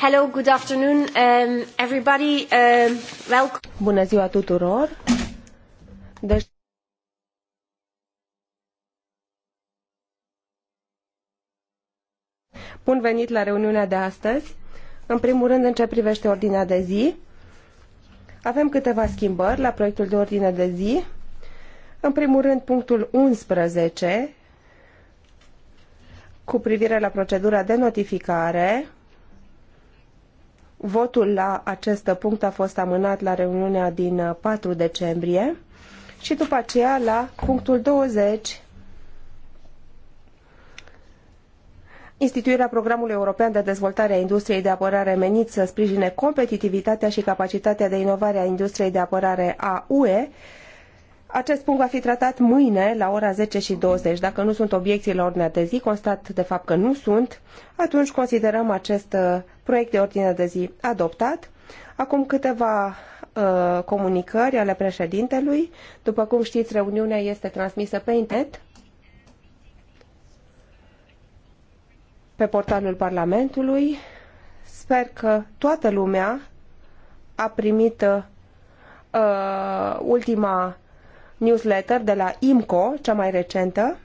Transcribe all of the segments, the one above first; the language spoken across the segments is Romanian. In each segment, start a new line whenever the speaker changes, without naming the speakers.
Hello, good afternoon, um,
everybody. Um, welcome. Bună ziua tuturor. Deci... Bun venit la reuniunea de astăzi. În primul rând, în ce privește ordinea de zi, avem câteva schimbări la proiectul de ordine de zi. În primul rând, punctul 11, cu privire la procedura de notificare Votul la acest punct a fost amânat la reuniunea din 4 uh, decembrie și după aceea la punctul 20 instituirea programului european de dezvoltare a industriei de apărare menit să sprijine competitivitatea și capacitatea de inovare a industriei de apărare a UE acest punct va fi tratat mâine la ora 10 și 20. Dacă nu sunt obiecții la ordinea de zi, constat de fapt că nu sunt, atunci considerăm acest uh, proiect de ordine de zi adoptat. Acum câteva uh, comunicări ale președintelui. După cum știți, reuniunea este transmisă pe internet, pe portalul Parlamentului. Sper că toată lumea a primit uh, ultima newsletter de la IMCO, cea mai recentă.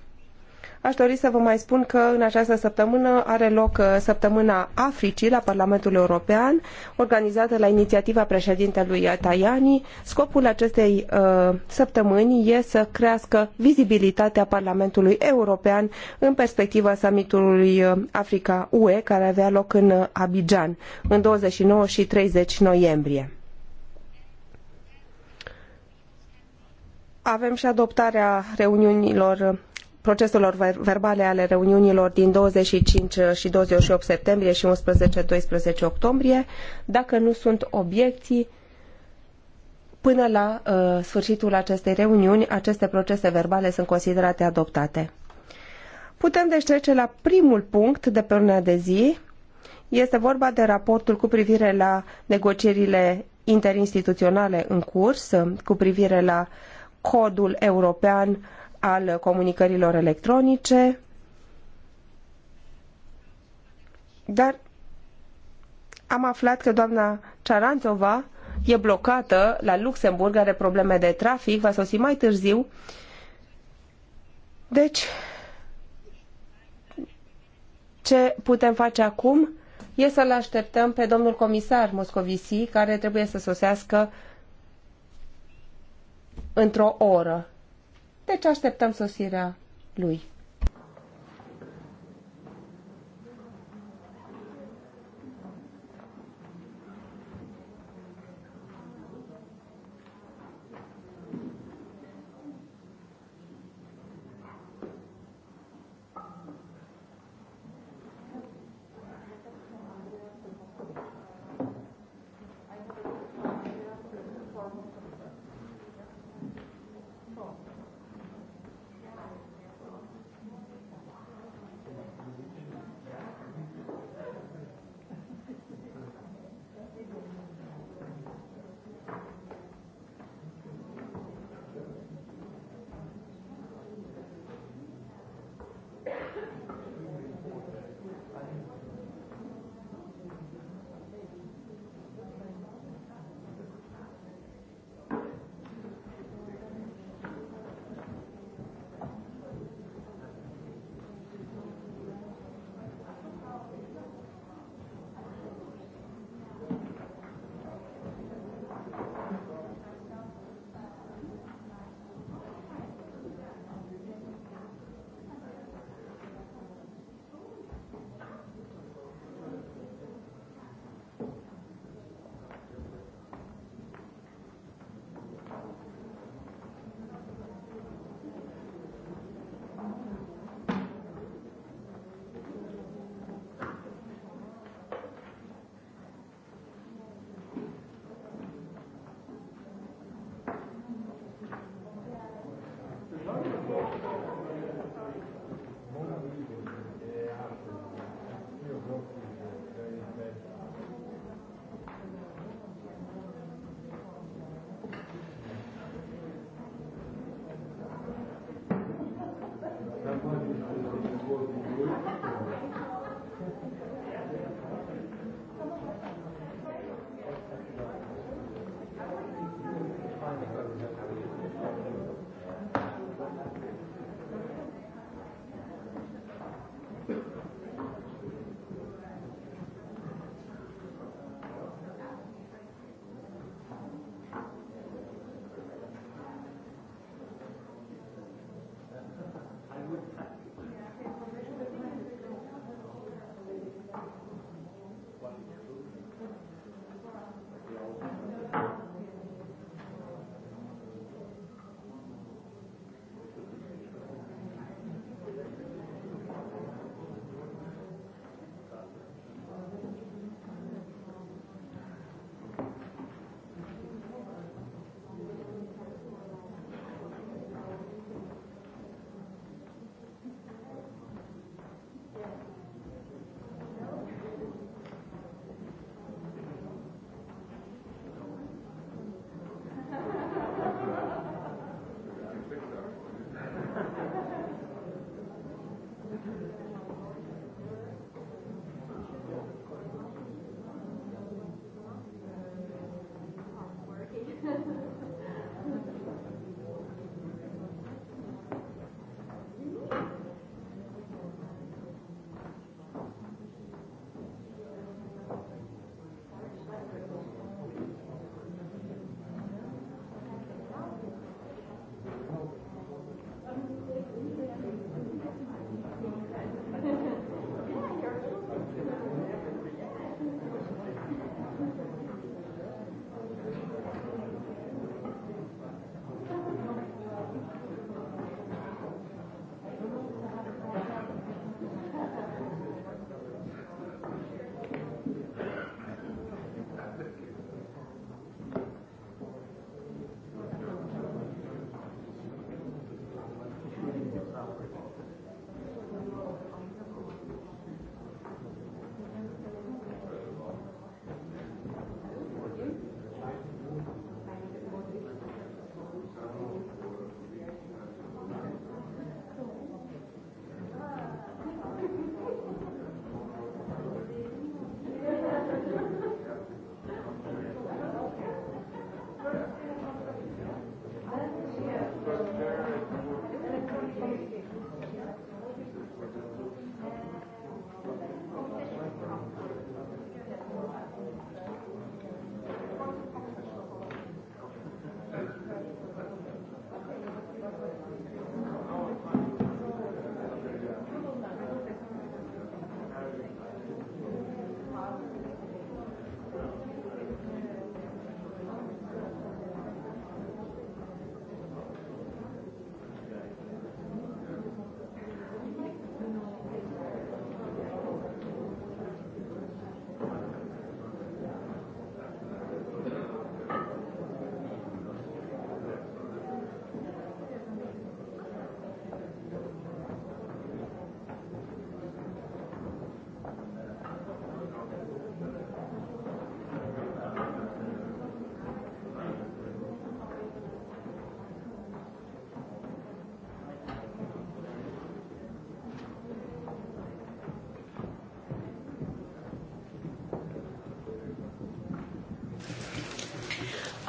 Aș dori să vă mai spun că în această săptămână are loc uh, Săptămâna Africii la Parlamentul European, organizată la inițiativa președintelui Tajani. Scopul acestei uh, săptămâni este să crească vizibilitatea Parlamentului European în perspectiva summitului uh, Africa-UE, care avea loc în uh, Abidjan în 29 și 30 noiembrie. Avem și adoptarea reuniunilor proceselor verbale ale reuniunilor din 25 și 28 septembrie și 11-12 octombrie, dacă nu sunt obiecții, până la uh, sfârșitul acestei reuniuni, aceste procese verbale sunt considerate adoptate. Putem deci trece la primul punct de pe urmea de zi. Este vorba de raportul cu privire la negocierile interinstituționale în curs, cu privire la uh, Codul European al Comunicărilor Electronice, dar am aflat că doamna Cearanțova e blocată la Luxemburg, are probleme de trafic, va sosi mai târziu. Deci, ce putem face acum e să-l așteptăm pe domnul comisar Moscovici, care trebuie să sosească uh, într-o oră. Deci așteptăm sosirea lui.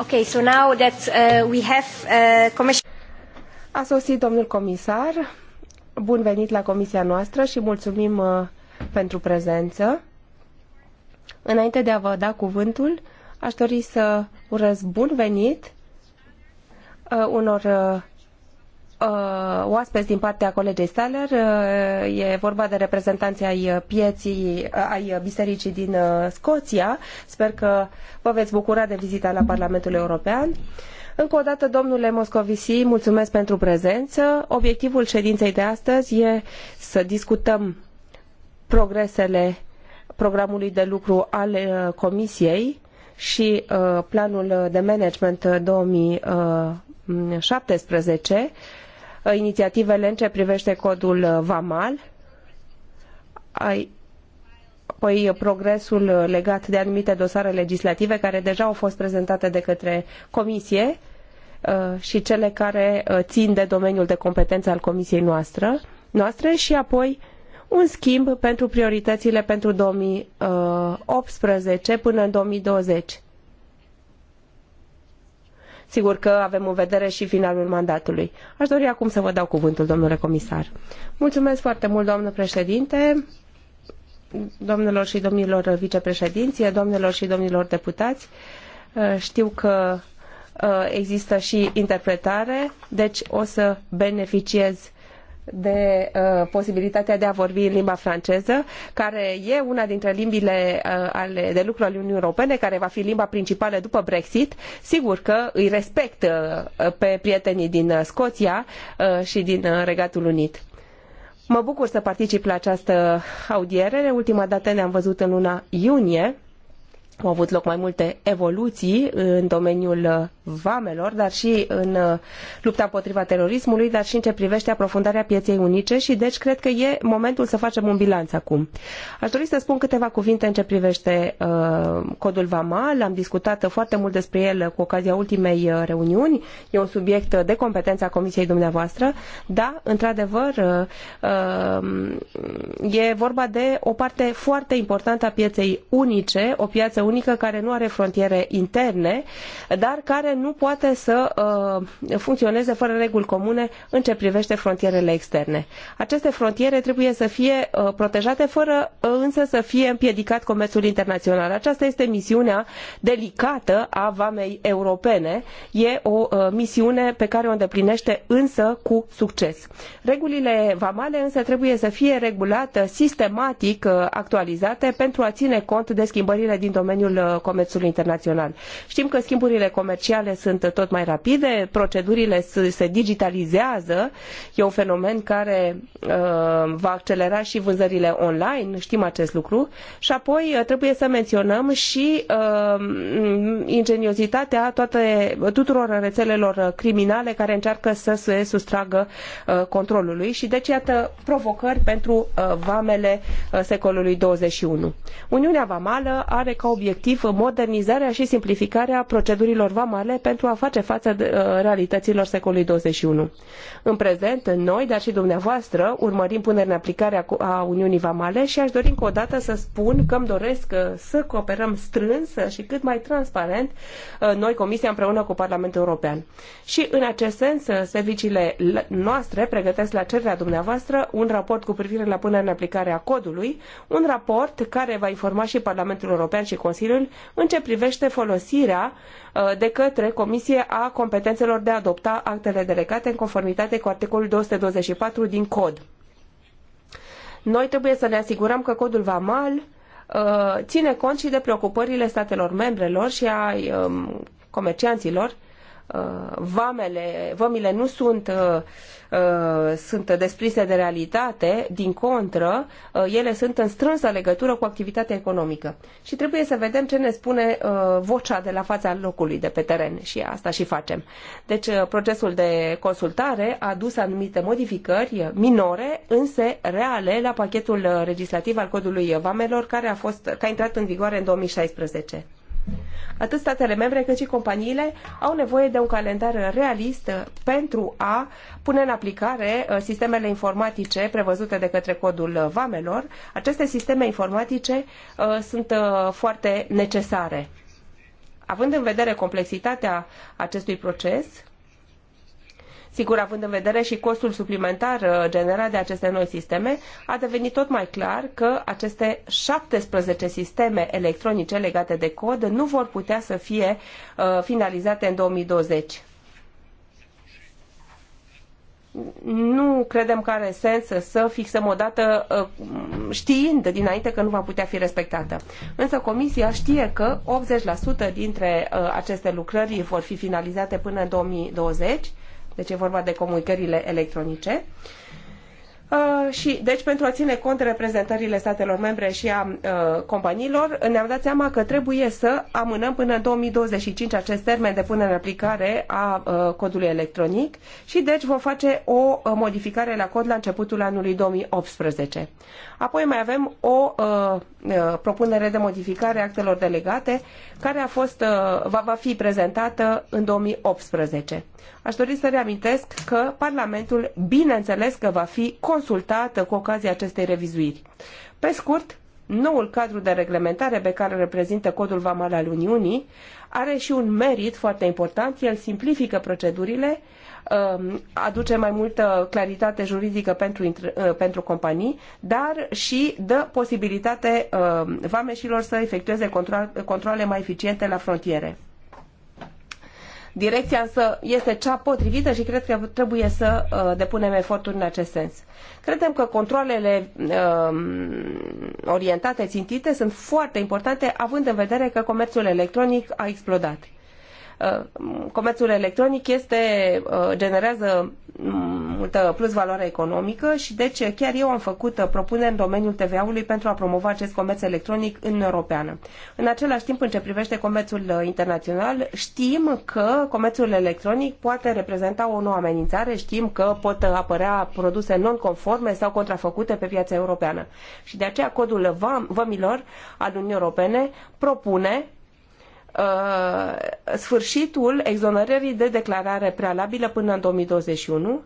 Okay, so now that uh, we have uh, commission...
A sosit domnul comisar. Bun venit la comisia noastră și mulțumim uh, pentru prezență. Înainte de a vă da cuvântul, aș dori să urez bun venit uh, unor uh, uh, oaspeți din partea colegei Staller. Uh, e vorba de reprezentanții ai uh, pieții, uh, ai uh, bisericii din uh, Scoția. Sper că vă veți bucura de vizita la Parlamentul European. Încă o dată, domnule Moscovici, mulțumesc pentru prezență. Obiectivul ședinței de astăzi e să discutăm progresele programului de lucru al uh, Comisiei și uh, planul de management 2017. uh, uh Uh, inițiativele în ce privește codul uh, VAMAL, ai, apoi uh, progresul legat de anumite dosare legislative care deja au fost prezentate de către Comisie și cele care țin de domeniul de competență al Comisiei noastre, noastre și apoi un schimb pentru prioritățile pentru 2018 până în 2020 Sigur că avem în vedere și finalul mandatului. Aș dori acum să vă dau cuvântul, domnule comisar. Mulțumesc foarte mult, doamnă președinte, domnilor și domnilor vicepreședinție, domnilor și domnilor deputați. Știu că uh, există și interpretare, deci o să beneficiez de uh, posibilitatea de a vorbi în limba franceză, care e una dintre limbile uh, ale, de lucru ale Uniunii Europene, care va fi limba principală după Brexit. Sigur că îi respect uh, pe prietenii din uh, Scoția uh, și din uh, Regatul Unit. Mă bucur să particip la această audiere. Ultima dată ne-am văzut în luna iunie. Au avut loc mai multe evoluții în domeniul uh, vamelor, dar și în uh, lupta împotriva terorismului, dar și în ce privește aprofundarea pieței unice și deci cred că e momentul să facem un bilanț acum. Aș dori să spun câteva cuvinte în ce privește uh, codul vamal. Am discutat foarte mult despre el cu ocazia ultimei uh, reuniuni. E un subiect de a Comisiei dumneavoastră. Da, într-adevăr, uh, uh, e vorba de o parte foarte importantă a pieței unice, o piață unică care nu are frontiere interne, dar care care nu poate să uh, funcționeze fără reguli comune în ce privește frontierele externe. Aceste frontiere trebuie să fie uh, protejate fără uh, însă să fie împiedicat comerțul internațional. Aceasta este misiunea delicată a vamei europene. E o uh, misiune pe care o îndeplinește însă cu succes. Regulile vamale însă trebuie să fie regulate sistematic uh, actualizate pentru a ține cont de schimbările din domeniul uh, comerțului internațional. Știm că schimburile comerciale digitale sunt tot mai rapide, procedurile se digitalizează, e un fenomen care uh, va accelera și vânzările online, știm acest lucru, și apoi uh, trebuie să menționăm și uh, ingeniozitatea toate, tuturor rețelelor criminale care încearcă să se sustragă controlului și deci iată provocări pentru vamele secolului 21. Uniunea Vamală are ca obiectiv modernizarea și simplificarea procedurilor vamale reale pentru a face față uh, realităților secolului 21. În prezent, noi, dar și dumneavoastră, urmărim punerea în aplicare a Uniunii Vamale și aș dori încă o dată să spun că îmi doresc uh, să cooperăm strâns și cât mai transparent uh, noi, Comisia, împreună cu Parlamentul European. Și în acest sens, serviciile noastre pregătesc la cererea dumneavoastră un raport cu privire la punerea în aplicare a codului, un raport care va informa și Parlamentul European și Consiliul în ce privește folosirea de către către Comisie a competențelor de a adopta actele delegate în conformitate cu articolul 224 din cod. Noi trebuie să ne asigurăm că codul VAMAL uh, ține cont și de preocupările statelor membrelor și a um, comercianților Uh, vamele, vămile nu sunt, uh, uh, sunt desprise de realitate, din contră, ele sunt în strânsă legătură cu activitatea economică. Și trebuie să vedem ce ne spune vocea de la fața locului, de pe teren și asta și facem. Deci procesul de consultare a dus anumite modificări minore, însă reale la pachetul legislativ al codului vamelor care a, fost, care a intrat în vigoare în 2016. Atât statele membre cât și companiile au nevoie de un calendar realist pentru a pune în aplicare uh, sistemele informatice prevăzute de către codul vamelor. Aceste sisteme informatice uh, sunt uh, foarte necesare. Având în vedere complexitatea acestui proces, Sigur, având în vedere și costul suplimentar uh, generat de aceste noi sisteme, a devenit tot mai clar că aceste 17 sisteme electronice legate de cod nu vor putea să fie uh, finalizate în 2020 nu credem că are sens să fixăm o dată uh, știind dinainte că nu va putea fi respectată. Însă Comisia știe că 80% dintre aceste lucrări vor fi finalizate până în 2020 deci e vorba de comunicările electronice. Uh, și, deci, pentru a ține cont de reprezentările statelor membre și a uh, companiilor, ne-am dat seama că trebuie să amânăm până în 2025 acest termen de punere în aplicare a uh, codului electronic și, deci, vom face o uh, modificare la cod la începutul anului 2018. Apoi mai avem o uh, uh, propunere de modificare a actelor delegate care a fost, va, va fi prezentată în 2018. Aș dori să reamintesc că Parlamentul, bineînțeles că va fi consultat cu ocazia acestei revizuiri. Pe scurt, noul cadru de reglementare pe care reprezintă codul vamal al Uniunii are și un merit foarte important. El simplifică procedurile, um, aduce mai multă claritate juridică pentru, uh, pentru companii, dar și dă posibilitate um, vameșilor să efectueze controle mai eficiente la frontiere. Direcția însă este cea potrivită și cred că trebuie să uh, depunem eforturi în acest sens. Credem că controlele um, orientate, țintite, sunt foarte importante, având în vedere că comerțul electronic a explodat. Uh, comerțul electronic este, uh, generează mm, multă plus valoare economică și deci chiar eu am făcut uh, propuneri în domeniul TVA-ului pentru a promova acest comerț electronic în Europeană. În același timp, în ce privește comerțul internațional, știm că comerțul electronic poate reprezenta o nouă amenințare, știm că pot apărea produse non-conforme sau contrafăcute pe piața europeană. Și de aceea codul vămilor al Uniunii Europene propune Uh, sfârșitul exonerării de declarare prealabilă până în 2021.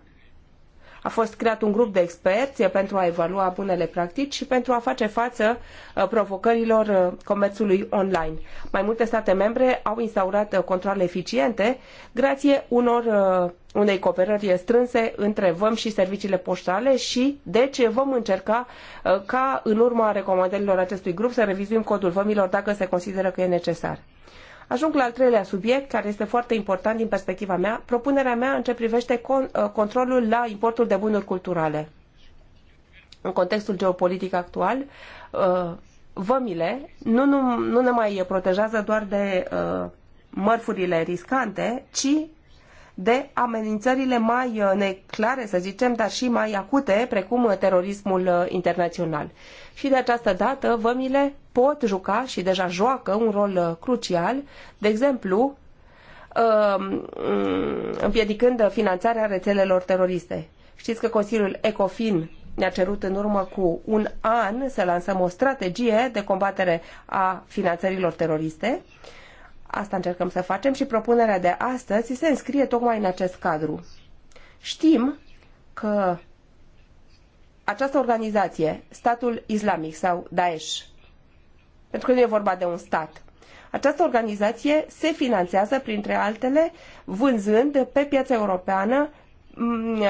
A fost creat un grup de experți pentru a evalua bunele practici și pentru a face față uh, provocărilor uh, comerțului online. Mai multe state membre au instaurat controle eficiente grație unor, unei cooperări strânse între VAM și serviciile poștale și deci vom încerca ca în urma recomandărilor acestui grup să revizuim codul vămilor dacă se consideră că e necesar. Ajung la al treilea subiect, care este foarte important din perspectiva mea, propunerea mea în ce privește con, uh, controlul la importul de bunuri culturale. În contextul geopolitic actual, uh, vămile nu, nu, nu ne mai protejează doar de uh, mărfurile riscante, ci de amenințările mai uh, neclare, să zicem, dar și mai acute, precum uh, terorismul uh, internațional. Și de această dată, vămile pot juca și deja joacă un rol crucial, de exemplu, um, împiedicând finanțarea rețelelor teroriste. Știți că Consiliul ECOFIN ne-a cerut în urmă cu un an să lansăm o strategie de combatere a finanțărilor teroriste. Uh, Asta încercăm să facem și propunerea de astăzi se înscrie tocmai în acest cadru. Știm că această organizație, statul islamic sau Daesh, pentru că nu e vorba de un stat, această organizație se finanțează, printre altele, vânzând pe piața europeană mm, uh,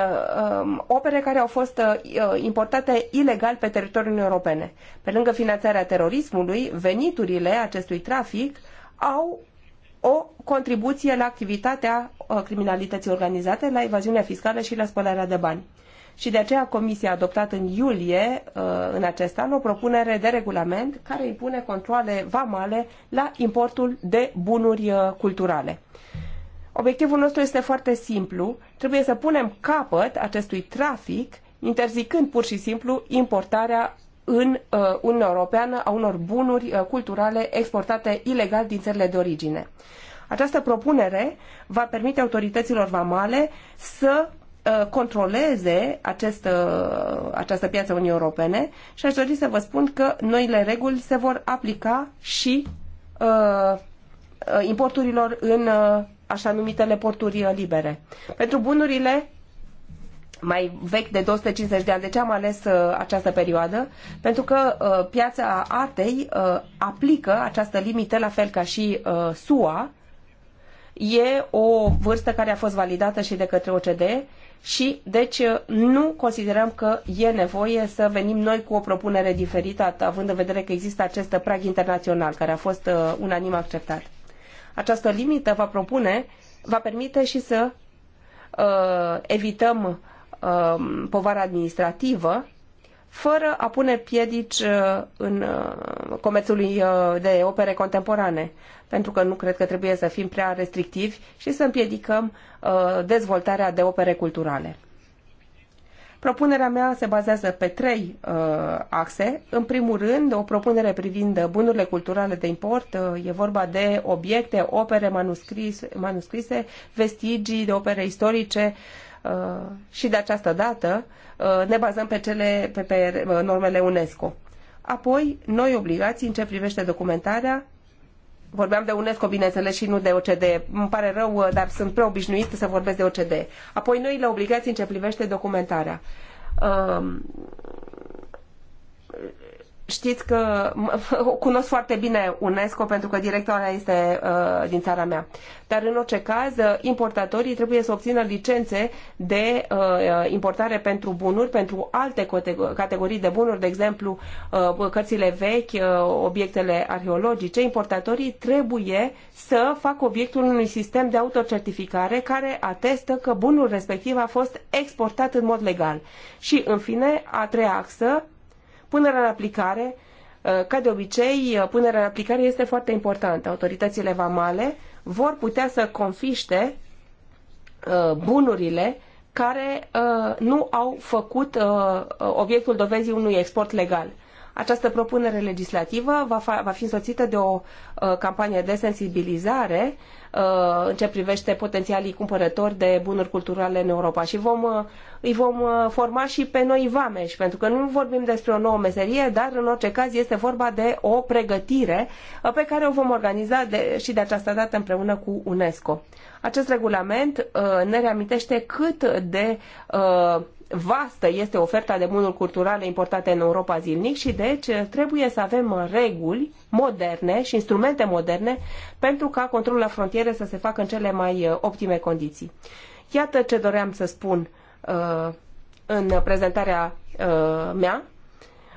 um, opere care au fost uh, uh, importate ilegal pe teritoriul europene. Pe lângă finanțarea terorismului, veniturile acestui trafic au o contribuție la activitatea uh, criminalității organizate, la evaziunea fiscală și la spălarea de bani. Și de aceea Comisia a adoptat în iulie uh, în acest an o propunere de regulament care impune controle vamale la importul de bunuri uh, culturale. Obiectivul nostru este foarte simplu. Trebuie să punem capăt acestui trafic interzicând pur și simplu importarea în uh, Uniunea Europeană a unor bunuri uh, culturale exportate ilegal din țările de origine. Această propunere va permite autorităților vamale să uh, controleze acest, această piață Unii Europene și aș dori să vă spun că noile reguli se vor aplica și uh, importurilor în uh, așa numitele porturi libere. Pentru bunurile mai vechi de 250 de ani. De ce am ales uh, această perioadă? Pentru că uh, piața artei uh, aplică această limită la fel ca și uh, SUA. E o vârstă care a fost validată și de către OCD și deci uh, nu considerăm că e nevoie să venim noi cu o propunere diferită, având în vedere că există acest prag internațional care a fost uh, unanim acceptat. Această limită va propune, va permite și să uh, evităm Um, povară administrativă, fără a pune piedici uh, în uh, comerțul uh, de opere contemporane, pentru că nu cred că trebuie să fim prea restrictivi și să împiedicăm dezvoltarea de opere culturale. Propunerea mea se bazează pe trei uh, axe. În primul rând, o propunere privind bunurile culturale de import. Uh, e vorba de obiecte, opere manuscris, manuscrise, vestigii de opere istorice, uh, Uh, și de această dată uh, ne bazăm pe, cele, pe, pe uh, normele UNESCO. Apoi, noi obligații în ce privește documentarea, vorbeam de UNESCO, bineînțeles, și nu de OCD. Îmi pare rău, dar sunt prea obișnuit să vorbesc de OCD. Apoi, noile obligații în ce privește documentarea. Știți că cunosc foarte bine UNESCO pentru că directoarea este uh, din țara mea. Dar în orice caz, uh, importatorii trebuie să obțină licențe de uh, uh importare pentru bunuri, pentru alte categorii de bunuri, de exemplu uh, cărțile vechi, uh, obiectele arheologice. Importatorii trebuie să facă obiectul unui sistem de autocertificare care atestă că bunul respectiv a fost exportat în mod legal. Și, în fine, a treia axă, Punerea în aplicare, uh, ca de obicei, uh, punerea în aplicare este foarte importantă. Autoritățile vamale vor putea să confiște uh, bunurile care nu au făcut obiectul dovezii unui export legal. Această propunere legislativă va, va fi însoțită de o uh, campanie de sensibilizare uh, în ce privește potențialii cumpărători de bunuri culturale în Europa și vom, uh, îi vom uh, forma și pe noi vameși, pentru că nu vorbim despre o nouă meserie, dar în orice caz este vorba de o pregătire uh, pe care o vom organiza de, și de această dată împreună cu UNESCO. Acest regulament uh, ne reamintește cât de vastă este oferta de bunuri culturale importate în Europa zilnic și deci trebuie să avem reguli moderne și instrumente moderne pentru ca controlul la frontiere să se facă în cele mai uh, optime condiții. Iată ce doream să spun uh, în prezentarea uh, mea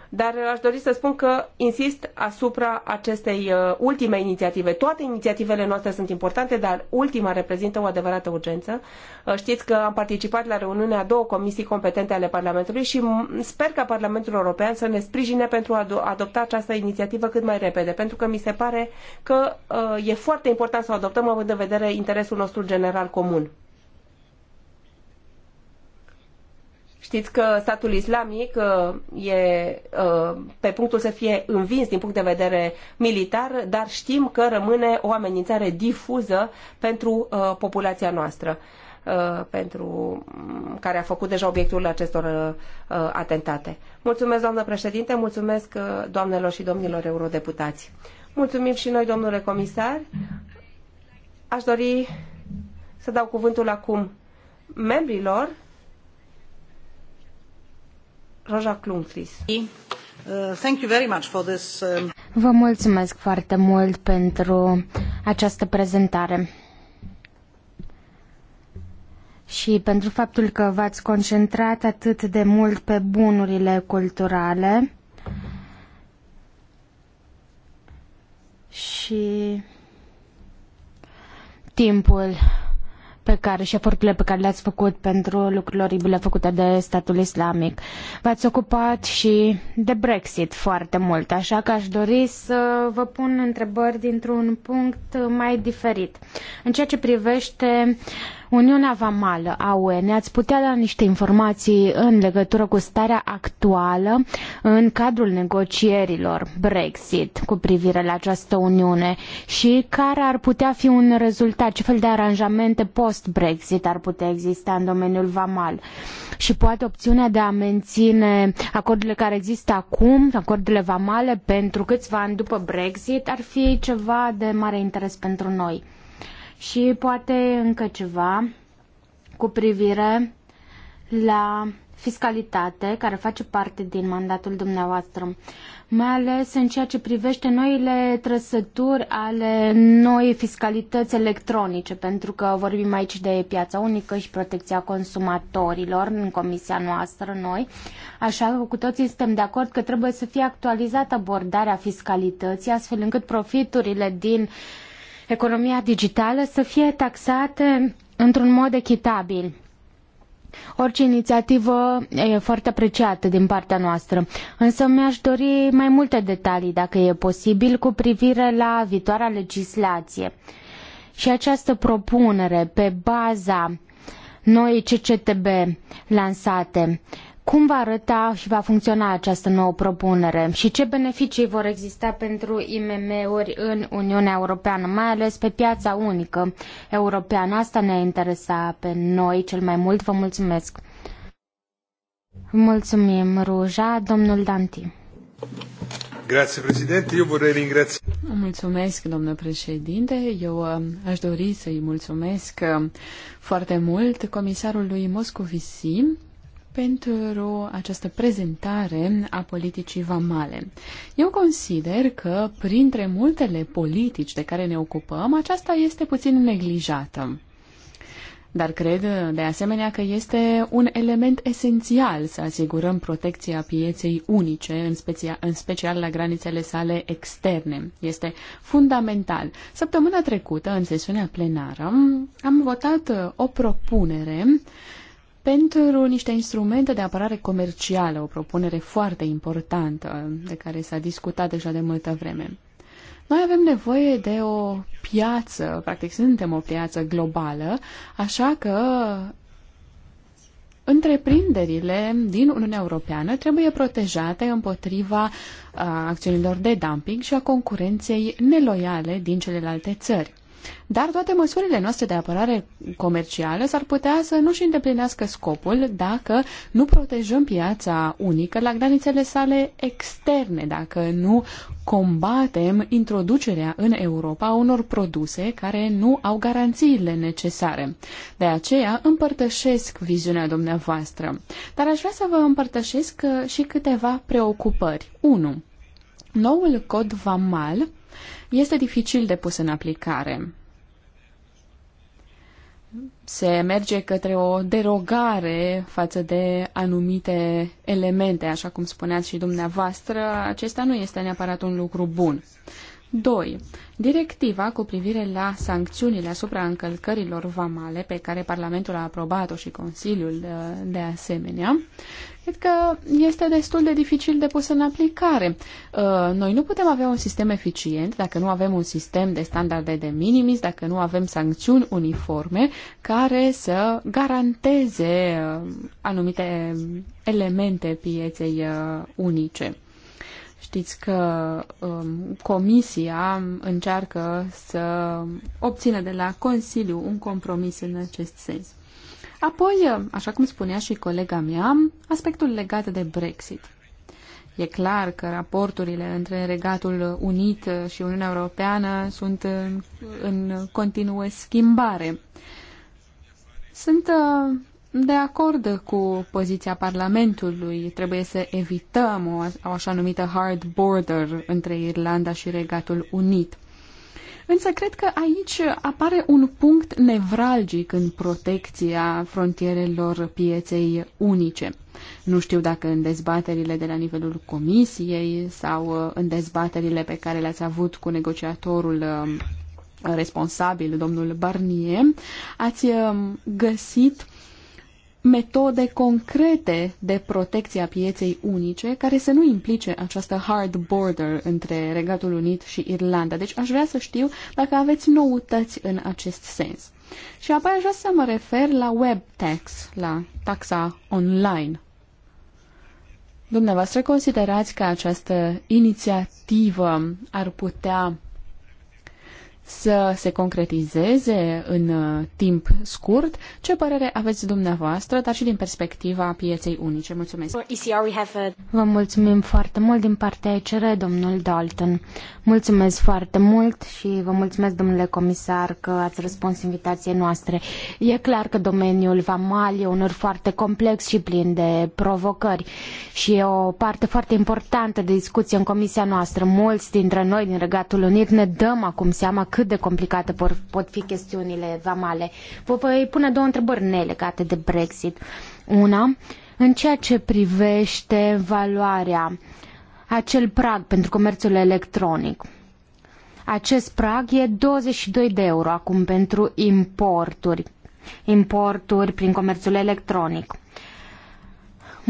dar aș dori să spun că insist asupra acestei uh, ultime inițiative. Toate inițiativele noastre sunt importante, dar ultima reprezintă o adevărată urgență. Uh, știți că am participat la reuniunea a două comisii competente ale Parlamentului și sper ca Parlamentul European să ne sprijine pentru a adopta această inițiativă cât mai repede, pentru că mi se pare că uh, e foarte important să o adoptăm având în vedere interesul nostru general comun. Știți că statul islamic uh, e uh, pe punctul să fie învins din punct de vedere militar, dar știm că rămâne o amenințare difuză pentru uh, populația noastră pentru mm, care a făcut deja obiectul acestor atentate. Mulțumesc, doamnă președinte, mulțumesc doamnelor și domnilor eurodeputați. Mulțumim și noi, domnule comisar. Aș dori să dau cuvântul acum membrilor Roja uh, um,
Vă mulțumesc foarte mult pentru această prezentare și pentru faptul că v-ați concentrat atât de mult pe bunurile culturale și timpul pe care și eforturile pe care le-ați făcut pentru lucrurile oribile făcute de statul islamic. V-ați ocupat și de Brexit foarte mult, așa că aș dori să vă pun întrebări dintr-un punct mai diferit. În ceea ce privește uh, Uniunea Vamală a UE, ne-ați putea da niște informații în legătură cu starea actuală în cadrul negocierilor Brexit cu privire la această Uniune și care ar putea fi un rezultat, ce fel de aranjamente post-Brexit ar putea exista în domeniul Vamal și poate opțiunea de a menține acordurile care există acum, acordurile Vamale pentru câțiva ani după Brexit ar fi ceva de mare interes pentru noi. Și poate încă ceva cu privire la fiscalitate, care face parte din mandatul dumneavoastră, mai ales în ceea ce privește noile trăsături ale noi fiscalități electronice, pentru că vorbim aici de piața unică și protecția consumatorilor în comisia noastră noi. Așa că cu toții suntem de acord că trebuie să fie actualizată abordarea fiscalității, astfel încât profiturile din uh, economia digitală să fie taxate într-un mod echitabil. Orice inițiativă e foarte apreciată din partea noastră, însă mi-aș dori mai multe detalii, dacă e posibil, cu privire la viitoarea legislație. Și această propunere pe baza noii CCTB lansate. Uh, cum va arăta și va funcționa această nouă propunere și ce beneficii vor exista pentru IMM-uri în Uniunea Europeană, mai ales pe piața unică europeană? Asta ne interesa pe noi cel mai mult. Vă mulțumesc! Mulțumim, Ruja. Domnul Danti.
Grazie, Eu vorrei
Mulțumesc, domnule președinte. Eu um, aș
dori să-i mulțumesc um, foarte mult comisarului Moscovici pentru această prezentare a politicii vamale. Eu consider că, printre multele politici de care ne ocupăm, aceasta este puțin neglijată. Dar cred, de asemenea, că este un element esențial să asigurăm protecția pieței unice, în, specia, în special la granițele sale externe. Este fundamental. Săptămâna trecută, în sesiunea plenară, am votat uh, o propunere uh, pentru niște instrumente de apărare comercială, o propunere foarte importantă de care s-a discutat deja de multă vreme. Noi avem nevoie de o piață, practic suntem o piață globală, așa că întreprinderile din Uniunea Europeană trebuie protejate împotriva uh, acțiunilor de dumping și a concurenței neloiale din celelalte țări. Dar toate măsurile noastre de apărare comercială s-ar putea să nu-și îndeplinească scopul dacă nu protejăm piața unică la granițele sale externe, dacă nu combatem introducerea în Europa a unor produse care nu au garanțiile necesare. De aceea împărtășesc viziunea dumneavoastră. Dar aș vrea să vă împărtășesc uh, și câteva preocupări. 1. Noul cod VAMAL este dificil de pus în aplicare. Se merge către o derogare față de anumite elemente, așa cum spuneați și dumneavoastră, acesta nu este neapărat un lucru bun. 2. Directiva cu privire la sancțiunile asupra încălcărilor vamale pe care Parlamentul a aprobat-o și Consiliul uh, de asemenea, cred că este destul de dificil de pus în aplicare. Uh, noi nu putem avea un sistem eficient dacă nu avem un sistem de standarde de minimis, dacă nu avem sancțiuni uniforme care să garanteze uh, anumite elemente pieței unice. Știți că um, Comisia încearcă să obțină de la Consiliu un compromis în acest sens. Apoi, um, așa cum spunea și colega mea, aspectul legat de Brexit. E clar că raporturile între Regatul Unit și Uniunea Europeană sunt în, în continuă schimbare. Sunt uh, de acord cu poziția Parlamentului. Trebuie să evităm o, o așa numită hard border între Irlanda și Regatul Unit. Însă cred că aici apare un punct nevralgic în protecția frontierelor pieței unice. Nu știu dacă în dezbaterile de la nivelul comisiei sau uh, în dezbaterile pe care le-ați avut cu negociatorul um, responsabil, domnul Barnier, ați um, găsit metode concrete de protecție a pieței unice care să nu implice această hard border între Regatul Unit și Irlanda. Deci aș vrea să știu dacă aveți noutăți în acest sens. Și apoi aș vrea să mă refer la web tax, la taxa online. Dumneavoastră considerați că această inițiativă ar putea să se concretizeze în uh, timp scurt. Ce părere aveți dumneavoastră, dar și din perspectiva pieței unice? Mulțumesc!
Vă mulțumim foarte mult din partea ECR, domnul Dalton. Mulțumesc foarte mult și vă mulțumesc, domnule comisar, că ați răspuns invitației noastre. E clar că domeniul VAMAL e unor foarte complex și plin de provocări și e o parte foarte importantă de discuție în comisia noastră. Mulți dintre noi din Regatul Unit ne dăm acum seama că cât de complicate por, pot fi chestiunile vamale. Vă voi pune două întrebări nelegate de Brexit. Una, în ceea ce privește valoarea, acel prag pentru comerțul electronic, acest prag e 22 de euro acum pentru importuri, importuri prin comerțul electronic.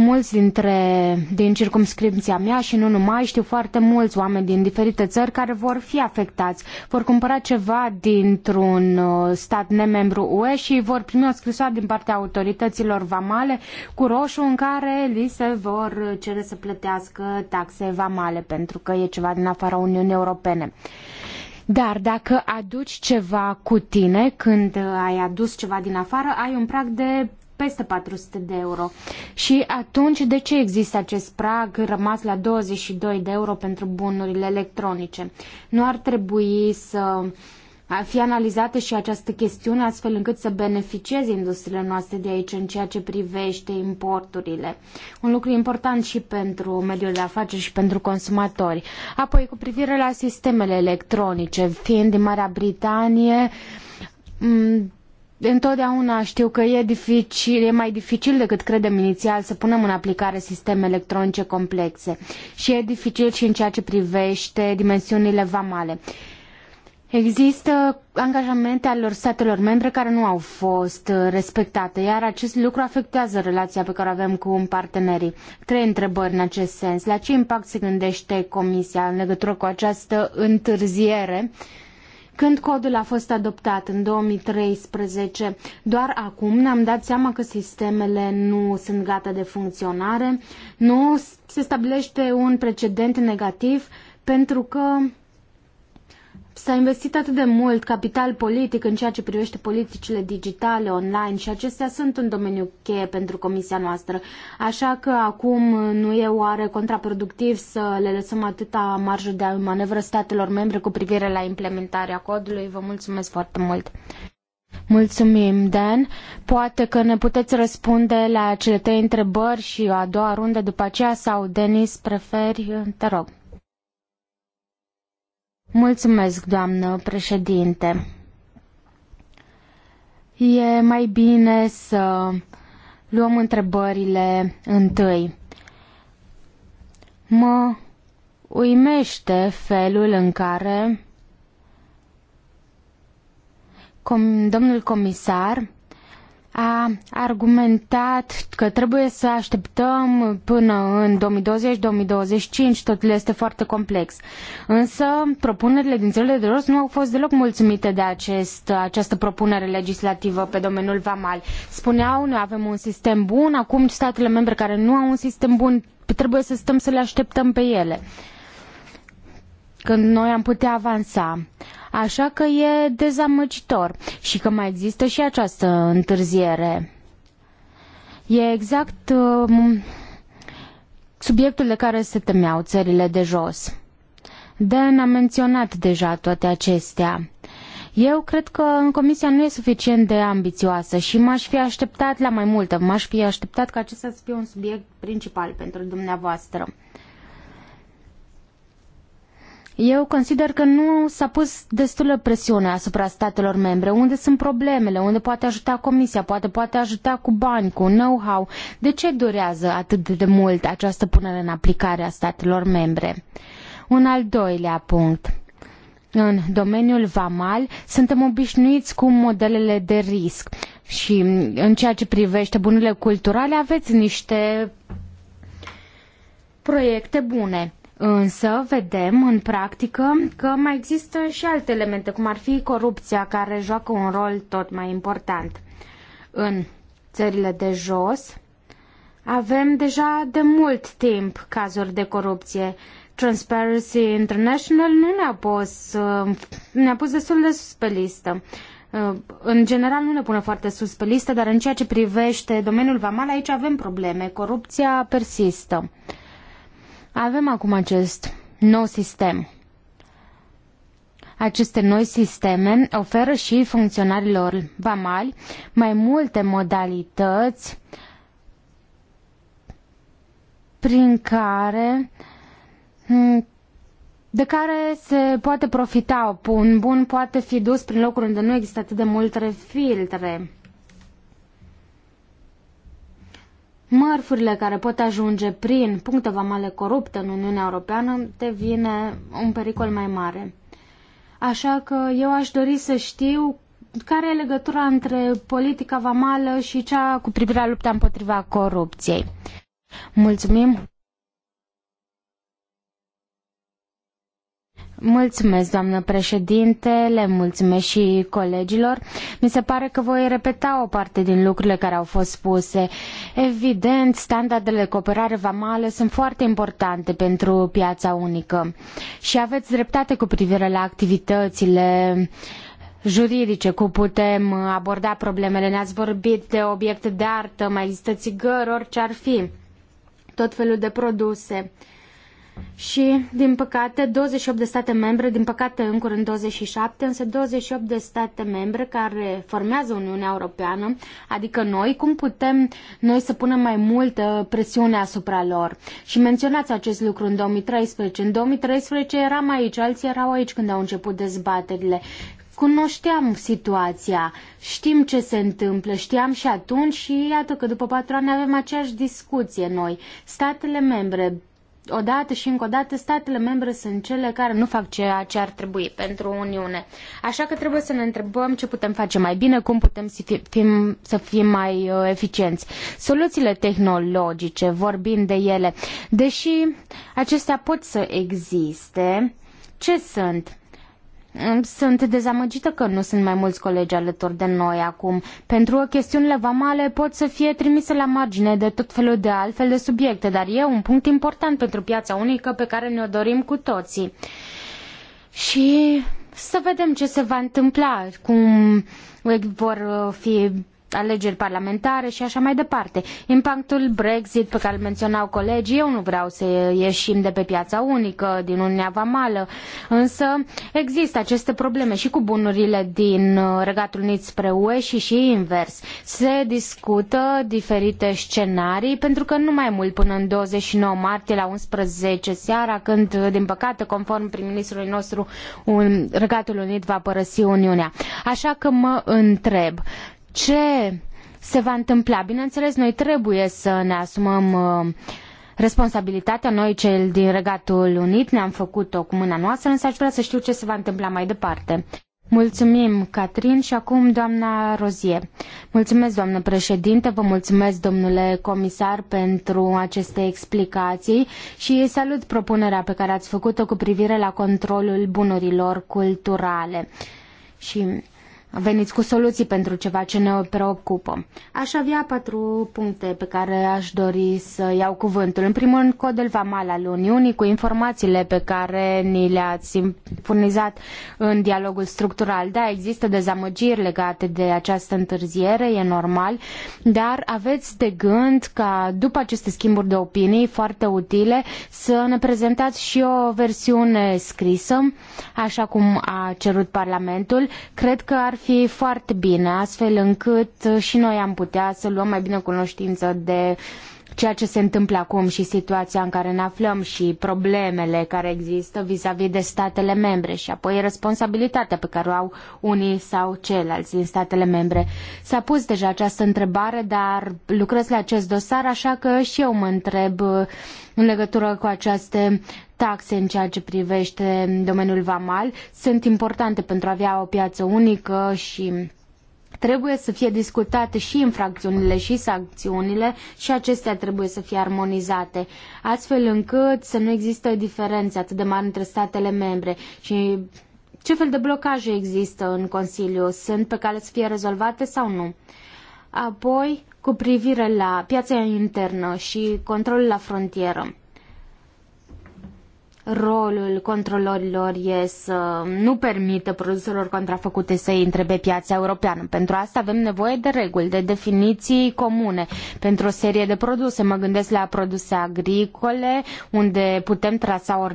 Mulți dintre, din circumscripția mea și nu numai, știu foarte mulți oameni din diferite țări care vor fi afectați. Vor cumpăra ceva dintr-un uh, stat nemembru UE și vor primi o scrisoare din partea autorităților vamale cu roșu în care li se vor cere să plătească taxe vamale pentru că e ceva din afara Uniunii Europene. Dar dacă aduci ceva cu tine, când ai adus ceva din afară, ai un prag de peste 400 de euro. Și atunci, de ce există acest prag rămas la 22 de euro pentru bunurile electronice? Nu ar trebui să fi analizată și această chestiune astfel încât să beneficieze industriile noastre de aici în ceea ce privește importurile. Un lucru important și pentru mediul de afaceri și pentru consumatori. Apoi, cu privire la sistemele electronice, fiind din Marea Britanie, Întotdeauna știu că e, dificil, e mai dificil decât credem inițial să punem în aplicare sisteme electronice complexe și e dificil și în ceea ce privește dimensiunile vamale. Există angajamente ale statelor membre care nu au fost respectate, iar acest lucru afectează relația pe care o avem cu partenerii. Trei întrebări în acest sens. La ce impact se gândește Comisia în legătură cu această întârziere când codul a fost adoptat în 2013, doar acum ne-am dat seama că sistemele nu sunt gata de funcționare, nu se stabilește un precedent negativ pentru că S-a investit atât de mult capital politic în ceea ce privește politicile digitale online și acestea sunt un domeniu cheie pentru comisia noastră. Așa că acum nu e oare contraproductiv să le lăsăm atâta marjă de manevră statelor membre cu privire la implementarea codului. Vă mulțumesc foarte mult! Mulțumim, Dan. Poate că ne puteți răspunde la cele trei întrebări și a doua rundă după aceea sau, Denis, preferi? Te rog. Mulțumesc, doamnă președinte. E mai bine să luăm întrebările întâi. Mă uimește felul în care com- domnul comisar a argumentat că trebuie să așteptăm până în 2020-2025, totul este foarte complex. Însă, propunerile din țările de jos nu au fost deloc mulțumite de acest, această propunere legislativă pe domeniul Vamal. Spuneau, noi avem un sistem bun, acum statele membre care nu au un sistem bun, trebuie să stăm să le așteptăm pe ele. Uh, când noi am putea avansa. Așa că e dezamăgitor și că mai există și această întârziere. E exact uh, subiectul de care se temeau țările de jos. Dan a menționat deja toate acestea. Eu cred că comisia nu e suficient de ambițioasă și m-aș fi așteptat la mai multă, m-aș fi așteptat ca acesta să fie un subiect principal pentru dumneavoastră. Uh, eu consider că nu s-a pus destulă presiune asupra statelor membre. Unde sunt problemele? Unde poate ajuta Comisia? Poate poate ajuta cu bani, cu know-how? De ce durează atât de mult această punere în aplicare a statelor membre? Un al doilea punct. În domeniul vamal suntem obișnuiți cu modelele de risc și în ceea ce privește bunurile culturale aveți niște proiecte bune. Însă vedem în practică că mai există și alte elemente, cum ar fi corupția, care joacă un rol tot mai important. În țările de jos avem deja de mult timp cazuri de corupție. Transparency International nu ne-a pus, uh, ne-a pus destul de sus pe listă. Uh, în general nu ne pune foarte sus pe listă, dar în ceea ce privește domeniul vamal aici avem probleme. Corupția persistă. Avem acum acest nou sistem. Aceste noi sisteme oferă și funcționarilor vamali mai multe modalități prin care mm, de care se poate profita. Un bun poate fi dus prin locuri unde nu există atât de multe filtre. mărfurile care pot ajunge prin puncte vamale corupte în Uniunea Europeană devine un pericol mai mare. Așa că eu aș dori să știu care e legătura între politica vamală și cea cu privire la lupta împotriva corupției. Mulțumim! Mulțumesc, doamnă președinte, le mulțumesc și colegilor. Mi se pare că voi repeta o parte din lucrurile care au fost spuse. Evident, standardele de cooperare vamală sunt foarte importante pentru piața unică și aveți dreptate cu privire la activitățile juridice, cum putem aborda problemele. Ne-ați vorbit de obiecte de artă, mai există țigări, orice ar fi, tot felul de produse. Și, din păcate, 28 de state membre, din păcate în curând 27, însă 28 de state membre care formează Uniunea Europeană, adică noi, cum putem noi să punem mai multă presiune asupra lor? Și menționați acest lucru în 2013. În 2013 eram aici, alții erau aici când au început dezbaterile cunoșteam situația, știm ce se întâmplă, știam și atunci și iată că după patru ani avem aceeași discuție noi. Statele membre, odată și încă o dată statele membre sunt cele care nu fac ceea ce ar trebui pentru Uniune. Așa că trebuie să ne întrebăm ce putem face mai bine, cum putem să fim, să fim mai uh, eficienți. Soluțiile tehnologice, vorbind de ele, deși acestea pot să existe, ce sunt? Sunt dezamăgită că nu sunt mai mulți colegi alături de noi acum, pentru că chestiunile vamale pot să fie trimise la margine de tot felul de altfel de subiecte, dar e un punct important pentru piața unică pe care ne-o dorim cu toții. Și să vedem ce se va întâmpla, cum vor fi alegeri parlamentare și așa mai departe. Impactul Brexit pe care îl menționau colegii, eu nu vreau să ieșim de pe piața unică, din Uniunea Vamală, însă există aceste probleme și cu bunurile din uh, Regatul Unit spre UE și și invers. Se discută diferite scenarii pentru că nu mai mult până în 29 martie la 11 seara când, din păcate, conform prim-ministrului nostru, un, Regatul Unit va părăsi Uniunea. Așa că mă întreb, ce se va întâmpla. Bineînțeles, noi trebuie să ne asumăm uh, responsabilitatea. Noi, cel din Regatul Unit, ne-am făcut-o cu mâna noastră, însă aș vrea să știu ce se va întâmpla mai departe. Mulțumim, Catrin, și acum doamna Rozie. Mulțumesc, doamnă președinte, vă mulțumesc, domnule comisar, pentru aceste explicații și salut propunerea pe care ați făcut-o cu privire la controlul bunurilor culturale. Și veniți cu soluții pentru ceva ce ne preocupă. Aș avea patru puncte pe care aș dori să iau cuvântul. În primul rând, codul VAMAL al Uniunii cu informațiile pe care ni le-ați furnizat în dialogul structural. Da, există dezamăgiri legate de această întârziere, e normal, dar aveți de gând ca după aceste schimburi de opinii foarte utile să ne prezentați și o versiune scrisă, așa cum a cerut Parlamentul. Cred că ar fi foarte bine, astfel încât uh, și noi am putea să luăm mai bine cunoștință de ceea ce se întâmplă acum și situația în care ne aflăm și problemele care există vis-a-vis de statele membre și apoi responsabilitatea pe care o au unii sau ceilalți din statele membre. S-a pus deja această întrebare, dar lucrez la acest dosar, așa că și eu mă întreb uh, în legătură cu aceste taxe în ceea ce privește domeniul vamal sunt importante pentru a avea o piață unică și trebuie să fie discutate și infracțiunile și sancțiunile și acestea trebuie să fie armonizate, astfel încât să nu există diferențe atât de mari între statele membre și ce fel de blocaje există în Consiliu? Sunt pe care să fie rezolvate sau nu? Apoi, cu privire la piața internă și controlul la frontieră rolul controlorilor e să nu permită produselor contrafăcute să intre pe piața europeană. Pentru asta avem nevoie de reguli, de definiții comune pentru o serie de produse. Mă gândesc la produse agricole, unde putem trasa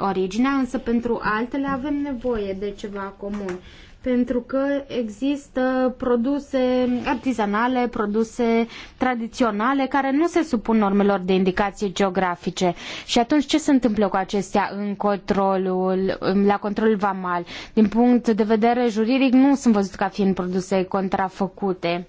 originea, însă pentru altele avem nevoie de ceva comun pentru că există produse artizanale, produse tradiționale care nu se supun normelor de indicație geografice. Și atunci ce se întâmplă cu acestea în controlul, la controlul vamal? Din punct de vedere juridic nu sunt văzut ca fiind produse contrafăcute.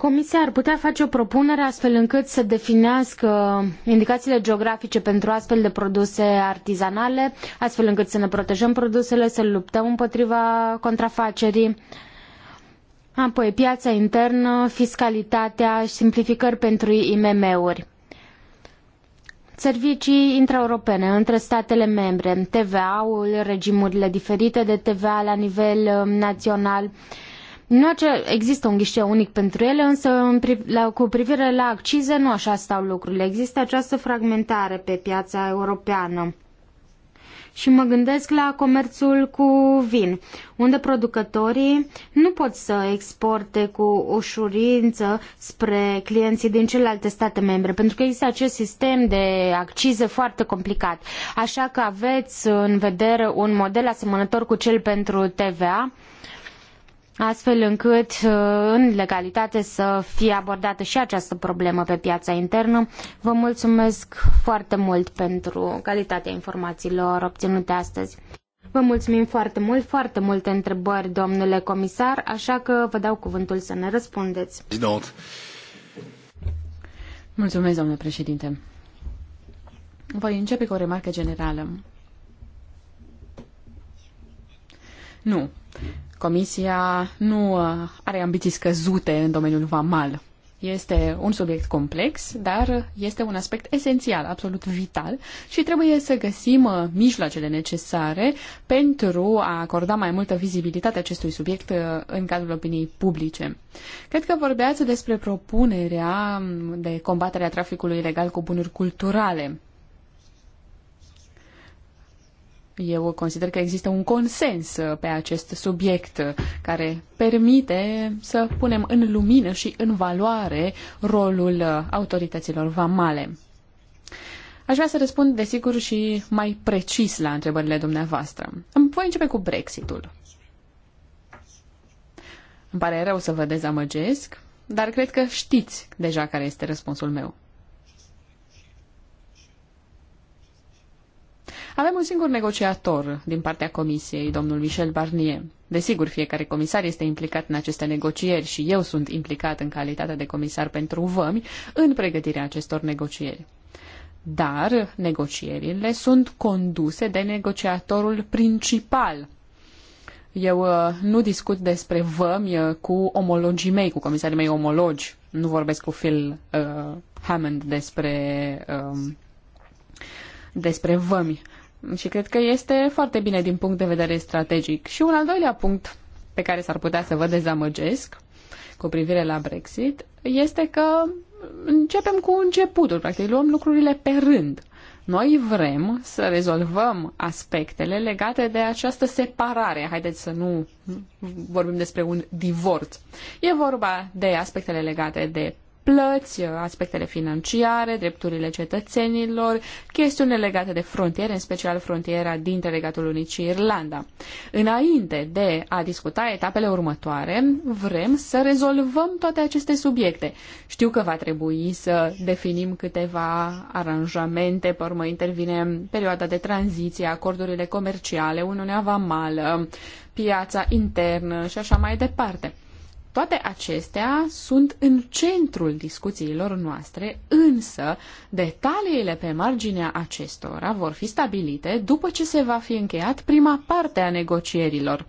Comisia ar putea face o propunere astfel încât să definească indicațiile geografice pentru astfel de produse artizanale, astfel încât să ne protejăm produsele, să luptăm împotriva contrafacerii. Apoi, piața internă, fiscalitatea și simplificări pentru IMM-uri. Servicii intraeuropene între statele membre, TVA-ul, regimurile diferite de TVA la nivel um, național, uh, nu există un ghișeu unic pentru ele, însă cu privire la accize nu așa stau lucrurile. Există această fragmentare pe piața europeană. Și mă gândesc la comerțul cu vin, unde producătorii nu pot să exporte cu ușurință spre clienții din celelalte state membre, pentru că există acest sistem de accize foarte complicat. Așa că aveți în vedere un model asemănător cu cel pentru TVA astfel încât uh, în legalitate să fie abordată și această problemă pe piața internă. Vă mulțumesc foarte mult pentru calitatea informațiilor obținute astăzi. Vă mulțumim foarte mult, foarte multe întrebări, domnule comisar, așa că vă dau cuvântul să ne răspundeți.
Mulțumesc, domnule președinte.
Voi începe cu o remarcă generală.
Nu. Comisia nu uh, are ambiții scăzute în domeniul vamal. Este un subiect complex, dar este un aspect esențial, absolut vital și trebuie să găsim uh, mijloacele necesare pentru a acorda mai multă vizibilitate acestui subiect uh, în cadrul opiniei publice. Cred că vorbeați despre propunerea um, de combatere a traficului ilegal cu bunuri culturale. Eu consider că există un consens uh, pe acest subiect uh, care permite să punem în lumină și în valoare rolul uh, autorităților vamale. Aș vrea să răspund, desigur, și mai precis la întrebările dumneavoastră. Voi începe cu Brexitul. Îmi pare rău să vă dezamăgesc, dar cred că știți deja care este răspunsul meu. Avem un singur negociator din partea Comisiei, domnul Michel Barnier. Desigur, fiecare comisar este implicat în aceste negocieri și eu sunt implicat în calitate de comisar pentru vămi în pregătirea acestor negocieri. Dar negocierile sunt conduse de negociatorul principal eu uh, nu discut despre vămi uh, cu omologii mei, cu comisarii mei omologi. Nu vorbesc cu Phil uh, Hammond despre, uh, despre vămi. Și cred că este foarte bine din punct de vedere strategic. Și un al doilea punct pe care s-ar putea să vă dezamăgesc cu privire la Brexit este că începem cu începutul, practic luăm lucrurile pe rând. Noi vrem să rezolvăm aspectele legate de această separare. Haideți să nu vorbim despre un divorț. E vorba de aspectele legate de plăți, aspectele financiare, drepturile cetățenilor, chestiune legate de frontiere, în special frontiera dintre Regatul Unit și Irlanda. Înainte de a discuta etapele următoare, vrem să rezolvăm toate aceste subiecte. Știu că va trebui să definim câteva aranjamente, pe urmă intervine perioada de tranziție, acordurile comerciale, Uniunea Vamală, piața internă și așa mai departe. Toate acestea sunt în centrul discuțiilor noastre, însă detaliile pe marginea acestora vor fi stabilite după ce se va fi încheiat prima parte a negocierilor.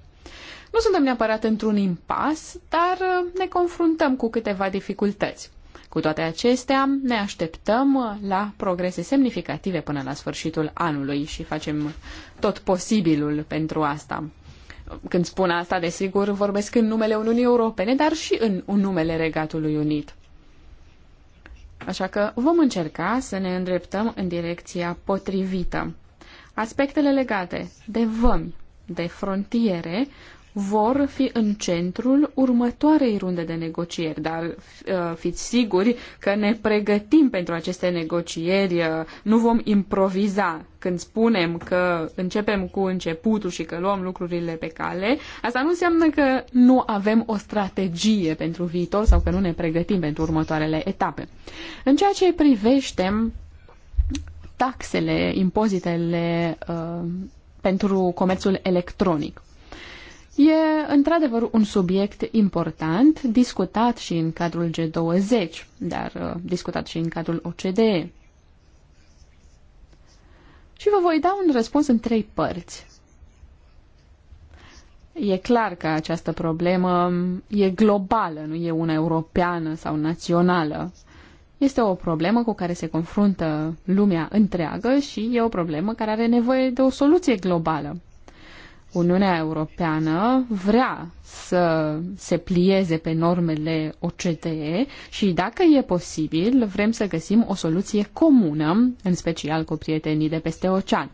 Nu suntem neapărat într-un impas, dar uh, ne confruntăm cu câteva dificultăți. Cu toate acestea, ne așteptăm uh, la progrese semnificative până la sfârșitul anului și facem tot posibilul pentru asta. Când spun asta, desigur, vorbesc în numele Uniunii Europene, dar și în numele Regatului Unit. Așa că vom încerca să ne îndreptăm în direcția potrivită. Aspectele legate de vămi, de frontiere, vor fi în centrul următoarei runde de negocieri, dar uh, fiți siguri că ne pregătim pentru aceste negocieri, uh, nu vom improviza când spunem că începem cu începutul și că luăm lucrurile pe cale, asta nu înseamnă că nu avem o strategie pentru viitor sau că nu ne pregătim pentru următoarele etape. În ceea ce privește taxele, impozitele uh, pentru comerțul electronic. E într-adevăr un subiect important, discutat și în cadrul G20, dar uh, discutat și în cadrul OCDE. Și vă voi da un răspuns în trei părți. E clar că această problemă e globală, nu e una europeană sau națională. Este o problemă cu care se confruntă lumea întreagă și e o problemă care are nevoie de o soluție globală. Uniunea Europeană vrea să se plieze pe normele OCDE și, dacă e posibil, vrem să găsim o soluție comună, în special cu prietenii de peste ocean.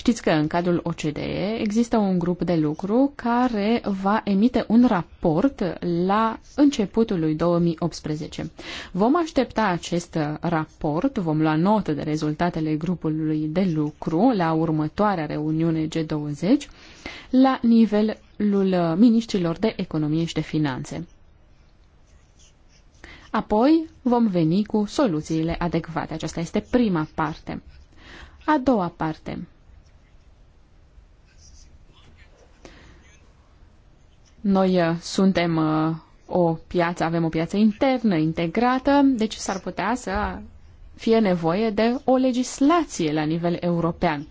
Știți că în cadrul OCDE există un grup de lucru care va emite un raport la începutul lui 2018. Vom aștepta acest raport, vom lua notă de rezultatele grupului de lucru la următoarea reuniune G20 la nivelul miniștrilor de economie și de finanțe. Apoi vom veni cu soluțiile adecvate. Aceasta este prima parte. A doua parte. Noi uh, suntem uh, o piață, avem o piață internă, integrată, deci s-ar putea să fie nevoie de o legislație la nivel european.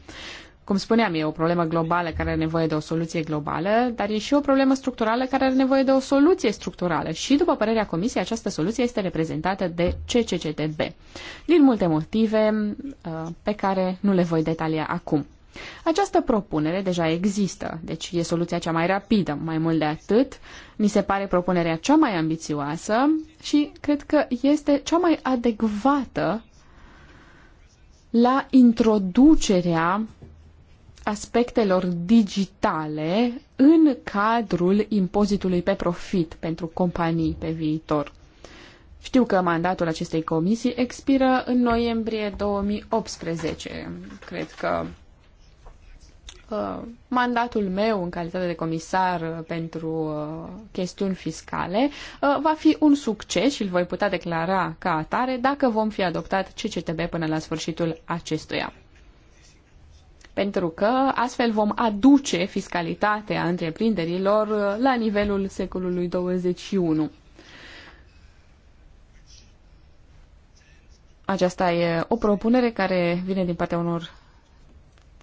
Cum spuneam, e o problemă globală care are nevoie de o soluție globală, dar e și o problemă structurală care are nevoie de o soluție structurală. Și, după părerea Comisiei, această soluție este reprezentată de CCCTB, din multe motive uh, pe care nu le voi detalia acum. Această propunere deja există, deci e soluția cea mai rapidă. Mai mult de atât, mi se pare propunerea cea mai ambițioasă și cred că este cea mai adecvată la introducerea aspectelor digitale în cadrul impozitului pe profit pentru companii pe viitor. Știu că mandatul acestei comisii expiră în noiembrie 2018. Cred că Uh, mandatul meu în calitate de comisar uh, pentru uh, chestiuni fiscale va fi un succes și îl voi putea declara ca atare dacă vom fi adoptat CCTB până la sfârșitul acestuia. Pentru că astfel vom aduce fiscalitatea întreprinderilor la nivelul secolului 21. Aceasta e o propunere care vine din partea unor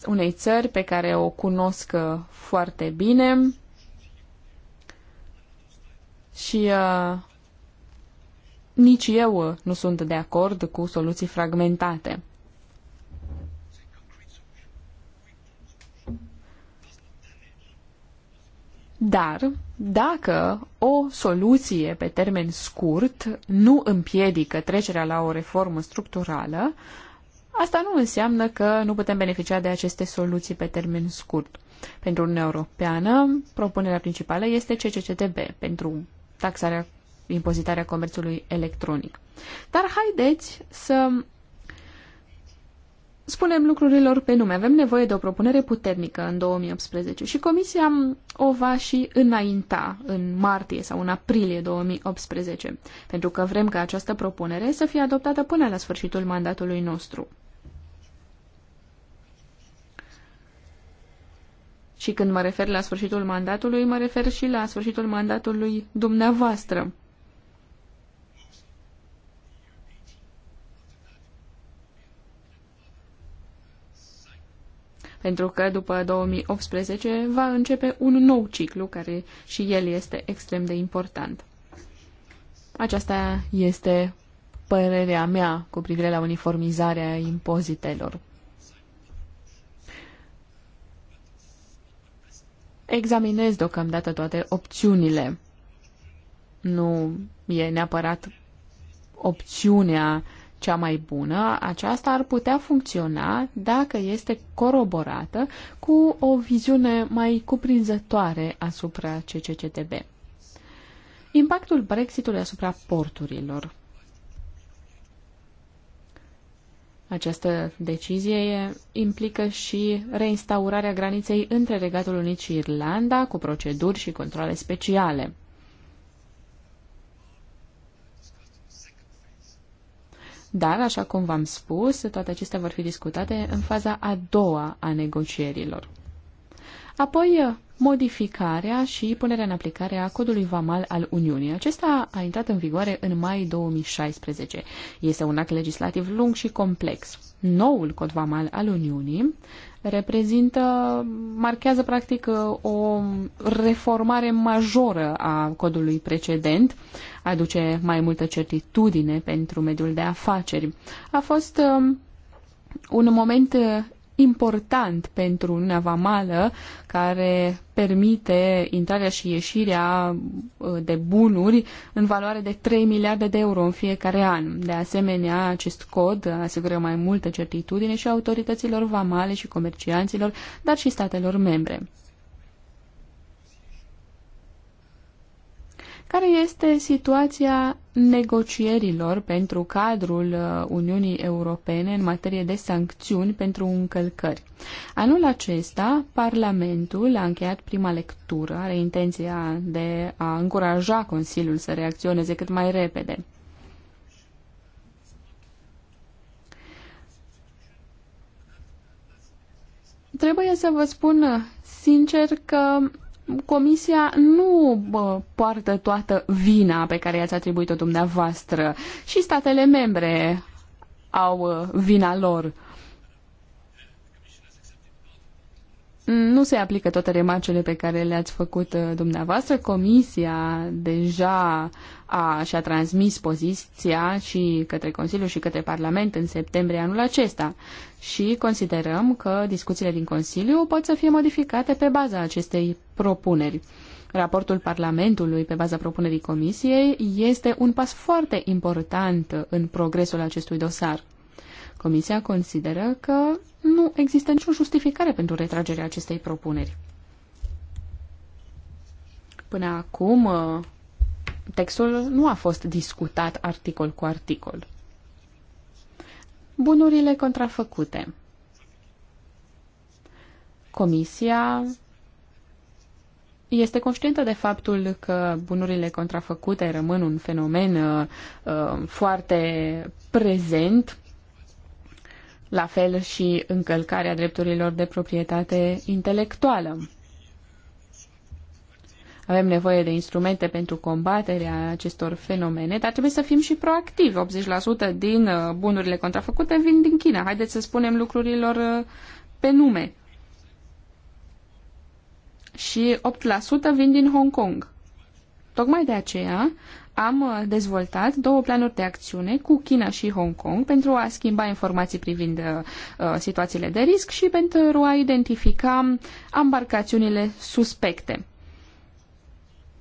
unei țări pe care o cunosc uh, foarte bine și uh, nici eu uh, nu sunt de acord cu soluții fragmentate. Dar, dacă o soluție pe termen scurt nu împiedică trecerea la o reformă structurală, uh, Asta nu înseamnă că nu putem beneficia de aceste soluții pe termen scurt. Pentru Uniunea Europeană, propunerea principală este CCCTB pentru taxarea, impozitarea comerțului electronic. Dar haideți să spunem lucrurilor pe nume. Avem nevoie de o propunere puternică în 2018 și Comisia o va și înainta în martie sau în aprilie 2018, pentru că vrem ca această propunere să fie adoptată până la sfârșitul mandatului nostru. Și când mă refer la sfârșitul mandatului, mă refer și la sfârșitul mandatului dumneavoastră. Pentru că după 2018 va începe un nou ciclu care și el este extrem de important. Aceasta este părerea mea cu privire la uniformizarea impozitelor. examinez deocamdată toate opțiunile. Nu e neapărat opțiunea cea mai bună, aceasta ar putea funcționa dacă este coroborată cu o viziune mai cuprinzătoare asupra CCCTB. Impactul Brexitului asupra porturilor. Această decizie implică și reinstaurarea graniței între Regatul Unit și Irlanda cu proceduri și controle speciale. Dar, așa cum v-am spus, toate acestea vor fi discutate în faza a doua a negocierilor. Apoi, uh, modificarea și punerea în aplicare a codului VAMAL al Uniunii. Acesta a intrat în vigoare în mai 2016. Este un act legislativ lung și complex. Noul cod VAMAL al Uniunii reprezintă, marchează practic uh, o reformare majoră a codului precedent, aduce mai multă certitudine pentru mediul de afaceri. A fost um, un moment important pentru una Vamală, care permite intrarea și ieșirea uh, de bunuri în valoare de 3 miliarde de euro în fiecare an. De asemenea, acest cod asigură mai multă certitudine și autorităților vamale și comercianților, dar și statelor membre. Care este situația negocierilor pentru cadrul uh, Uniunii Europene în materie de sancțiuni pentru încălcări? Anul acesta, Parlamentul a încheiat prima lectură, are intenția de a încuraja Consiliul să reacționeze cât mai repede. Trebuie să vă spun uh, sincer că Comisia nu poartă toată vina pe care i-ați atribuit-o dumneavoastră și statele membre au uh, vina lor. nu se aplică toate remarcele pe care le-ați făcut uh, dumneavoastră. Comisia deja a, și-a transmis poziția și către Consiliu și către Parlament în septembrie anul acesta și considerăm că discuțiile din Consiliu pot să fie modificate pe baza acestei propuneri. Raportul Parlamentului pe baza propunerii Comisiei este un pas foarte important în progresul acestui dosar. Comisia consideră că nu există nicio justificare pentru retragerea acestei propuneri. Până acum, uh, textul nu a fost discutat articol cu articol. Bunurile contrafăcute. Comisia este conștientă de faptul că bunurile contrafăcute rămân un fenomen uh, uh foarte prezent la fel și încălcarea drepturilor de proprietate intelectuală. Avem nevoie de instrumente pentru combaterea acestor fenomene, dar trebuie să fim și proactivi. 80% din uh, bunurile contrafăcute vin din China. Haideți să spunem lucrurilor uh, pe nume. Și 8% vin din Hong Kong. Tocmai de aceea am uh, dezvoltat două planuri de acțiune cu China și Hong Kong pentru a schimba informații privind uh, uh situațiile de risc și pentru a identifica ambarcațiunile suspecte.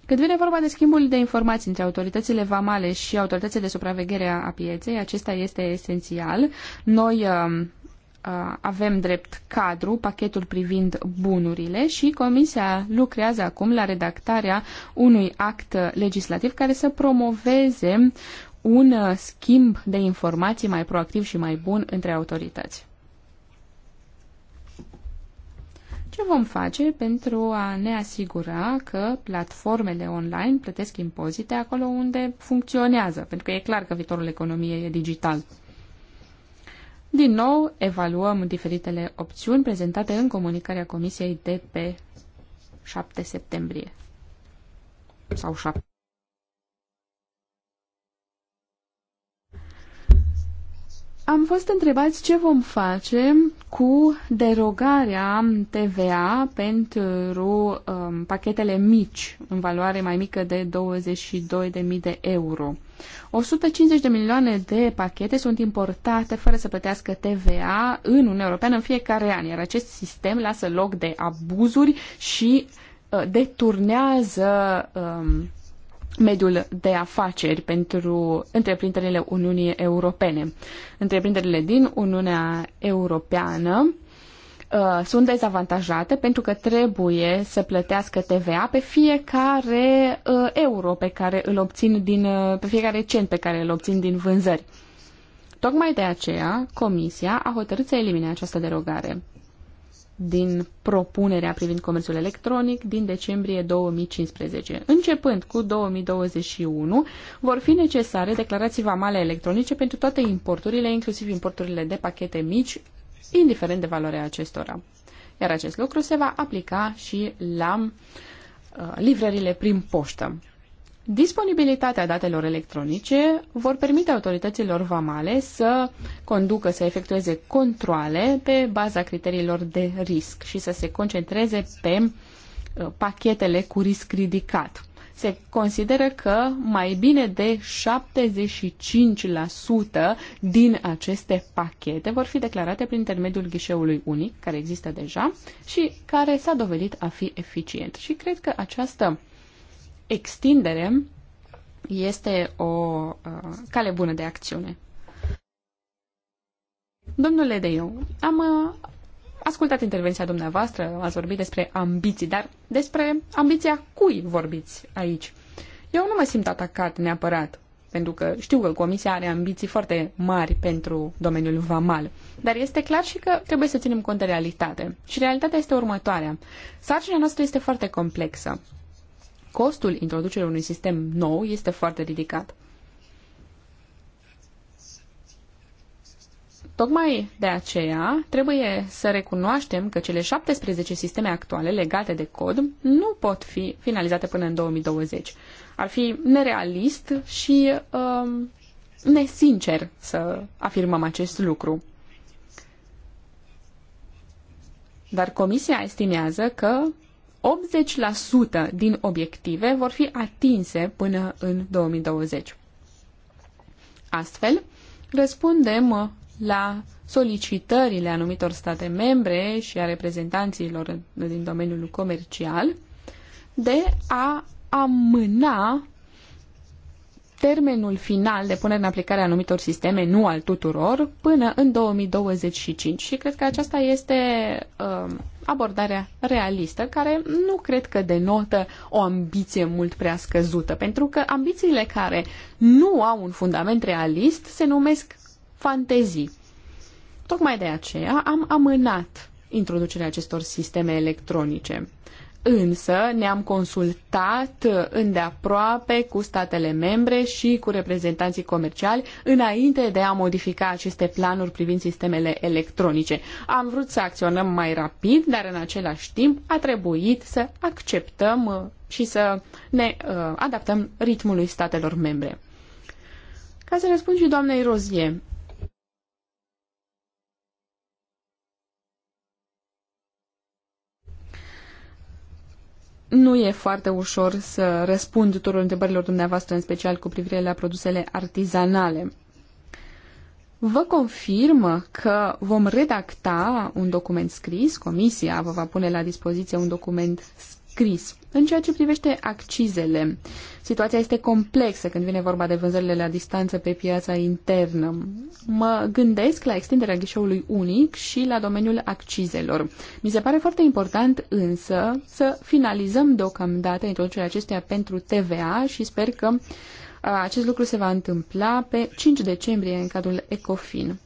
Când vine vorba de schimbul de informații între autoritățile vamale și autoritățile de supraveghere a pieței, acesta este esențial. Noi uh, Uh, avem drept cadru pachetul privind bunurile și Comisia lucrează acum la redactarea unui act legislativ care să promoveze un uh, schimb de informații mai proactiv și mai bun între autorități. Ce vom face pentru a ne asigura că platformele online plătesc impozite acolo unde funcționează? Pentru că e clar că viitorul economiei e digital. Din nou, evaluăm diferitele opțiuni prezentate în comunicarea Comisiei de pe 7 septembrie. Sau 7. Am fost întrebați ce vom face cu derogarea TVA pentru um, pachetele mici, în valoare mai mică de 22.000 de euro. 150 de milioane de pachete sunt importate fără să plătească TVA în Uniunea Europeană în fiecare an, iar acest sistem lasă loc de abuzuri și uh, deturnează um, mediul de afaceri pentru întreprinderile Uniunii Europene. Întreprinderile din Uniunea Europeană uh, sunt dezavantajate pentru că trebuie să plătească TVA pe fiecare uh, euro pe care îl obțin din, uh, pe fiecare cent pe care îl obțin din vânzări. Tocmai de aceea, Comisia a hotărât să elimine această derogare din propunerea privind comerțul electronic din decembrie 2015. Începând cu 2021, vor fi necesare declarații vamale electronice pentru toate importurile, inclusiv importurile de pachete mici, indiferent de valoarea acestora. Iar acest lucru se va aplica și la uh, livrările prin poștă. Disponibilitatea datelor electronice vor permite autorităților vamale să conducă, să efectueze controle pe baza criteriilor de risc și să se concentreze pe uh, pachetele cu risc ridicat. Se consideră că mai bine de 75% din aceste pachete vor fi declarate prin intermediul ghișeului unic, care există deja și care s-a dovedit a fi eficient. Și cred că această extindere este o uh, cale bună de acțiune. Domnule eu, am uh, ascultat intervenția dumneavoastră, ați vorbit despre ambiții, dar despre ambiția cui vorbiți aici? Eu nu mă simt atacat neapărat, pentru că știu că Comisia are ambiții foarte mari pentru domeniul vamal. Dar este clar și că trebuie să ținem cont de realitate. Și realitatea este următoarea. Sarcina noastră este foarte complexă costul introducerii unui sistem nou este foarte ridicat. Tocmai de aceea trebuie să recunoaștem că cele 17 sisteme actuale legate de cod nu pot fi finalizate până în 2020. Ar fi nerealist și um, nesincer să afirmăm acest lucru. Dar Comisia estimează că 80% din obiective vor fi atinse până în 2020. Astfel, răspundem la solicitările anumitor state membre și a reprezentanților din domeniul comercial de a amâna termenul final de punere în aplicare a anumitor sisteme, nu al tuturor, până în 2025. Și cred că aceasta este uh, abordarea realistă, care nu cred că denotă o ambiție mult prea scăzută, pentru că ambițiile care nu au un fundament realist se numesc fantezii. Tocmai de aceea am amânat introducerea acestor sisteme electronice. Însă ne-am consultat îndeaproape cu statele membre și cu reprezentanții comerciali înainte de a modifica aceste planuri privind sistemele electronice. Am vrut să acționăm mai rapid, dar în același timp a trebuit să acceptăm uh, și să ne uh, adaptăm ritmului statelor membre. Ca să răspund și doamnei Rozie, nu e foarte ușor să răspund tuturor întrebărilor dumneavoastră, în special cu privire la produsele artizanale. Vă confirm că vom redacta un document scris, comisia vă va pune la dispoziție un document scris scris. În ceea ce privește accizele, situația este complexă când vine vorba de vânzările la distanță pe piața internă. Mă gândesc la extinderea ghișeului unic și la domeniul accizelor. Mi se pare foarte important însă să finalizăm deocamdată introducerea acesteia pentru TVA și sper că acest lucru se va întâmpla pe 5 decembrie în cadrul ECOFIN.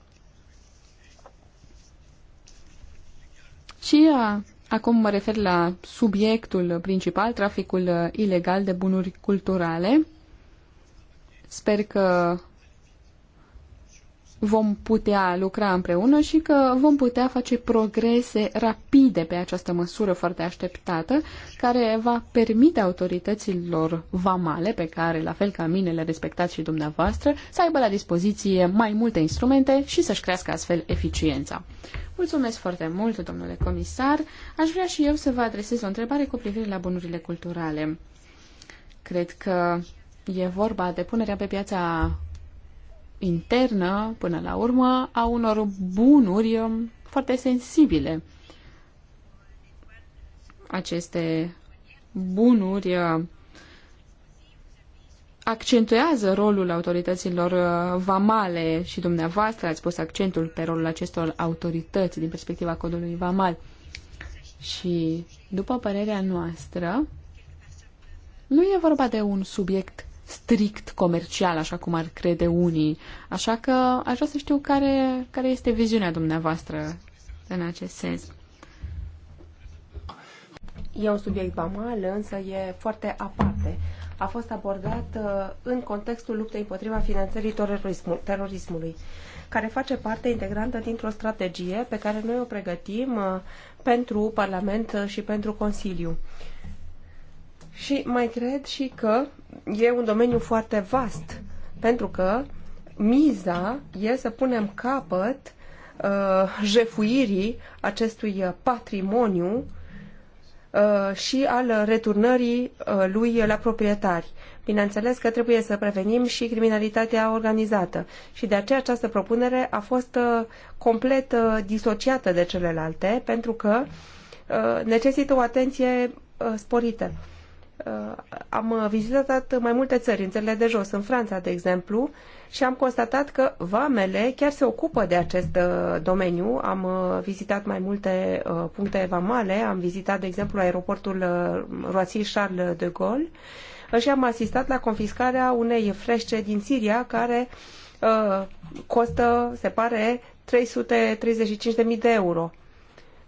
Și Acum mă refer la subiectul principal, traficul ilegal de bunuri culturale. Sper că vom putea lucra împreună și că vom putea face progrese rapide pe această măsură foarte așteptată, care va permite autorităților vamale, pe care, la fel ca mine, le respectați și dumneavoastră, să aibă la dispoziție mai multe instrumente și să-și crească astfel eficiența. Mulțumesc foarte mult, domnule comisar. Aș vrea și eu să vă adresez o întrebare cu privire la bunurile culturale. Cred că E vorba de punerea pe piața internă, până la urmă, a unor bunuri um, foarte sensibile. Aceste bunuri uh, accentuează rolul autorităților uh, vamale și dumneavoastră ați pus accentul pe rolul acestor autorități din perspectiva codului vamal. Și, după părerea noastră, nu e vorba de un subiect strict comercial, așa cum ar crede unii. Așa că aș vrea să știu care, care este viziunea dumneavoastră în acest sens.
E un subiect bamal, însă e foarte aparte. A fost abordat uh, în contextul luptei împotriva finanțării terorismului, care face parte integrantă dintr-o strategie pe care noi o pregătim uh, pentru Parlament uh, și pentru Consiliu. Și mai cred și că e un domeniu foarte vast, pentru că miza e să punem capăt uh, jefuirii acestui uh, patrimoniu uh, și al returnării uh, lui la proprietari. Bineînțeles că trebuie să prevenim și criminalitatea organizată și de aceea această propunere a fost complet disociată de celelalte pentru că necesită o atenție sporită. Uh, am vizitat mai multe țări, în țările de jos, în Franța, de exemplu, și am constatat că vamele chiar se ocupă de acest uh, domeniu. Am uh, vizitat mai multe puncte vamale, am vizitat, de exemplu, aeroportul Roații Charles de Gaulle și am asistat la confiscarea unei frește din Siria care costă, se pare, 335.000 de euro.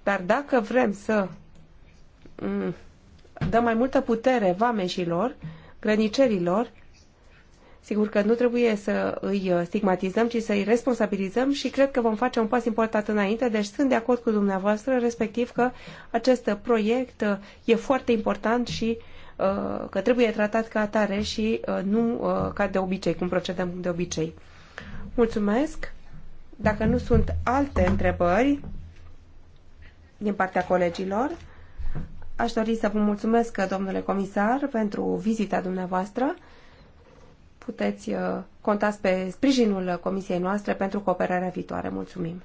Dar dacă vrem să mm, dă mai multă putere vameșilor, grănicerilor, Sigur că nu trebuie să îi uh, stigmatizăm, ci să îi responsabilizăm și cred că vom face un pas important înainte. Deci sunt de acord cu dumneavoastră, respectiv că acest proiect uh, e foarte important și uh, că trebuie tratat ca atare și nu ca de obicei, cum procedăm de obicei. Mulțumesc! Dacă nu sunt alte întrebări din partea colegilor, Aș dori să vă mulțumesc, domnule comisar, pentru vizita dumneavoastră. Puteți uh, contați pe sprijinul comisiei noastre pentru cooperarea viitoare. Mulțumim!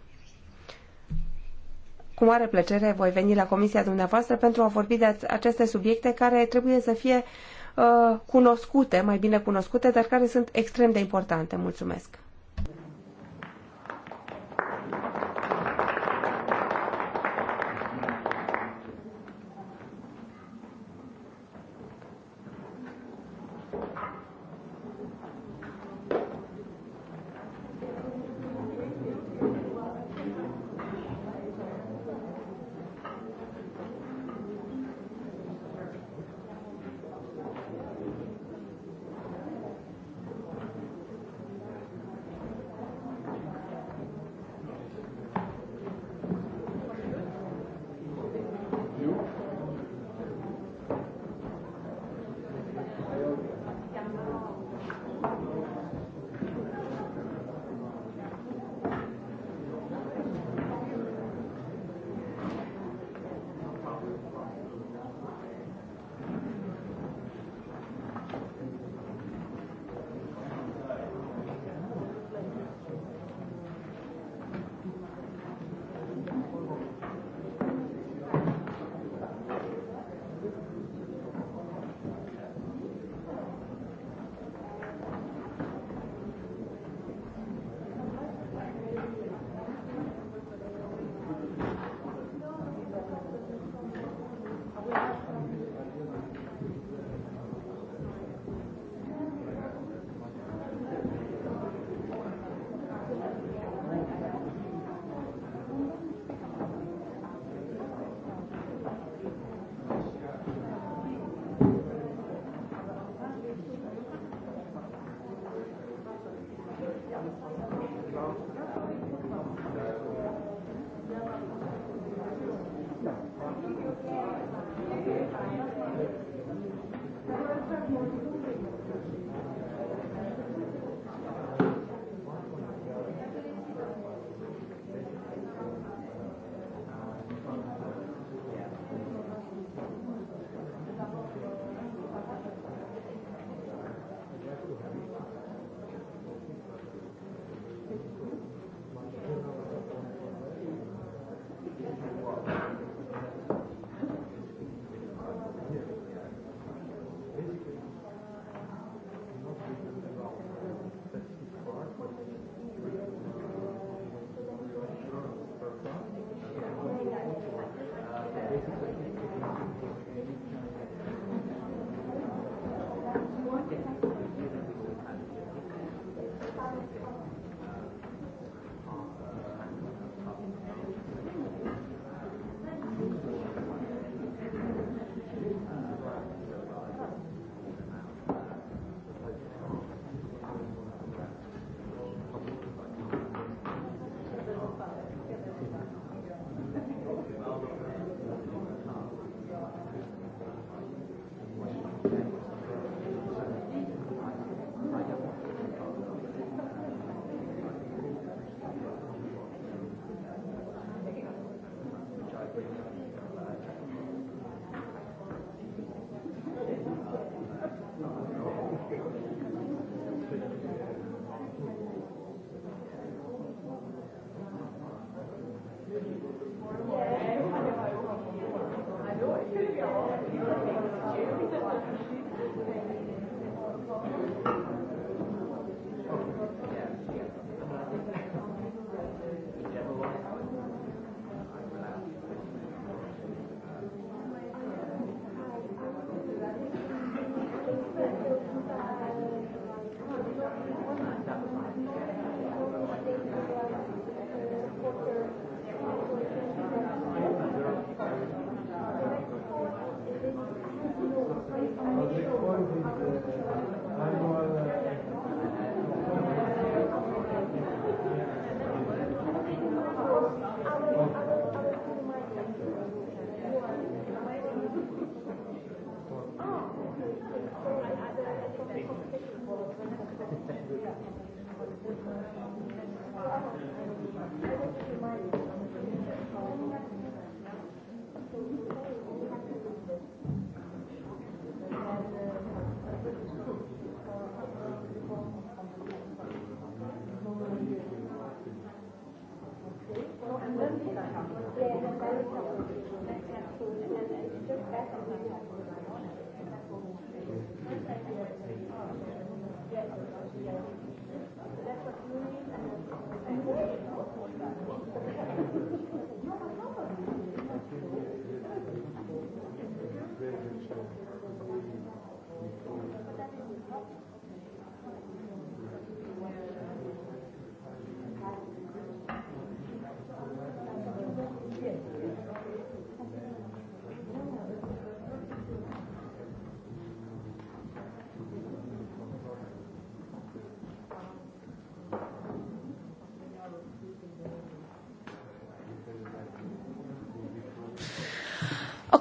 Cu mare plăcere voi veni la comisia dumneavoastră pentru a vorbi de aceste subiecte care trebuie să fie uh, cunoscute, mai bine cunoscute, dar care sunt extrem de importante. Mulțumesc!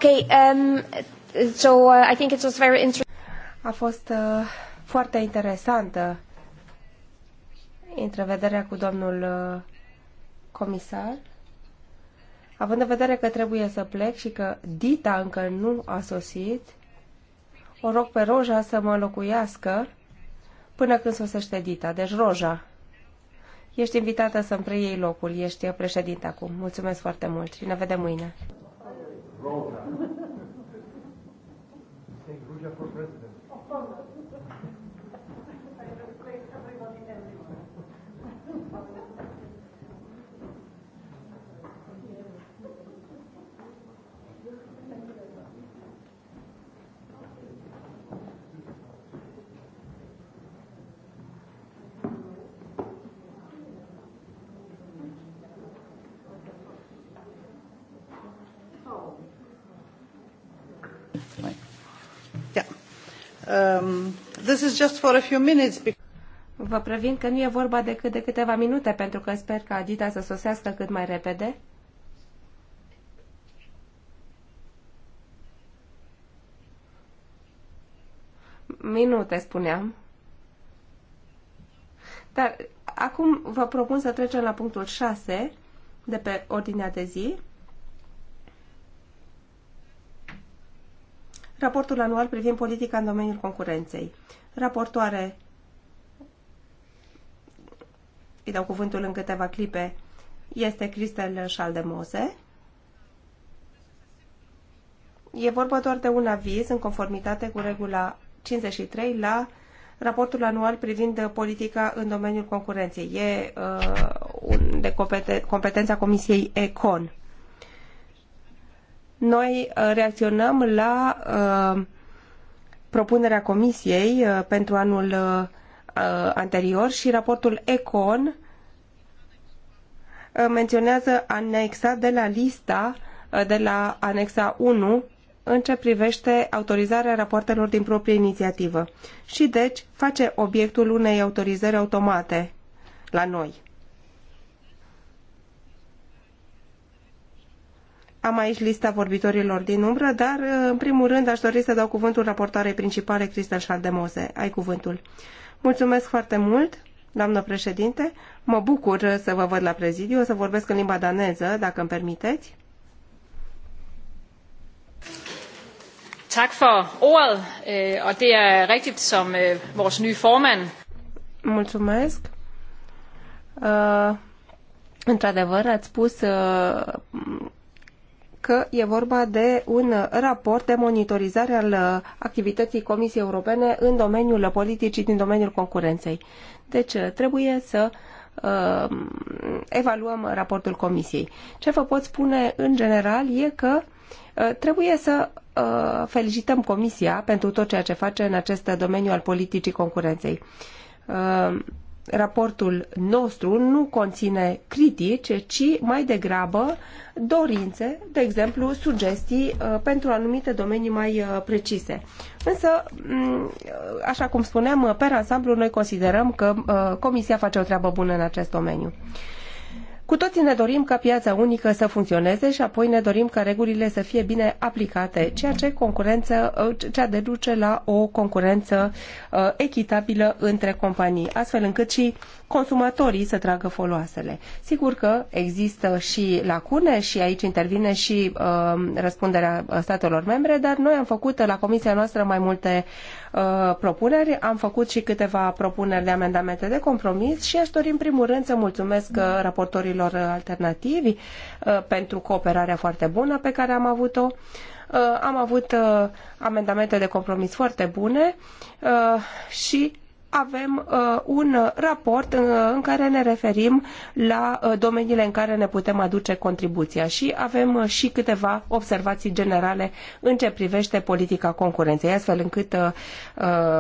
Okay, um, so uh, I think it was very interesting. A fost uh, foarte interesantă întrevederea cu domnul uh, comisar. Având în vedere că trebuie să plec și că Dita încă nu a sosit, o rog pe Roja să mă locuiască până când sosește Dita. Deci, Roja, ești invitată să-mi preiei locul. Ești președinte acum. Mulțumesc foarte mult și ne vedem mâine
program. Take Russia for president. Um, this is just for a
few minutes. Vă previn că nu e vorba decât de câteva minute, pentru că sper că Adita să sosească cât mai repede. Minute, spuneam. Dar acum vă propun să trecem la punctul 6 de pe ordinea de zi. raportul anual privind politica în domeniul concurenței. Raportoare, îi dau cuvântul în câteva clipe, este Cristel Schaldemose. E vorba doar de un aviz în conformitate cu regula 53 la raportul anual privind politica în domeniul concurenței. E uh, un, de competen- competența Comisiei ECON noi uh, reacționăm la uh, propunerea Comisiei uh, pentru anul anterior și raportul ECON menționează anexa de la lista de la anexa 1 în ce privește autorizarea rapoartelor din proprie inițiativă și deci face obiectul unei autorizări automate la noi. Am aici lista vorbitorilor din umbră, dar uh, în primul rând aș dori să dau cuvântul raportoarei principale, Cristel Șaldemose. Ai cuvântul. Mulțumesc foarte mult, doamnă președinte. Mă bucur să vă văd la prezidiu. O să vorbesc în limba daneză, dacă îmi permiteți.
Tak for ordet, øh, og det er rigtigt som øh, vores nye formand.
Mulțumesc. Uh... Într-adevăr, ați spus uh, că e vorba de un raport de monitorizare al activității Comisiei Europene în domeniul politicii din domeniul concurenței. Deci trebuie să uh, evaluăm raportul Comisiei. Ce vă pot spune în general e că uh, trebuie să uh, felicităm Comisia pentru tot ceea ce face în acest domeniu al politicii concurenței. Uh, raportul nostru nu conține critici, ci mai degrabă dorințe, de exemplu, sugestii uh, pentru anumite domenii mai uh, precise. Însă, uh, așa cum spuneam, pe ansamblu noi considerăm că Comisia face o treabă bună în acest domeniu. Cu toții ne dorim ca piața unică să funcționeze și apoi ne dorim ca regulile să fie bine aplicate, ceea ce concurență, ceea de duce la o concurență uh, echitabilă între companii, astfel încât și consumatorii să tragă foloasele. Sigur că există și lacune și aici intervine și uh, răspunderea uh, statelor membre, dar noi am făcut la comisia noastră mai multe uh, Uh, propuneri. Am făcut și câteva propuneri de amendamente de compromis și aș dori în primul rând să mulțumesc uh, raportorilor alternativi uh, pentru cooperarea foarte bună pe care am avut-o. Am avut amendamente de compromis foarte bune și avem uh, un raport uh, în care ne referim la uh, domeniile în care ne putem aduce contribuția și avem și câteva observații generale în ce privește politica concurenței, astfel încât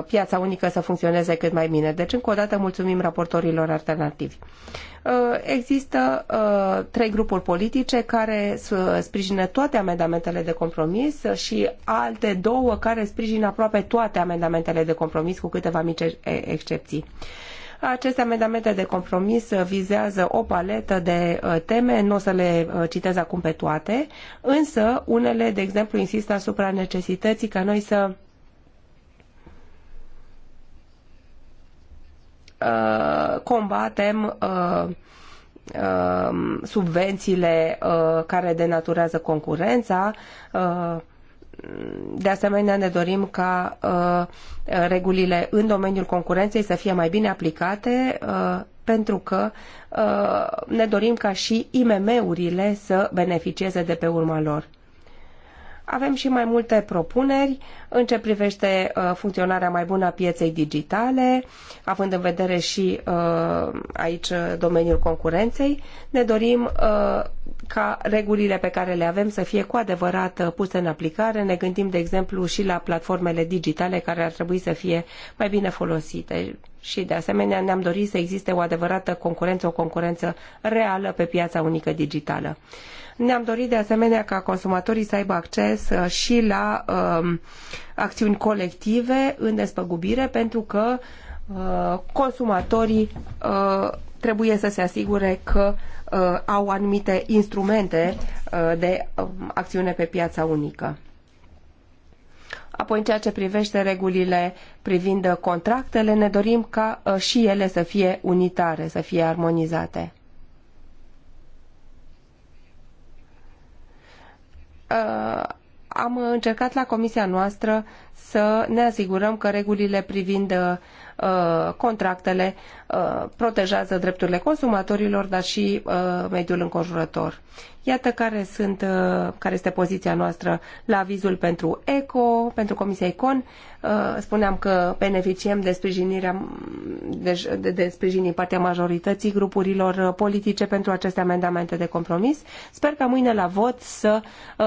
piața unică să funcționeze cât mai bine. Deci, încă o dată, mulțumim raportorilor alternativi. Uh, există uh, trei grupuri politice care uh, sprijină toate amendamentele de compromis și alte două care sprijină aproape toate amendamentele de compromis cu câteva mici excepții. Aceste amendamente de compromis vizează o paletă de teme, nu o să le citez acum pe toate, însă unele, de exemplu, insistă asupra necesității ca noi să Uh, combatem uh, uh, subvențiile care denaturează concurența. De asemenea, ne dorim ca regulile în domeniul concurenței să fie mai bine aplicate pentru că ne dorim ca și IMM-urile să beneficieze de pe urma lor. Avem și mai multe propuneri în ce privește uh, funcționarea mai bună a pieței digitale, având în vedere și uh, aici uh, domeniul concurenței. Ne dorim ca regulile pe care le avem să fie cu adevărat puse în aplicare. Ne gândim, de exemplu, și la platformele digitale care ar trebui să fie mai bine folosite. Și, de asemenea, ne-am dorit să existe o adevărată concurență, o concurență reală pe piața unică digitală. Ne-am dorit de asemenea ca consumatorii să aibă acces uh, și la um, acțiuni colective în despăgubire pentru că uh, consumatorii uh, trebuie să se asigure că au anumite instrumente de um, acțiune pe piața unică. Apoi, în ceea ce privește regulile privind contractele, ne dorim ca și ele să fie unitare, să fie armonizate. Uh, am încercat la comisia noastră să ne asigurăm că regulile privind uh, Uh, contractele, uh, protejează drepturile consumatorilor, dar și uh, mediul înconjurător. Iată care, sunt, care este poziția noastră la avizul pentru ECO, pentru Comisia ICON. Spuneam că beneficiem de, sprijinirea, de, de, de sprijin partea majorității grupurilor politice pentru aceste amendamente de compromis. Sper ca mâine la vot să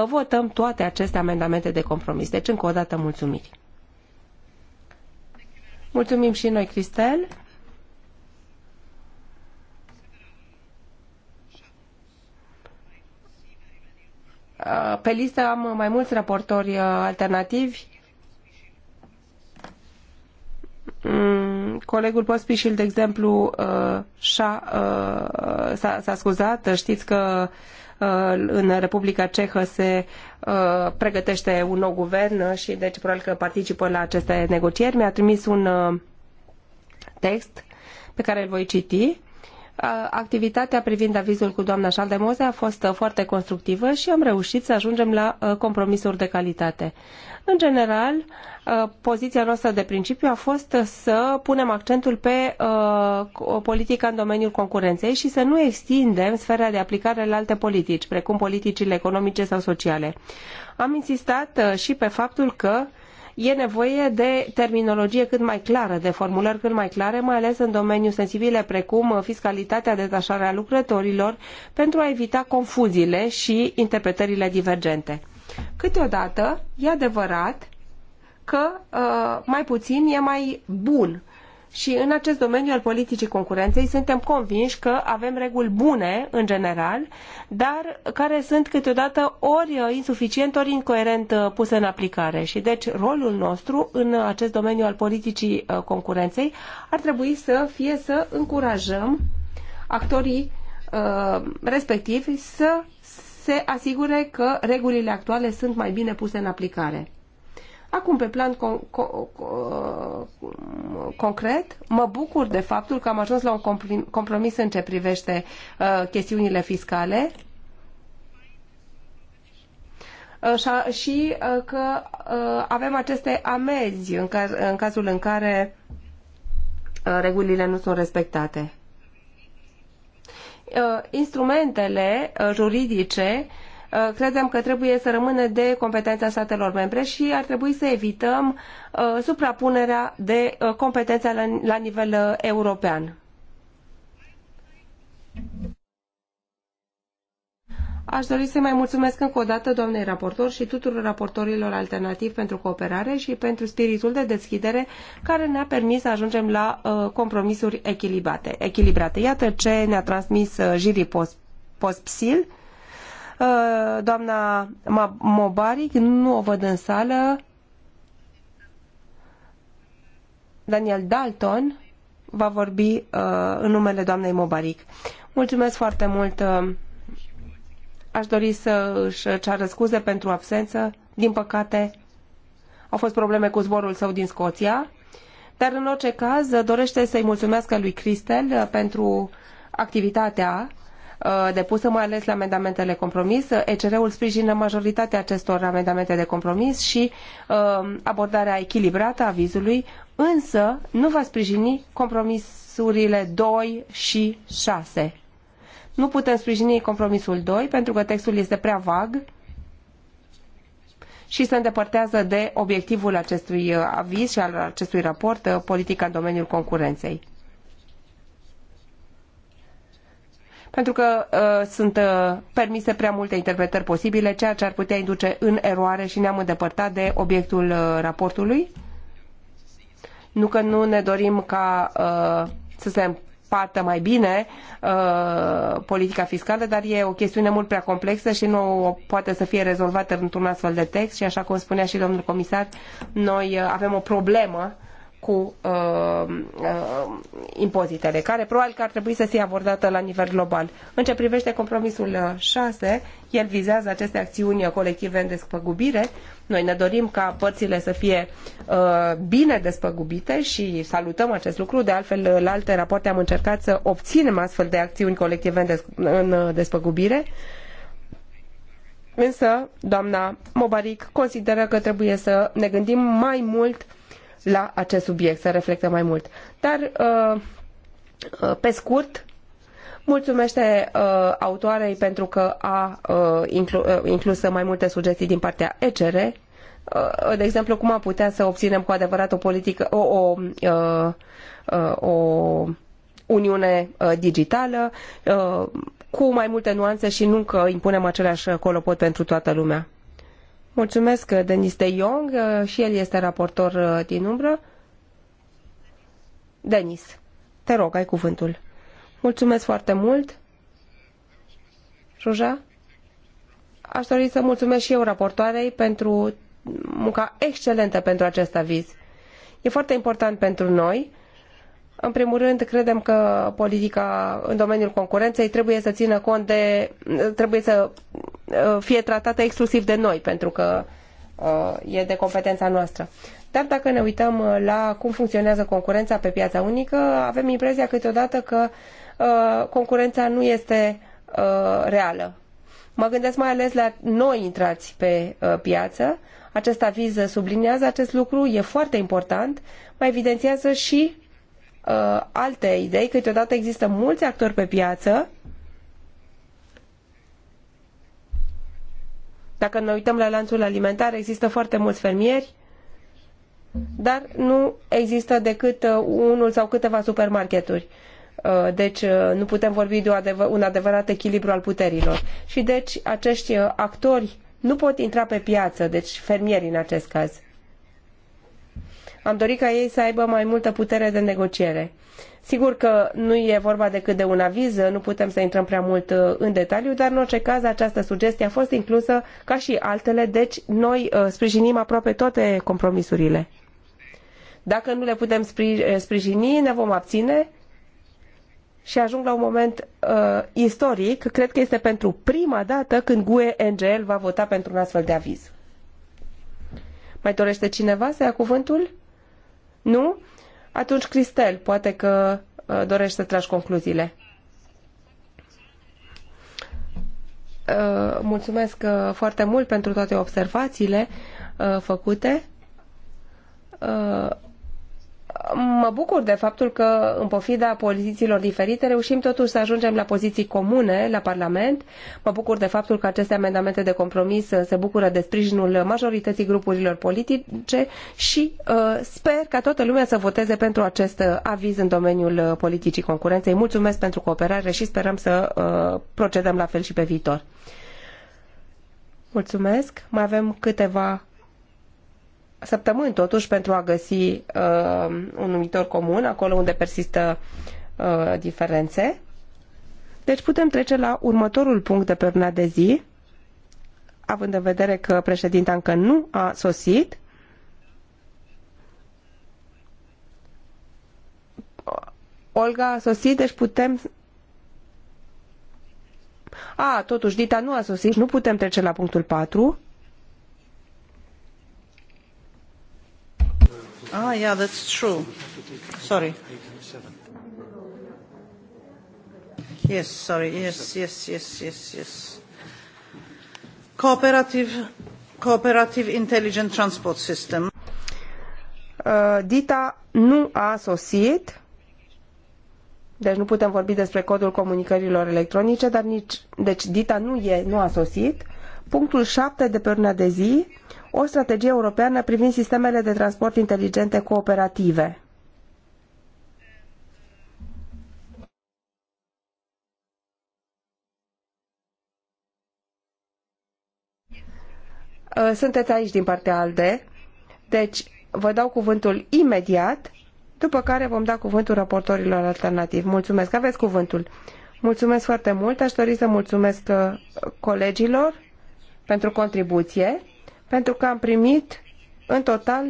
votăm toate aceste amendamente de compromis. Deci, încă o dată, mulțumiri. Mulțumim și noi, Cristel. Uh, pe listă am mai mulți raportori uh, alternativi.
Mm,
colegul Pospișil, de exemplu, uh, s-a scuzat. Știți că în Republica Cehă se Uh, pregătește un nou guvern uh, și deci probabil că participă la aceste negocieri. Mi-a trimis un uh, text pe care îl voi citi activitatea privind avizul cu doamna Șaldemoze a fost uh, foarte constructivă și am reușit să ajungem la uh, compromisuri de calitate. În general, uh, poziția noastră de principiu a fost să punem accentul pe politica în domeniul concurenței și să nu extindem sfera de aplicare la alte politici, precum politicile economice sau sociale. Am insistat și pe faptul că e nevoie de terminologie cât mai clară, de formulări cât mai clare, mai ales în domeniul sensibile precum fiscalitatea, detașarea lucrătorilor, pentru a evita confuziile și interpretările divergente. Câteodată, e adevărat că uh, mai puțin e mai bun și în acest domeniu al politicii concurenței suntem convinși că avem reguli bune în general, dar care sunt câteodată ori insuficient, ori incoerent uh, puse în aplicare. Și deci rolul nostru în acest domeniu al politicii uh, concurenței ar trebui să fie să încurajăm actorii uh, respectivi să se asigure că regulile actuale sunt mai bine puse în aplicare. Acum, pe plan con- con- con- uh, concret, mă bucur de faptul că am ajuns la un compromis în ce privește uh, chestiunile fiscale uh, și uh, că uh, avem aceste amezi în, în cazul în care uh, regulile nu sunt respectate. Uh, instrumentele uh, juridice uh, Uh, credem că trebuie să rămână de competența statelor membre și ar trebui să evităm uh, suprapunerea de uh, competențe la nivel european. Aș dori să mai mulțumesc încă o dată doamnei raportor și tuturor raportorilor alternativi pentru cooperare și pentru spiritul de deschidere care ne-a permis să ajungem la uh, compromisuri echilibrate. echilibrate. Iată ce ne-a transmis uh, Jiri Pospsil. Uh, doamna Mobaric, nu o văd în sală. Daniel Dalton va vorbi uh, în numele doamnei Mobaric. Mulțumesc foarte mult. Uh, aș dori să își ceară scuze pentru absență. Din păcate, au fost probleme cu zborul său din Scoția, dar în orice caz dorește să-i mulțumească lui Cristel pentru activitatea Uh, depusă, mai ales la amendamentele compromis. ECR-ul sprijină majoritatea acestor amendamente de compromis și uh, abordarea echilibrată a vizului, însă nu va sprijini compromisurile 2 și 6. Nu putem sprijini compromisul 2 pentru că textul este prea vag și se îndepărtează de obiectivul acestui uh, aviz și al acestui raport, politica în domeniul concurenței. pentru că uh, sunt uh, permise prea multe interpretări posibile, ceea ce ar putea induce în eroare și ne-am îndepărtat de obiectul uh, raportului. Nu că nu ne dorim ca uh, să se împartă mai bine uh, politica fiscală, dar e o chestiune mult prea complexă și nu poate să fie rezolvată într-un astfel de text și așa cum spunea și domnul comisar, noi uh, avem o problemă uh, cu uh, uh, impozitele, care probabil că ar trebui să fie abordată la nivel global. În ce privește compromisul 6, uh, el vizează aceste acțiuni colective în despăgubire. Noi ne dorim ca părțile să fie uh, bine despăgubite și salutăm acest lucru. De altfel, uh, la alte rapoarte am încercat să obținem astfel de acțiuni colective în, des- în uh, despăgubire. Însă, doamna Mobaric consideră că trebuie să ne gândim mai mult la acest subiect, să reflectăm mai mult. Dar, uh, uh, pe scurt, mulțumește uh, autoarei pentru că a inclus mai multe sugestii din partea ECR, de exemplu, cum am putea să obținem cu adevărat o politică, o, o, o uniune digitală cu mai multe nuanțe și nu că impunem același colopot pentru toată lumea. Mulțumesc, uh, Denis de Jong, uh, și el este raportor uh, din umbră. Denis, te rog, ai cuvântul. Mulțumesc foarte mult. Ruja? Aș dori să mulțumesc și eu raportoarei pentru munca excelentă pentru acest aviz. E foarte important pentru noi. În primul rând, credem că politica în domeniul concurenței trebuie să țină cont de, trebuie să Uh, fie tratată exclusiv de noi, pentru că uh, e de competența noastră. Dar dacă ne uităm uh, la cum funcționează concurența pe piața unică, avem impresia câteodată că concurența nu este reală. Mă gândesc mai ales la noi intrați pe piață. Acest aviz subliniază acest lucru, e foarte important, mai evidențiază și alte idei. Câteodată există mulți actori pe piață Dacă ne uităm la lanțul alimentar, există foarte mulți fermieri, dar nu există decât uh, unul sau câteva supermarketuri. Uh, deci uh, nu putem vorbi de un adevărat echilibru al puterilor. Și deci acești actori nu pot intra pe piață, deci fermierii în acest caz. Am dorit ca ei să aibă mai multă putere de negociere. Sigur că nu e vorba decât de un aviz, nu putem să intrăm prea mult uh, în detaliu, dar în orice caz această sugestie a fost inclusă ca și altele, deci noi uh, sprijinim aproape toate compromisurile. Dacă nu le putem uh, sprijini, ne vom abține și ajung la un moment uh, istoric. Cred că este pentru prima dată când GUE NGL va vota pentru un astfel de aviz. Mai dorește cineva să ia cuvântul? Nu? Atunci, Cristel, poate că uh, dorești să tragi concluziile. Uh, mulțumesc uh, foarte mult pentru toate observațiile făcute mă bucur de faptul că, în pofida pozițiilor diferite, reușim totuși să ajungem la poziții comune la Parlament. Mă bucur de faptul că aceste amendamente de compromis uh, se bucură de sprijinul majorității grupurilor politice și uh, sper ca toată lumea să voteze pentru acest uh, aviz în domeniul uh, politicii concurenței. Mulțumesc pentru cooperare și sperăm să uh, procedăm la fel și pe viitor. Mulțumesc. Mai avem câteva săptămâni totuși pentru a găsi uh, un numitor comun acolo unde persistă uh, diferențe. Deci putem trece la următorul punct de pe ordinea de zi, având în vedere că președinta încă nu a sosit. Olga a sosit, deci putem... A, totuși, Dita nu a sosit, nu putem trece la punctul 4. Ah, yeah, that's true. Sorry.
Yes, sorry. Yes, yes, yes, yes, yes. Cooperative, cooperative intelligent
transport system. Uh, Dita nu a sosit, deci nu putem vorbi despre codul comunicărilor electronice, dar nici, deci Dita nu e, nu a sosit. Punctul 7 de pe urmă de zi, o strategie europeană privind sistemele de transport inteligente cooperative. Uh, sunteți aici din partea ALDE, deci vă dau cuvântul imediat, după care vom da cuvântul raportorilor alternativi. Mulțumesc, aveți cuvântul. Mulțumesc foarte mult, aș dori să mulțumesc uh, colegilor pentru contribuție pentru că am primit în total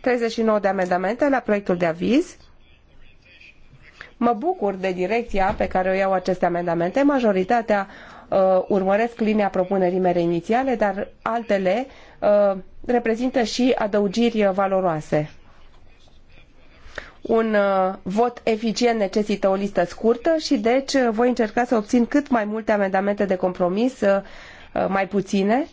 39 de amendamente la proiectul de aviz. Mă bucur de direcția pe care o iau aceste amendamente. Majoritatea uh, urmăresc linia propunerii mele inițiale, dar altele uh, reprezintă și adăugiri valoroase. Un uh, vot eficient necesită o listă scurtă și deci voi încerca să obțin cât mai multe amendamente de compromis, uh, uh mai puține,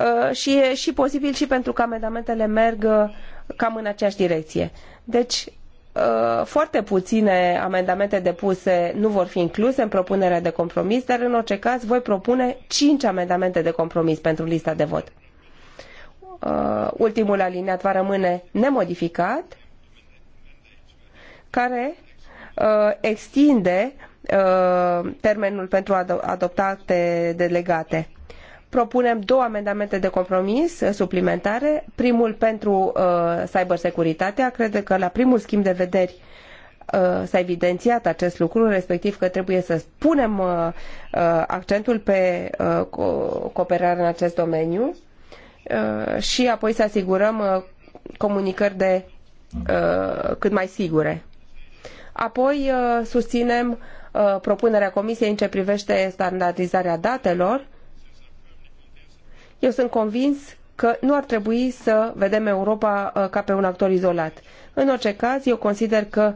Uh, și e și posibil și pentru că amendamentele merg uh, cam în aceeași direcție. Deci, uh, foarte puține amendamente depuse nu vor fi incluse în propunerea de compromis, dar în orice caz voi propune cinci amendamente de compromis pentru lista de vot. Ultimul aliniat va rămâne nemodificat, care extinde termenul pentru a adopta acte delegate propunem două amendamente de compromis suplimentare. Primul pentru uh, cybersecuritatea. Cred că la primul schimb de vederi uh, s-a evidențiat acest lucru, respectiv că trebuie să punem uh, uh, accentul pe cooperarea în acest domeniu și apoi să asigurăm comunicări de cât mai sigure. Apoi susținem propunerea Comisiei în ce privește standardizarea datelor eu sunt convins că nu ar trebui să vedem Europa uh, ca pe un actor izolat. În orice caz, eu consider că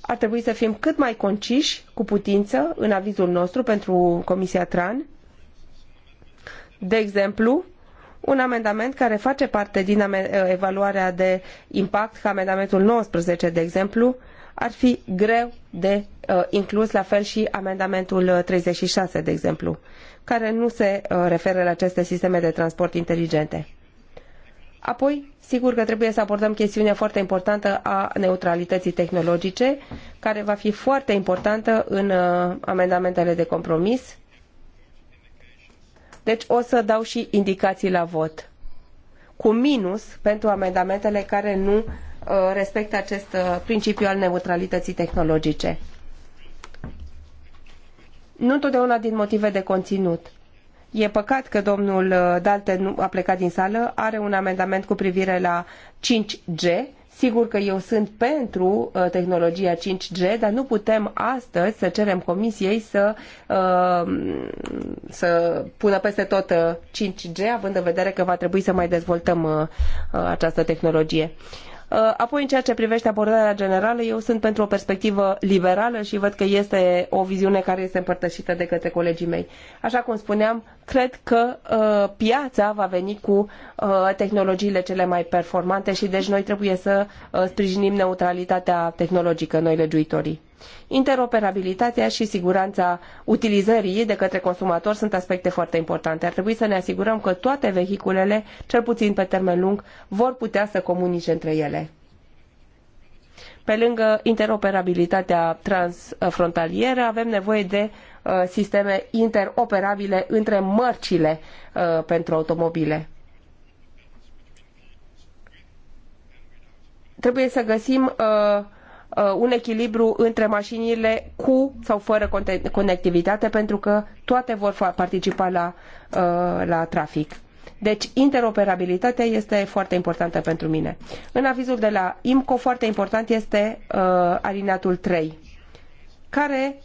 ar trebui să fim cât mai conciși cu putință în avizul nostru pentru Comisia TRAN. De exemplu, un amendament care face parte din uh, evaluarea de impact, ca amendamentul 19, de exemplu, ar fi greu de uh, inclus, la fel și amendamentul 36, de exemplu care nu se uh, referă la aceste sisteme de transport inteligente. Apoi, sigur că trebuie să abordăm chestiunea foarte importantă a neutralității tehnologice, care va fi foarte importantă în uh, amendamentele de compromis. Deci o să dau și indicații la vot cu minus pentru amendamentele care nu uh, respectă acest principiu al neutralității tehnologice nu întotdeauna din motive de conținut. E păcat că domnul uh, nu a plecat din sală, are un amendament cu privire la 5G. Sigur că eu sunt pentru uh, tehnologia 5G, dar nu putem astăzi să cerem comisiei să, uh, să pună peste tot 5G, având în vedere că va trebui să mai dezvoltăm această tehnologie. Uh, apoi, în ceea ce privește abordarea generală, eu sunt pentru o perspectivă liberală și văd că este o viziune care este împărtășită de către colegii mei. Așa cum spuneam, cred că uh, piața va veni cu uh, tehnologiile cele mai performante și deci noi trebuie să uh, sprijinim neutralitatea tehnologică, noi legiuitorii. Interoperabilitatea și siguranța utilizării de către consumator sunt aspecte foarte importante. Ar trebui să ne asigurăm că toate vehiculele, cel puțin pe termen lung, vor putea să comunice între ele. Pe lângă interoperabilitatea transfrontalieră, avem nevoie de Uh, sisteme interoperabile între mărcile uh, pentru automobile. Trebuie să găsim uh, un echilibru între mașinile cu sau fără conectivitate pentru că toate vor participa la, la trafic. Deci interoperabilitatea este foarte importantă pentru mine. În avizul de la IMCO foarte important este uh, alineatul 3, care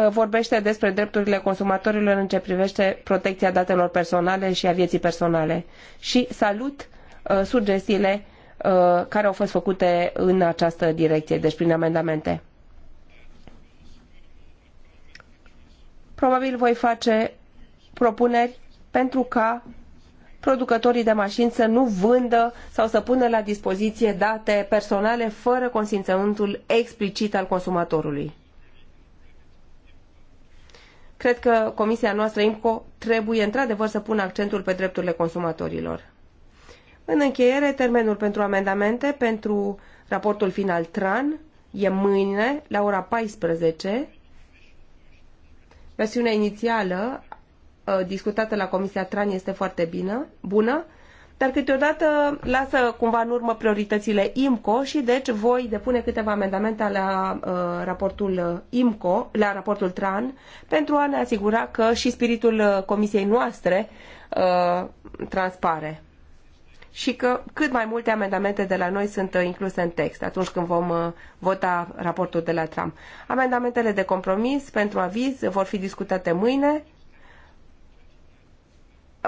Uh, vorbește despre drepturile consumatorilor în ce privește protecția datelor personale și a vieții personale. Și salut uh, sugestiile uh, care au fost făcute în această direcție, deci prin amendamente. Probabil voi face propuneri pentru ca producătorii de mașini să nu vândă sau să pună la dispoziție date personale fără consimțământul explicit al consumatorului. Cred că comisia noastră IMCO trebuie într-adevăr să pună accentul pe drepturile consumatorilor. În încheiere, termenul pentru amendamente pentru raportul final TRAN e mâine la ora 14. Versiunea inițială uh, discutată la Comisia TRAN este foarte bine, bună dar câteodată lasă cumva în urmă prioritățile IMCO și deci voi depune câteva amendamente la uh, raportul uh, IMCO, la raportul TRAN, pentru a ne asigura că și spiritul uh, comisiei noastre uh, transpare și că cât mai multe amendamente de la noi sunt uh, incluse în text atunci când vom vota raportul de la TRAM. Amendamentele de compromis pentru aviz vor fi discutate mâine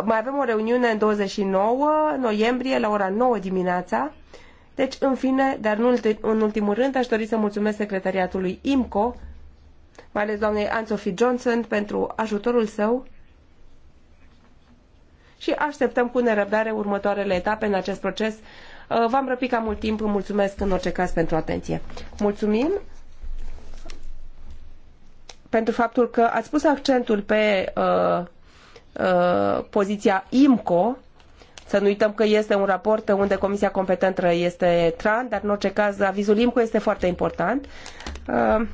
mai avem o reuniune în 29 noiembrie la ora 9 dimineața. Deci, în fine, dar nu în ultimul rând, aș dori să mulțumesc secretariatului IMCO, mai ales doamnei Anne-Sophie Johnson, pentru ajutorul său și așteptăm cu nerăbdare următoarele etape în acest proces. Uh, v-am răpit cam mult timp, mulțumesc în orice caz pentru atenție. Mulțumim! pentru faptul că ați pus accentul pe uh, Uh, poziția IMCO. Să nu uităm că este un raport unde comisia competentă este TRAN, dar în orice caz avizul IMCO este foarte important. Uh,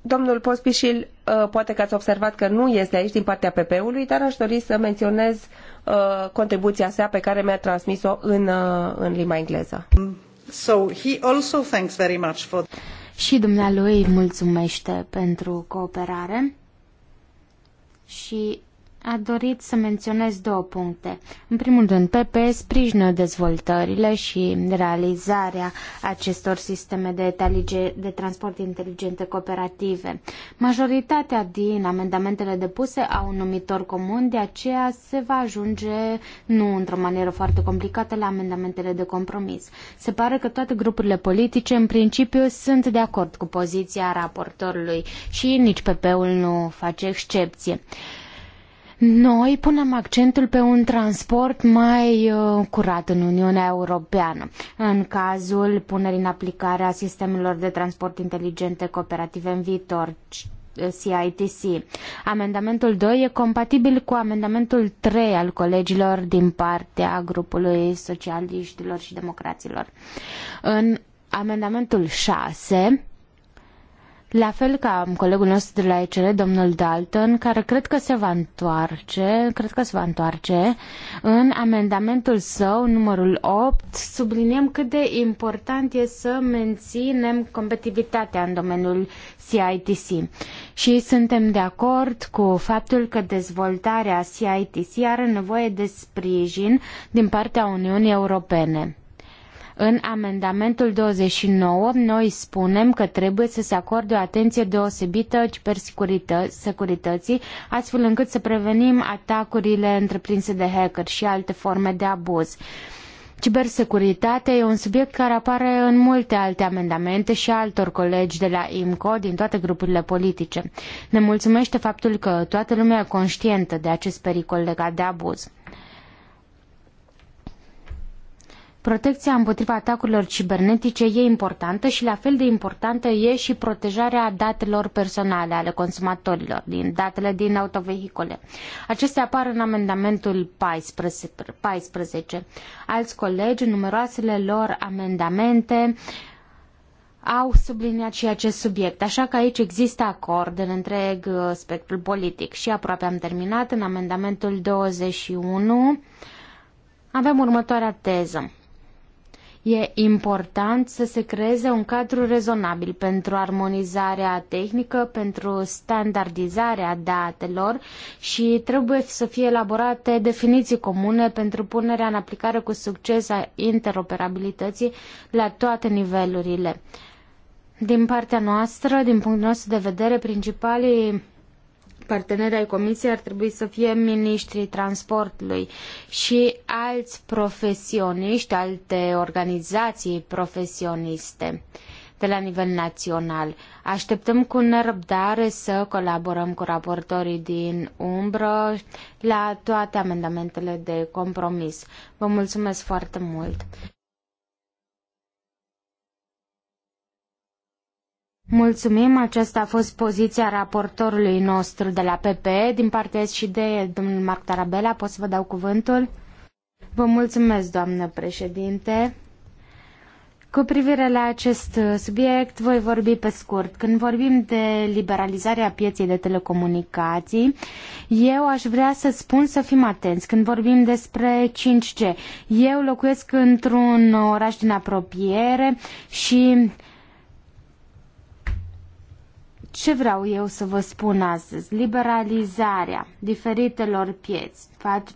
domnul Pospișil, uh, poate că ați observat că nu este aici din partea PP-ului, dar aș dori să menționez contribuția sa pe care mi-a transmis-o în, în limba engleză. So he also thanks very much for...
Și dumnealui mulțumește pentru cooperare și a dorit să menționez două puncte. În primul rând, PP sprijină dezvoltările și realizarea acestor sisteme de, de transport inteligente cooperative. Majoritatea din amendamentele depuse au un numitor comun, de aceea se va ajunge, nu într-o manieră foarte complicată, la amendamentele de compromis. Se pare că toate grupurile politice, în principiu, sunt de acord cu poziția raportorului și nici PP-ul nu face excepție. Noi punem accentul pe un transport mai uh, curat în Uniunea Europeană, în cazul punerii în aplicare a sistemelor de transport inteligente cooperative în viitor, CITC. Uh, amendamentul 2 e compatibil cu amendamentul 3 al colegilor din partea grupului socialiștilor și democraților. În amendamentul 6 la fel ca colegul nostru de la ECR, domnul Dalton, care cred că se va întoarce, cred că se va întoarce, în amendamentul său, numărul 8, subliniem cât de important e să menținem competitivitatea în domeniul CITC. Și suntem de acord cu faptul că dezvoltarea CITC are nevoie de sprijin din partea Uniunii Europene. În amendamentul 29 noi spunem că trebuie să se acorde o atenție deosebită per securității, astfel încât să prevenim atacurile întreprinse de hacker și alte forme de abuz. Cibersecuritatea e un subiect care apare în multe alte amendamente și altor colegi de la IMCO din toate grupurile politice. Ne mulțumește faptul că toată lumea e conștientă de acest pericol legat de abuz. Protecția împotriva atacurilor cibernetice e importantă și la fel de importantă e și protejarea datelor personale ale consumatorilor, din datele din autovehicole. Acestea apar în amendamentul paisprezece. 14. Alți colegi, numeroasele lor amendamente au subliniat și acest subiect, așa că aici există acord în întreg uh, spectrul politic. Și aproape am terminat în amendamentul 21. Avem următoarea teză. E important să se creeze un cadru rezonabil pentru armonizarea tehnică, pentru standardizarea datelor și trebuie să fie elaborate definiții comune pentru punerea în aplicare cu succes a interoperabilității la toate nivelurile. Din partea noastră, din punctul nostru de vedere, principalii parteneri ai comisiei ar trebui să fie ministrii transportului și alți profesioniști, alte organizații profesioniste de la nivel național. Așteptăm cu nerăbdare să colaborăm cu raportorii din umbră la toate amendamentele de compromis. Vă mulțumesc foarte mult! Mulțumim, aceasta a fost poziția raportorului nostru de la PPE. Din partea SCD, domnul Marc Tarabella pot să vă dau cuvântul? Vă mulțumesc, doamnă președinte. Cu privire la acest subiect, voi vorbi pe scurt. Când vorbim de liberalizarea pieței de telecomunicații, eu aș vrea să spun să fim atenți. Când vorbim despre 5G, eu locuiesc într-un oraș din apropiere și ce vreau eu să vă spun astăzi? Liberalizarea diferitelor pieți,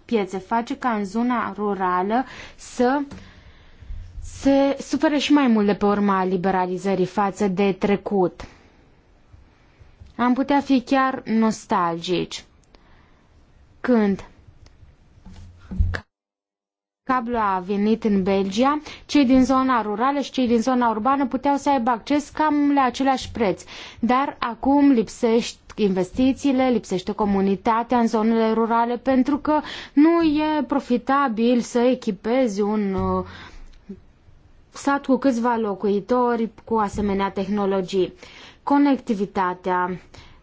piețe face ca în zona rurală să se sufere și mai mult de pe urma liberalizării față de trecut. Am putea fi chiar nostalgici. Când cablu a venit în Belgia, cei din zona rurală și cei din zona urbană puteau să aibă acces cam la același preț. Dar acum lipsește investițiile, lipsește comunitatea în zonele rurale pentru că nu e profitabil să echipezi un uh, sat cu câțiva locuitori cu asemenea tehnologii. Conectivitatea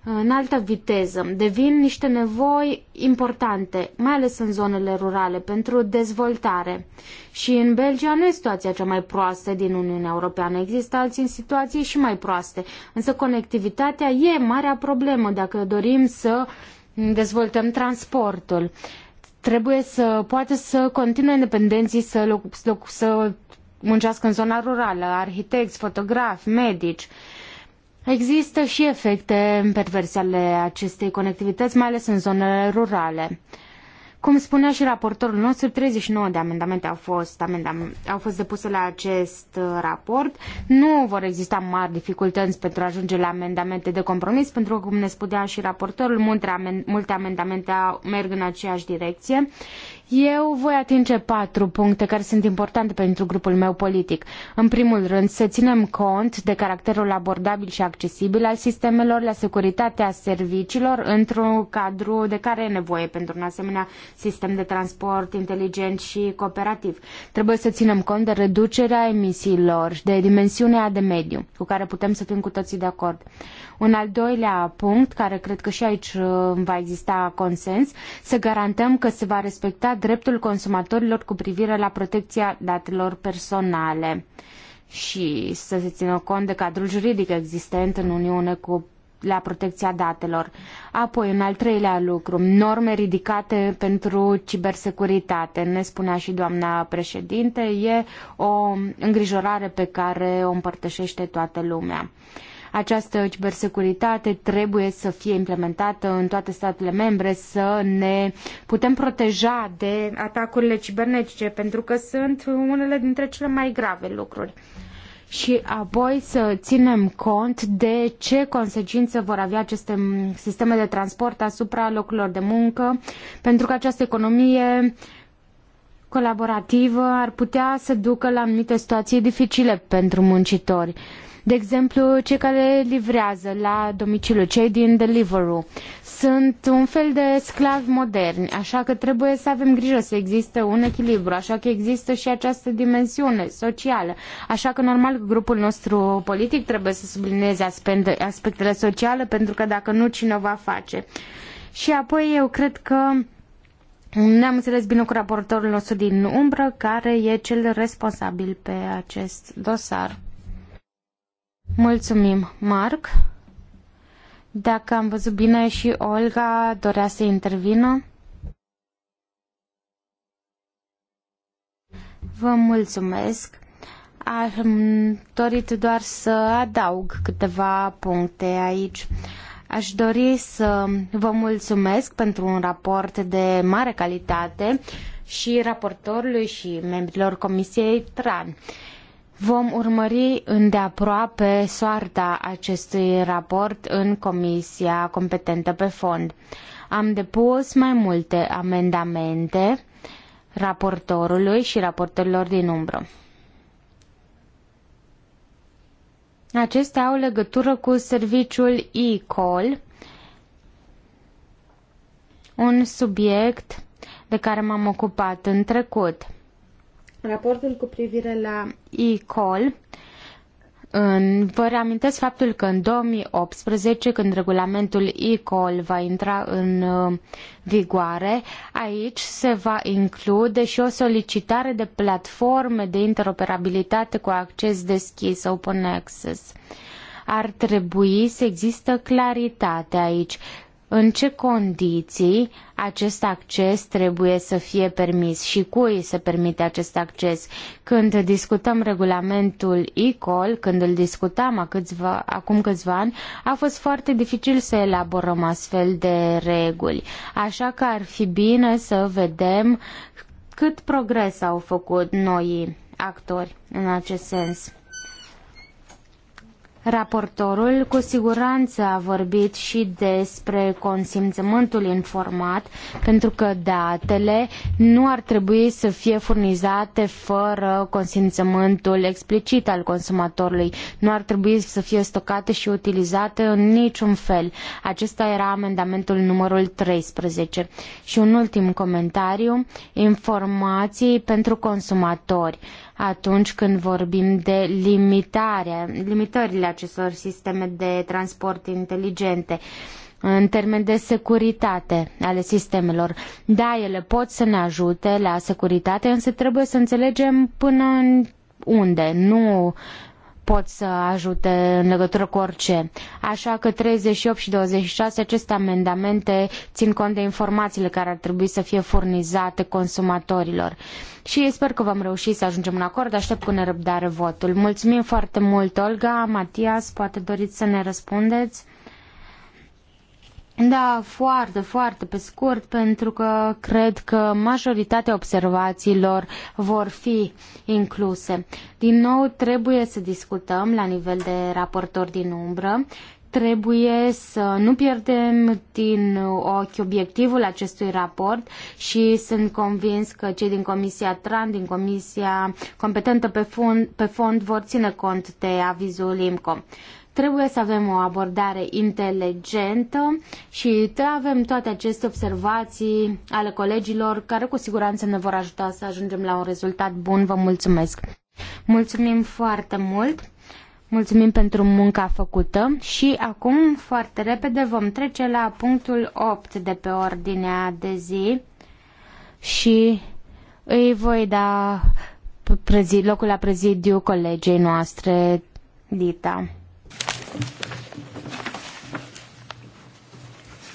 în altă viteză. Devin niște nevoi importante, mai ales în zonele rurale, pentru dezvoltare. Și în Belgia nu e situația cea mai proastă din Uniunea Europeană. Există alții în situații și mai proaste. Însă conectivitatea e marea problemă dacă dorim să dezvoltăm transportul. Trebuie să poată să continue independenții să, loc, să muncească în zona rurală, arhitecți, fotografi, medici. Există și efecte perverse ale acestei conectivități, mai ales în zonele rurale. Cum spunea și raportorul nostru, 39 de amendamente au fost, amendam, au fost depuse la acest uh, raport. Nu vor exista mari dificultăți pentru a ajunge la amendamente de compromis, pentru că, cum ne spunea și raportorul, multe, multe amendamente merg în aceeași direcție eu voi atinge patru puncte care sunt importante pentru grupul meu politic. În primul rând, să ținem cont de caracterul abordabil și accesibil al sistemelor, la securitatea serviciilor, într-un cadru de care e nevoie pentru un asemenea sistem de transport inteligent și cooperativ. Trebuie să ținem cont de reducerea emisiilor, de dimensiunea de mediu, cu care putem să fim cu toții de acord. Un al doilea punct, care cred că și aici uh, va exista consens, să garantăm că se va respecta dreptul consumatorilor cu privire la protecția datelor personale și să se țină cont de cadrul juridic existent în Uniune cu la protecția datelor. Apoi, un al treilea lucru, norme ridicate pentru cibersecuritate. Ne spunea și doamna președinte, e o îngrijorare pe care o împărtășește toată lumea. Uh, această cibersecuritate trebuie să fie implementată în toate statele membre, să ne putem proteja de atacurile cibernetice, pentru că sunt unele dintre cele mai grave lucruri și apoi să ținem cont de ce consecințe vor avea aceste sisteme de transport asupra locurilor de muncă, pentru că această economie colaborativă ar putea să ducă la anumite situații dificile pentru muncitori. De exemplu, cei care livrează la domiciliu, cei din Deliveroo, sunt un fel de sclavi moderni, așa că trebuie să avem grijă să existe un echilibru, așa că există și această dimensiune socială. Așa că, normal, grupul nostru politic trebuie să sublinieze aspectele sociale, pentru că dacă nu, cine o va face. Și apoi eu cred că ne-am înțeles bine cu raportorul nostru din umbră, care e cel responsabil pe acest dosar. Mulțumim, Marc. Dacă am văzut bine și Olga dorea să intervină. Vă mulțumesc. Am dorit doar să adaug câteva puncte aici. Aș dori să vă mulțumesc pentru un raport de mare calitate și raportorului și membrilor Comisiei TRAN. Vom urmări îndeaproape soarta acestui raport în comisia competentă pe fond. Am depus mai multe amendamente raportorului și raportorilor din umbră. Acestea au legătură cu serviciul e-call, un subiect de care m-am ocupat în trecut raportul cu privire la e-call. Vă reamintesc faptul că în 2018, când regulamentul e-call va intra în uh, vigoare, aici se va include și o solicitare de platforme de interoperabilitate cu acces deschis, open access ar trebui să existe claritate aici în ce condiții acest acces trebuie să fie permis și cui se permite acest acces. Când discutăm regulamentul ICOL, când îl discutam câțiva, acum câțiva ani, a fost foarte dificil să elaborăm astfel de reguli. Așa că ar fi bine să vedem cât progres au făcut noi actori în acest sens. Raportorul cu siguranță a vorbit și despre consimțământul informat, pentru că datele nu ar trebui să fie furnizate fără consimțământul explicit al consumatorului. Nu ar trebui să fie stocate și utilizate în niciun fel. Acesta era amendamentul numărul 13. Și un ultim comentariu, informații pentru consumatori atunci când vorbim de limitarea, limitările acestor sisteme de transport inteligente în termen de securitate ale sistemelor. Da, ele pot să ne ajute la securitate, însă trebuie să înțelegem până în unde. Nu pot să ajute în legătură cu orice. Așa că 38 și 26, aceste amendamente țin cont de informațiile care ar trebui să fie furnizate consumatorilor. Și sper că vom reuși să ajungem în acord, aștept cu nerăbdare votul. Mulțumim foarte mult, Olga. Matias, poate doriți să ne răspundeți? Da, foarte, foarte pe scurt, pentru că cred că majoritatea observațiilor vor fi incluse. Din nou, trebuie să discutăm la nivel de raportor din umbră. Trebuie să nu pierdem din ochi obiectivul acestui raport și sunt convins că cei din Comisia TRAN, din Comisia competentă pe fond, pe fond vor ține cont de avizul IMCO. Trebuie să avem o abordare inteligentă și avem toate aceste observații ale colegilor care cu siguranță ne vor ajuta să ajungem la un rezultat bun. Vă mulțumesc! Mulțumim foarte mult! Mulțumim pentru munca făcută și acum foarte repede vom trece la punctul 8 de pe ordinea de zi și îi voi da locul la prezidiu colegei noastre, Dita.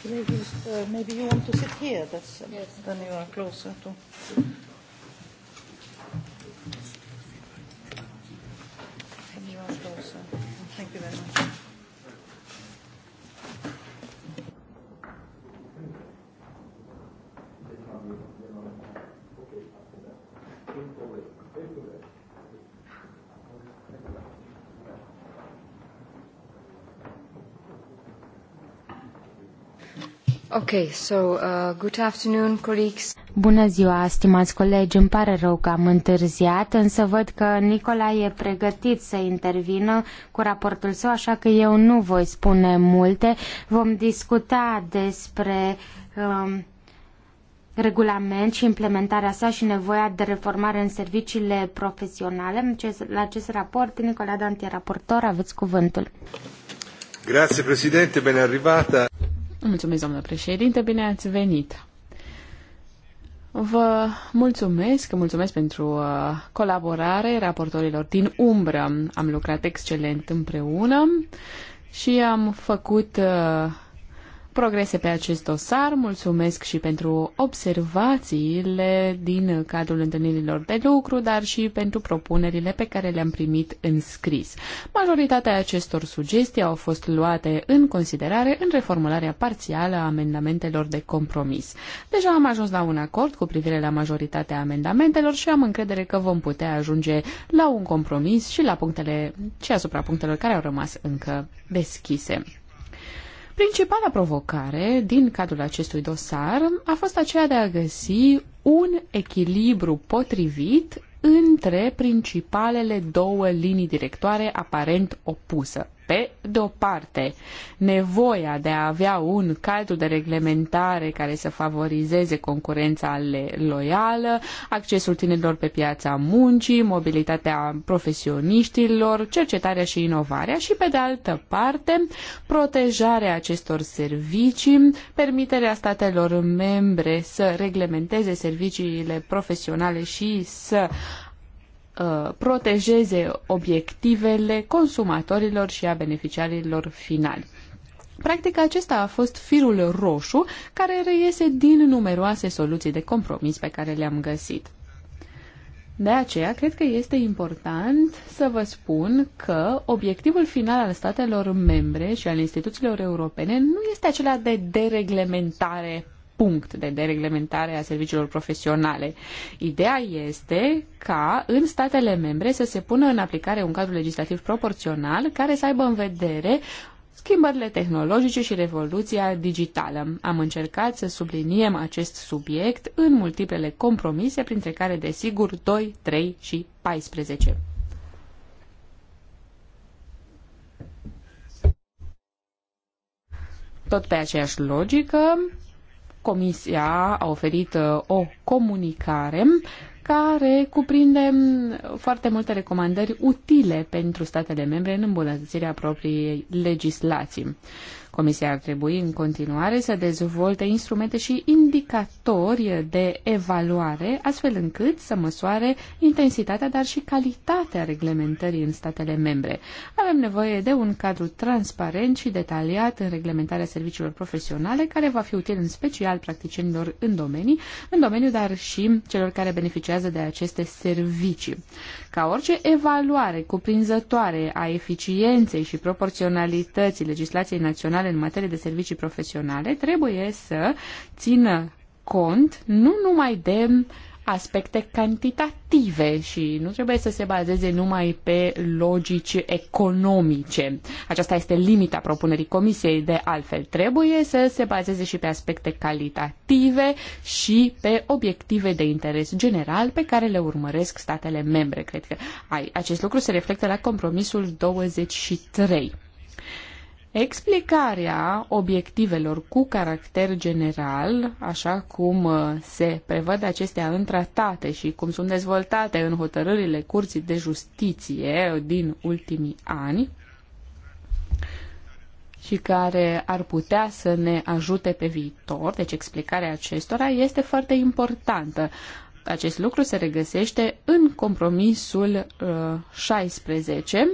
Maybe, uh, maybe you want to sit here. That's, uh, Then you are closer to.
Okay, so, uh, good afternoon, colleagues.
Bună ziua, stimați colegi, îmi pare rău că am întârziat, însă văd că Nicola e pregătit să intervină cu raportul său, așa că eu nu voi spune multe. Vom discuta despre um, regulament și implementarea sa și nevoia de reformare în serviciile profesionale. La acest raport, Nicola Dante, raportor, aveți cuvântul.
Grazie Presidente, bine arrivata.
Mulțumesc, doamnă președinte, bine ați venit.
Vă mulțumesc, mulțumesc pentru uh, colaborare raportorilor din umbră. Am lucrat excelent împreună și am făcut uh, progrese pe acest dosar. Mulțumesc și pentru observațiile din cadrul întâlnirilor de lucru, dar și pentru propunerile pe care le-am primit în scris. Majoritatea acestor sugestii au fost luate în considerare în reformularea parțială a amendamentelor de compromis. Deja am ajuns la un acord cu privire la majoritatea amendamentelor și am încredere că vom putea ajunge la un compromis și la punctele și asupra punctelor care au rămas încă deschise. Principala provocare din cadrul acestui dosar a fost aceea de a găsi un echilibru potrivit între principalele două linii directoare aparent opusă, pe de o parte, nevoia de a avea un cadru de reglementare care să favorizeze concurența loială, accesul tinerilor pe piața muncii, mobilitatea profesioniștilor, cercetarea și inovarea și, pe de altă parte, protejarea acestor servicii, permiterea statelor membre să reglementeze serviciile profesionale și să Uh, protejeze obiectivele consumatorilor și a beneficiarilor finali. Practic, acesta a fost firul roșu care reiese din numeroase soluții de compromis pe care le-am găsit. De aceea, cred că este important să vă spun că obiectivul final al statelor membre și al instituțiilor europene nu este acela de dereglementare punct de dereglementare a serviciilor profesionale. Ideea este ca în statele membre să se pună în aplicare un cadru legislativ proporțional care să aibă în vedere schimbările tehnologice și revoluția digitală. Am încercat să subliniem acest subiect în multiplele compromise, printre care, desigur, 2, 3 și 14. Tot pe aceeași logică, Comisia a oferit uh, o comunicare care cuprinde mm, foarte multe recomandări utile pentru statele membre în îmbunătățirea propriei legislații. Comisia ar trebui în continuare să dezvolte instrumente și indicatori de evaluare, astfel încât să măsoare intensitatea, dar și calitatea reglementării în statele membre. Avem nevoie de un cadru transparent și detaliat în reglementarea serviciilor profesionale, care va fi util în special practicienilor în domenii, în domeniu, dar și celor care beneficiază de aceste servicii. Ca orice evaluare cuprinzătoare a eficienței și proporționalității legislației naționale, naționale în materie de servicii profesionale trebuie să țină cont nu numai de aspecte cantitative și nu trebuie să se bazeze numai pe logici economice. Aceasta este limita propunerii comisiei, de altfel trebuie să se bazeze și pe aspecte calitative și pe obiective de interes general pe care le urmăresc statele membre. Cred că acest lucru se reflectă la compromisul 23. Explicarea obiectivelor cu caracter general, așa cum uh, se prevăd acestea în tratate și cum sunt dezvoltate în hotărârile Curții de Justiție din ultimii ani, și care ar putea să ne ajute pe viitor, deci explicarea acestora este foarte importantă. Acest lucru se regăsește în compromisul uh, 16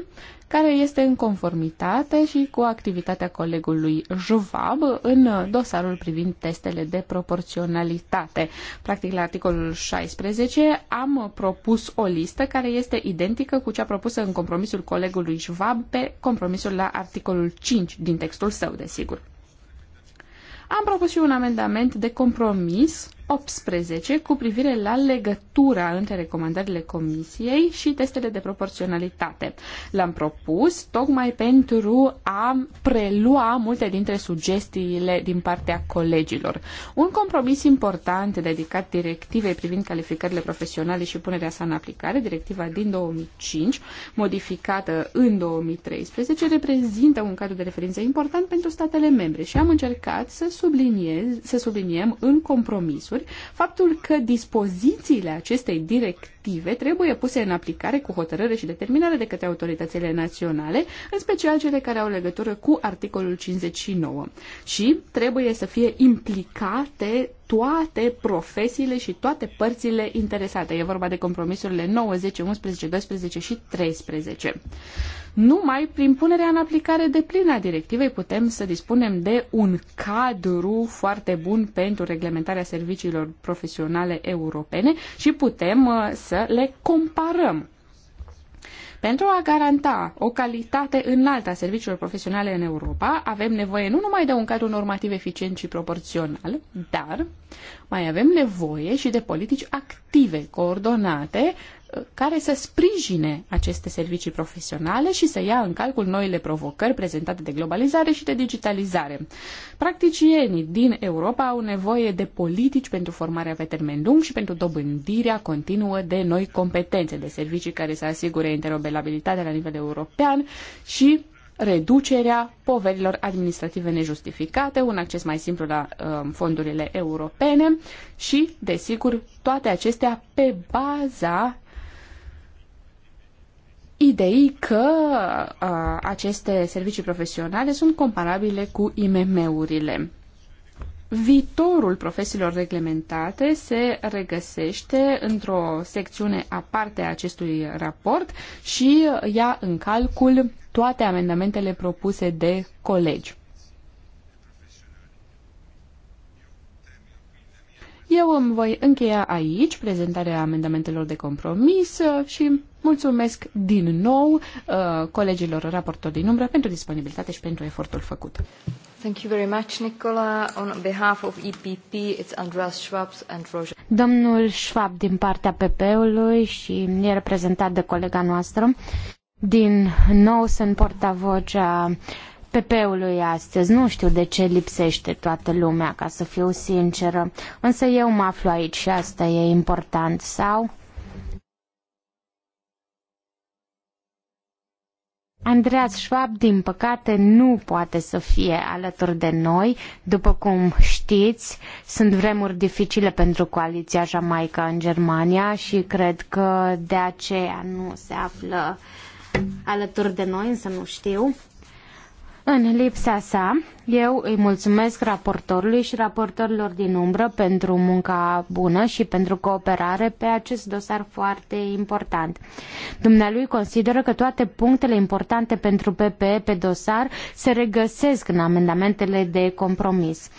care este în conformitate și cu activitatea colegului Juvab în dosarul privind testele de proporționalitate. Practic, la articolul 16 am propus o listă care este identică cu cea propusă în compromisul colegului Juvab pe compromisul la articolul 5 din textul său, desigur. Am propus și un amendament de compromis 18 cu privire la legătura între recomandările Comisiei și testele de proporționalitate. L-am propus tocmai pentru a prelua multe dintre sugestiile din partea colegilor. Un compromis important dedicat directivei privind calificările profesionale și punerea sa în aplicare, directiva din 2005, modificată în 2013, reprezintă un cadru de referință important pentru statele membre și am încercat să, subliniez, să subliniem în compromisul drepturi, faptul că dispozițiile acestei directive trebuie puse în aplicare cu hotărâre și determinare de către autoritățile naționale, în special cele care au legătură cu articolul 59 și trebuie să fie implicate toate profesiile și toate părțile interesate. E vorba de compromisurile 9, 10, 11, 12 și 13. Numai prin punerea în aplicare de plină a directivei putem să dispunem de un cadru foarte bun pentru reglementarea serviciilor profesionale europene și putem uh, să le comparăm. Pentru a garanta o calitate înaltă a serviciilor profesionale în Europa, avem nevoie nu numai de un cadru normativ eficient și proporțional, dar mai avem nevoie și de politici active, coordonate, care să sprijine aceste servicii profesionale și să ia în calcul noile provocări prezentate de globalizare și de digitalizare. Practicienii din Europa au nevoie de politici pentru formarea pe termen lung și pentru dobândirea continuă de noi competențe, de servicii care să asigure interoperabilitatea la nivel european și reducerea poverilor administrative nejustificate, un acces mai simplu la um, fondurile europene și, desigur, toate acestea pe baza idei că a, aceste servicii profesionale sunt comparabile cu IMM-urile. Viitorul profesiilor reglementate se regăsește într-o secțiune aparte a acestui raport și ia în calcul toate amendamentele propuse de colegi. Eu îmi voi încheia aici prezentarea amendamentelor de compromis și Mulțumesc din nou uh, colegilor raportori din umbră pentru disponibilitate și pentru efortul făcut. Thank you very much, Nicola. On behalf of EPP, it's Andreas Schwab and Roger.
Domnul Schwab din partea PP-ului și e reprezentat de colega noastră. Din nou sunt portavocea PP-ului astăzi. Nu știu de ce lipsește toată lumea, ca să fiu sinceră. Însă eu mă aflu aici și asta e important, sau? Andreas Schwab, din păcate, nu poate să fie alături de noi. După cum știți, sunt vremuri dificile pentru coaliția Jamaica în Germania și cred că de aceea nu se află alături de noi, însă nu știu. În lipsa sa, eu îi mulțumesc raportorului și raportorilor din umbră pentru munca bună și pentru cooperare pe acest dosar foarte important. Dumnealui consideră că toate punctele importante pentru PPE pe dosar se regăsesc în amendamentele de compromis.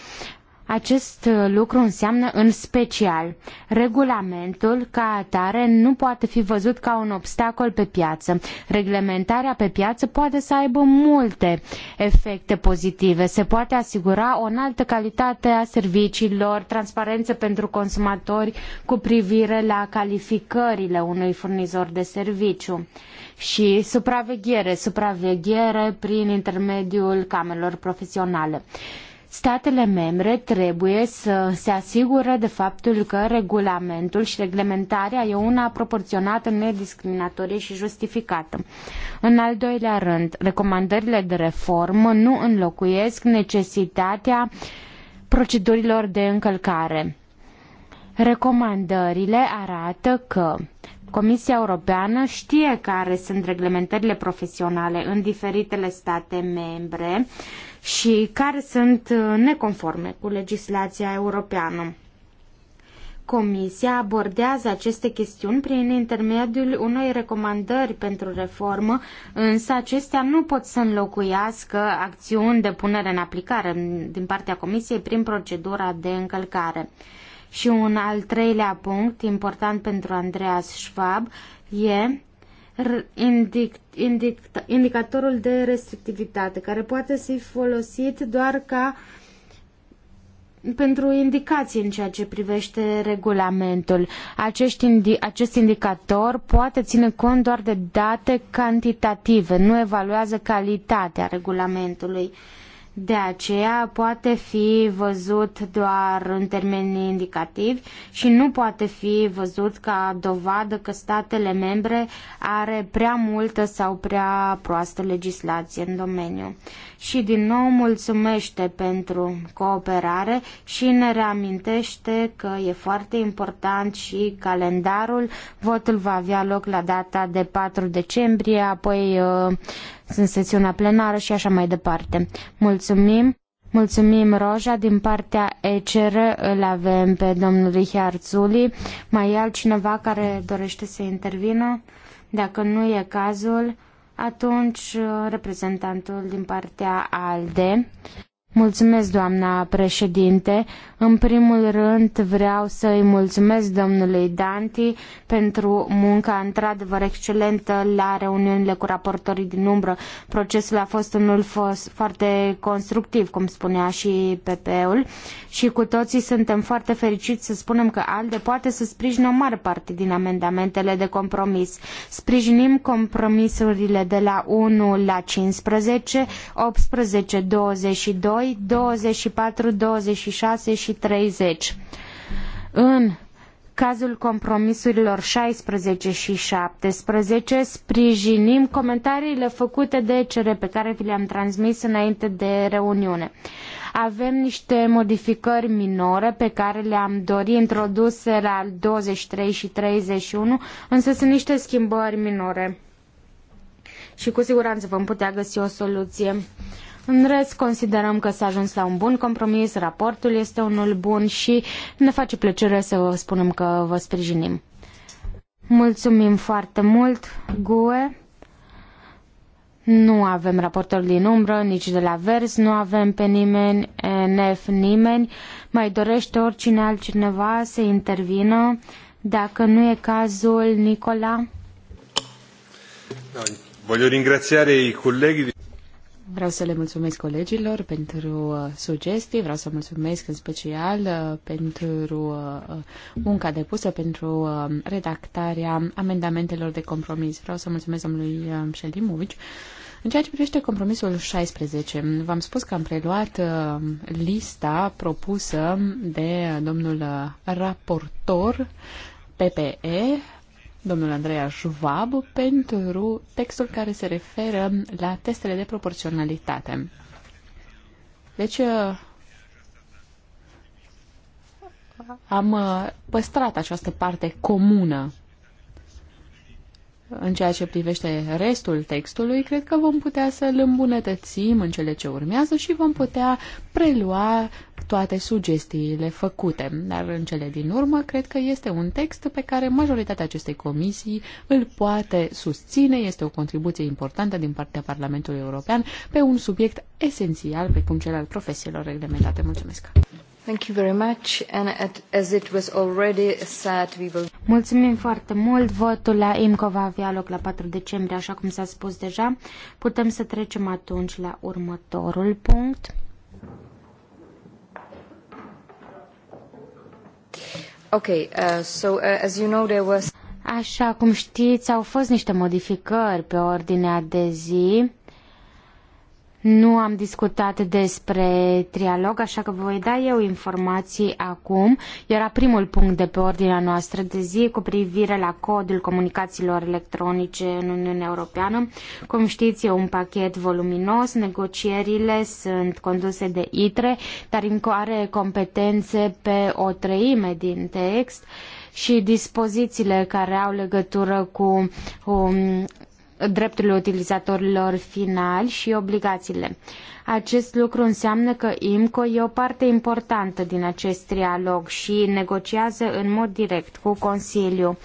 Acest uh, lucru înseamnă în special regulamentul ca atare nu poate fi văzut ca un obstacol pe piață. Reglementarea pe piață poate să aibă multe efecte pozitive. Se poate asigura o înaltă calitate a serviciilor, transparență pentru consumatori cu privire la calificările unui furnizor de serviciu și supraveghere, supraveghere prin intermediul camerelor profesionale statele membre trebuie să se asigure de faptul că regulamentul și reglementarea e una proporționată, nediscriminatorie și justificată. În al doilea rând, recomandările de reformă nu înlocuiesc necesitatea procedurilor de încălcare. Recomandările arată că Comisia Europeană știe care sunt reglementările profesionale în diferitele state membre, și care sunt uh, neconforme cu legislația europeană. Comisia abordează aceste chestiuni prin intermediul unei recomandări pentru reformă, însă acestea nu pot să înlocuiască acțiuni de punere în aplicare din partea Comisiei prin procedura de încălcare. Și un al treilea punct important pentru Andreas Schwab e indicatorul de restrictivitate, care poate fi folosit doar ca pentru indicații în ceea ce privește regulamentul. Acest, indi, acest indicator poate ține cont doar de date cantitative, nu evaluează calitatea regulamentului. Uh, de aceea poate fi văzut doar în termeni indicativi și nu poate fi văzut ca dovadă că statele membre are prea multă sau prea proastă legislație în domeniu. Și din nou mulțumește pentru cooperare și ne reamintește că e foarte important și calendarul. Votul va avea loc la data de 4 decembrie, apoi uh, sunt sesiunea plenară și așa mai departe. Mulțumim! Mulțumim, Roja. Din partea ECR îl avem pe domnul Richard Zuli. Mai e altcineva care dorește să intervină? Dacă nu e cazul, atunci uh, reprezentantul din partea ALDE. Mulțumesc, doamna președinte. În primul rând vreau să îi mulțumesc domnului Danti pentru munca într-adevăr excelentă la reuniunile cu raportorii din umbră. Procesul a fost unul fost foarte constructiv, cum spunea și PP-ul, și cu toții suntem foarte fericiți să spunem că ALDE poate să sprijină o mare parte din amendamentele de compromis. Sprijinim compromisurile de la 1 la 15, 18, 22, 22, 24, 26 și 30. În cazul compromisurilor 16 și 17, sprijinim comentariile făcute de ECR pe care vi le-am transmis înainte de reuniune. Avem niște modificări minore pe care le-am dorit introduse la 23 și 31, însă sunt niște schimbări minore. Și cu siguranță vom putea găsi o soluție. În rest, considerăm că s-a ajuns la un bun compromis, raportul este unul bun și ne face plăcere să vă spunem că vă sprijinim. Mulțumim foarte mult, GUE. Nu avem raportor din umbră, nici de la vers, nu avem pe nimeni, NF nimeni. Mai dorește oricine altcineva să intervină? Dacă nu e cazul, Nicola?
Voglio ringraziare i colleghi.
Vreau să le mulțumesc colegilor pentru uh,
sugestii, vreau să mulțumesc în special uh, pentru uh, munca depusă, pentru redactarea amendamentelor de compromis. Vreau să mulțumesc domnului Șelimovici. În ceea ce privește compromisul 16, v-am spus că am preluat lista propusă de domnul raportor PPE domnul Andreea Schwab pentru textul care se referă la testele de proporționalitate. Deci uh, am uh, păstrat această parte comună în ceea ce privește restul textului, cred că vom putea să îl îmbunătățim în cele ce urmează și vom putea prelua toate sugestiile făcute. Dar în cele din urmă, cred că este un text pe care majoritatea acestei comisii îl poate susține. Este o contribuție importantă din partea Parlamentului European pe un subiect esențial, precum cel al profesiilor
reglementate. Mulțumesc! Mulțumim foarte mult. Votul la IMCO va avea loc la 4 decembrie, așa cum s-a spus deja. Putem să trecem atunci la următorul punct. Okay, uh, so uh, as you know there was Așa cum știți, au fost niște modificări pe ordinea de zi. Nu am discutat despre trialog, așa că vă voi da eu informații acum. Era primul punct de pe ordinea noastră de zi cu privire la codul comunicațiilor electronice în Uniunea Europeană. Cum știți, e un pachet voluminos, negocierile sunt conduse de ITRE, dar încă are competențe pe o treime din text și dispozițiile care au legătură cu um, drepturile utilizatorilor finali și obligațiile. Acest lucru înseamnă că IMCO e o parte importantă din acest trialog și negociază în mod direct cu Consiliu.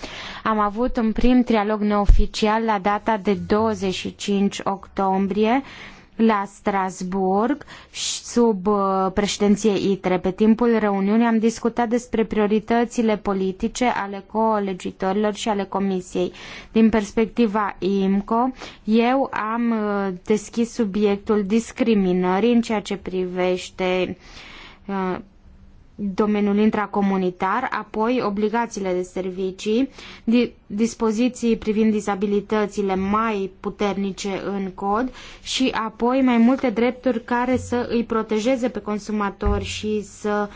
Am avut un prim trialog neoficial la data de 25 octombrie la Strasburg sub uh, președinție ITRE. Pe timpul reuniunii am discutat despre prioritățile politice ale colegitorilor și ale comisiei. Din perspectiva IMCO, eu am uh, deschis subiectul discriminării în ceea ce privește uh, domeniul intracomunitar, apoi obligațiile de servicii, di dispoziții privind disabilitățile mai puternice în cod și apoi mai multe drepturi care să îi protejeze pe consumatori și să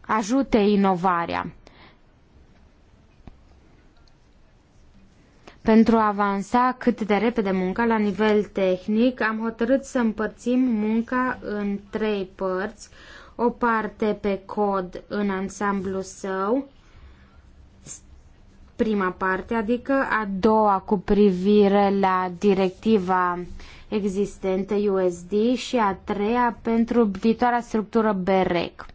ajute inovarea. Pentru a avansa cât de repede munca la nivel tehnic, am hotărât să împărțim munca în trei părți. Uh, o parte pe cod în ansamblu său, prima parte, adică a doua cu privire la directiva existentă USD și a treia pentru viitoarea structură BEREC.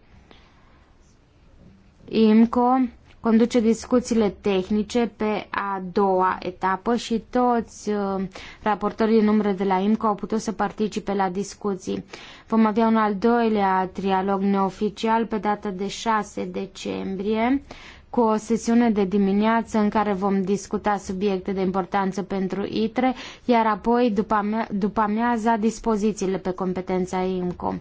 IMCO conduce discuțiile tehnice pe a doua etapă și toți uh, raportorii din umbră de la IMCO au putut să participe la discuții. Vom avea un al doilea trialog neoficial pe data de 6 decembrie cu o sesiune de dimineață în care vom discuta subiecte de importanță pentru ITRE, iar apoi după, după amiaza dispozițiile pe competența IMCO.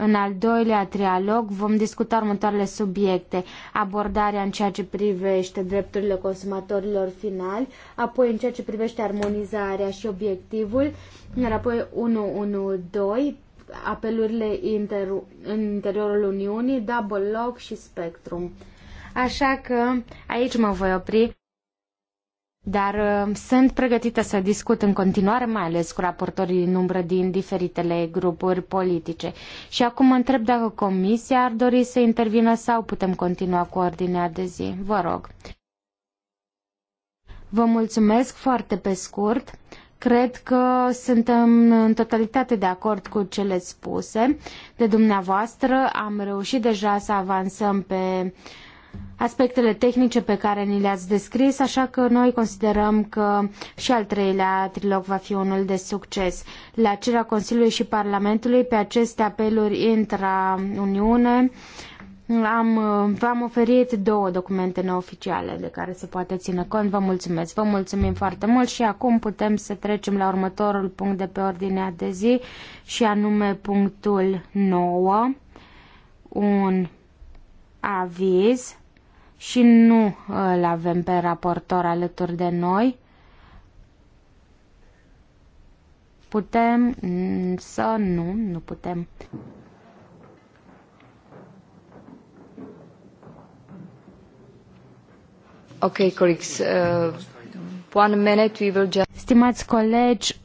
În al doilea trialog vom discuta următoarele subiecte. Abordarea în ceea ce privește drepturile consumatorilor finali, apoi în ceea ce privește armonizarea și obiectivul, iar apoi 112, apelurile inter- în interiorul Uniunii, Double Lock și Spectrum. Așa că aici mă voi opri dar um, sunt pregătită să discut în continuare, mai ales cu raportorii din umbră din diferitele grupuri politice. Și acum mă întreb dacă comisia ar dori să intervină sau putem continua cu ordinea de zi. Vă rog. Vă mulțumesc foarte pe scurt. Cred că suntem în totalitate de acord cu cele spuse de dumneavoastră. Am reușit deja să avansăm pe uh, aspectele tehnice pe care ni le-ați descris, așa că noi considerăm că și al treilea trilog va fi unul de succes. La cererea Consiliului și Parlamentului, pe aceste apeluri intra-Uniune, am, v-am oferit două documente neoficiale de care se poate ține cont. Vă mulțumesc. Vă mulțumim foarte mult și acum putem să trecem la următorul punct de pe ordinea de zi și anume punctul 9. Un aviz și nu îl avem pe raportor alături de noi, putem mm, să nu, nu putem. Ok, colegi, uh, one minute, we will just... Stimați colegi,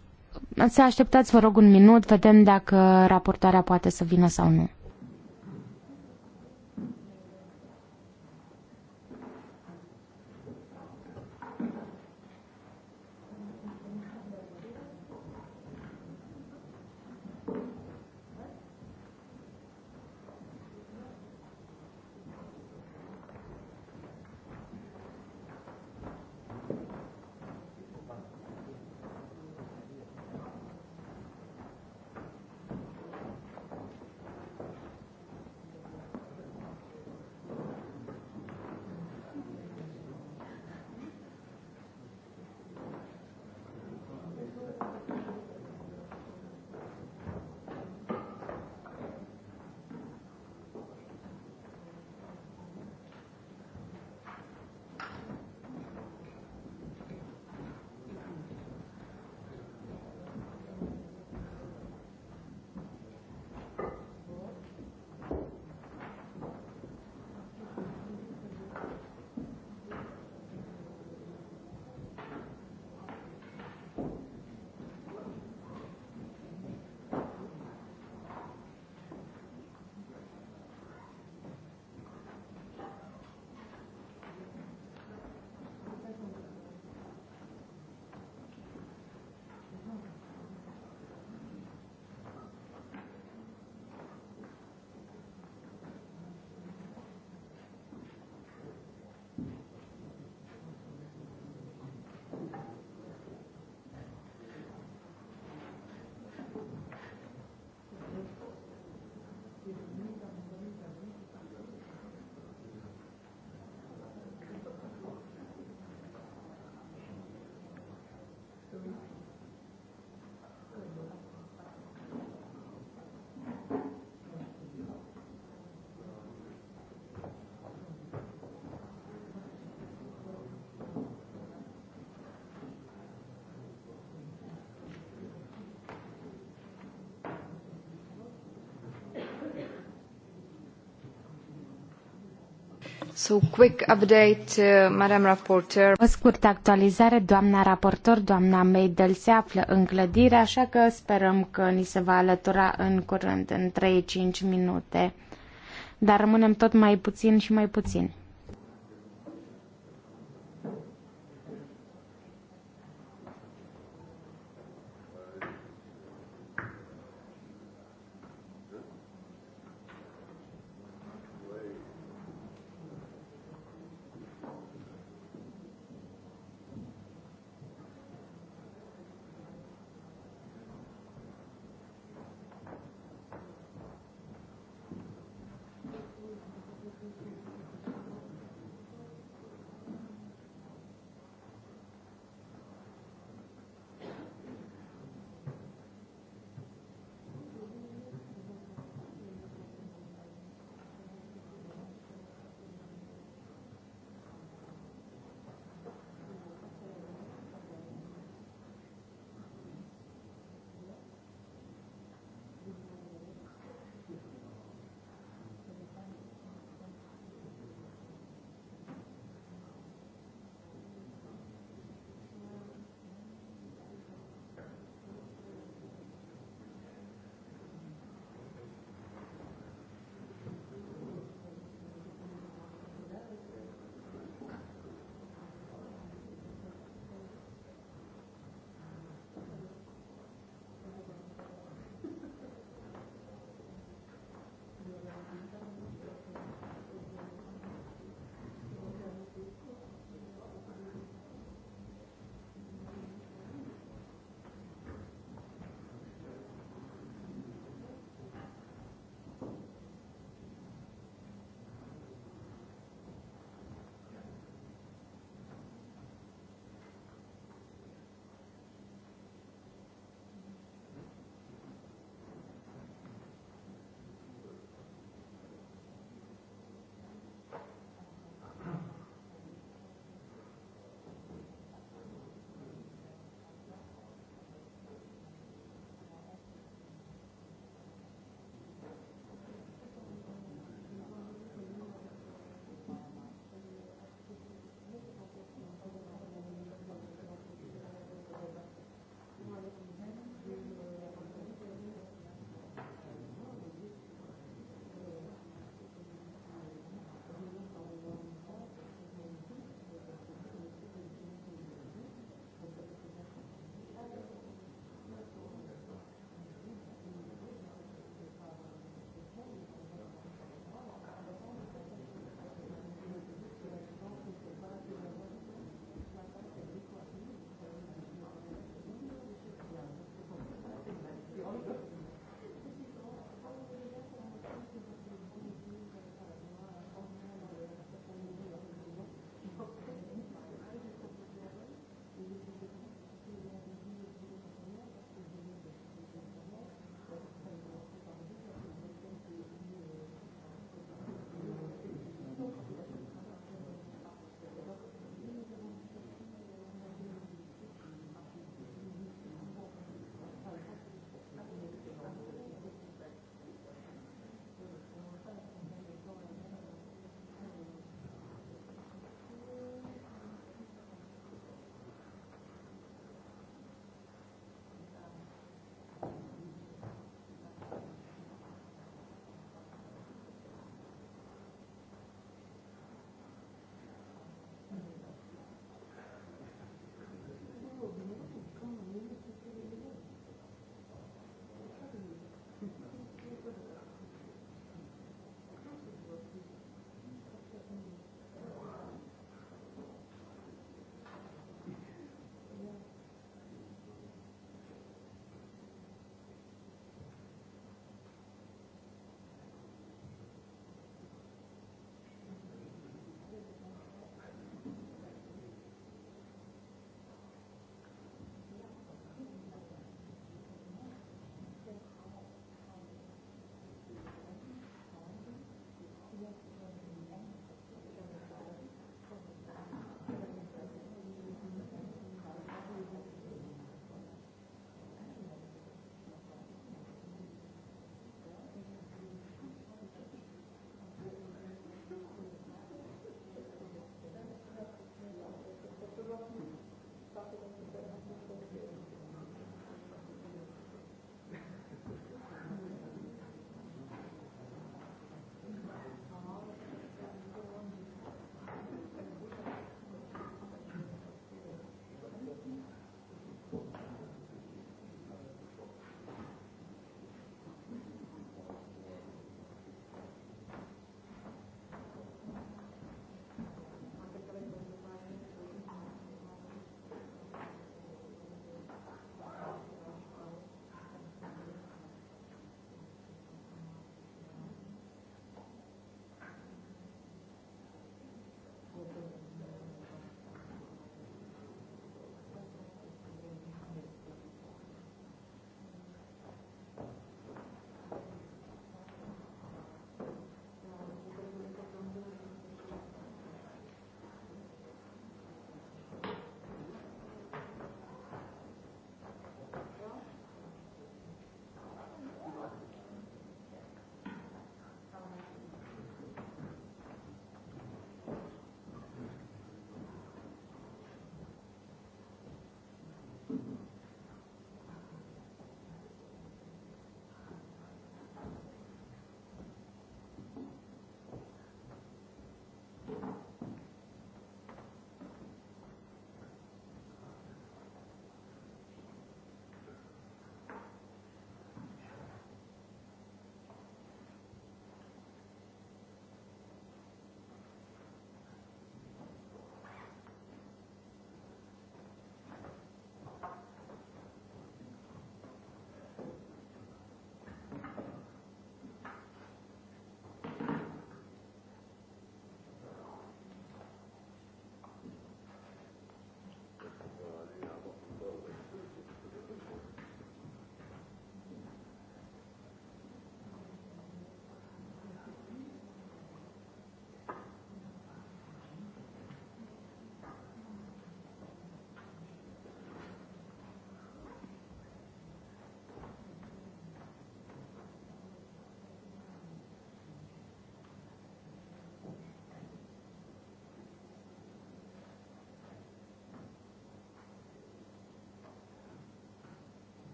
să așteptați, vă rog, un minut, vedem dacă raportarea poate să vină sau nu. quick update, uh, O scurtă actualizare, doamna raportor, doamna Meidel se află în clădire, așa că sperăm că ni se va alătura în curând, în 3-5 minute. Dar rămânem tot mai puțin și mai puțin.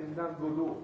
attendant Godot.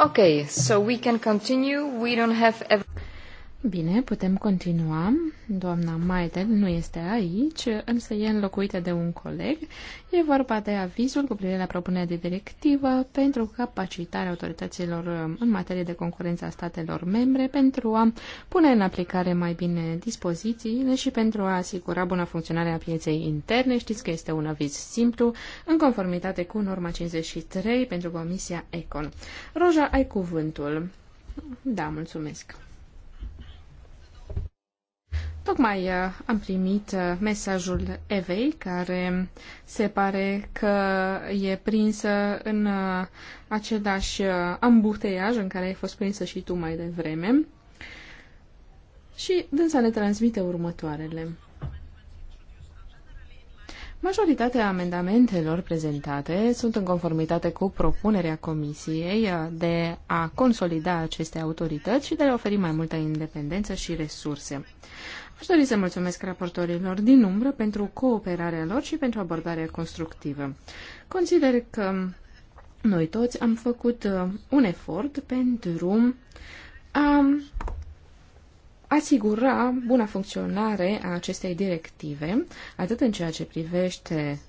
Okay, so we can continue. We don't have... Bine, putem continua. Doamna Maitel nu este aici, însă e înlocuită de un coleg. E vorba de avizul cu privire la propunerea de directivă pentru capacitarea autorităților um, în materie de concurență a statelor membre pentru a pune în aplicare mai bine dispozițiile și pentru a asigura buna funcționare a pieței interne. Știți că este un aviz simplu, în conformitate cu norma 53 pentru Comisia Econ. Roja, ai cuvântul. Da, mulțumesc. Tocmai uh, am primit uh, mesajul Evei, care se pare că e prinsă în uh, același ambuteiaj în care ai fost prinsă și tu mai devreme. Și dânsa ne transmite următoarele. Majoritatea amendamentelor prezentate sunt în conformitate cu propunerea Comisiei de a consolida aceste autorități și de a le oferi mai multă independență și resurse. Aș dori să mulțumesc raportorilor din umbră pentru cooperarea lor și pentru abordarea constructivă. Consider că noi toți am făcut uh, un efort pentru a asigura buna funcționare a acestei directive, atât în ceea ce privește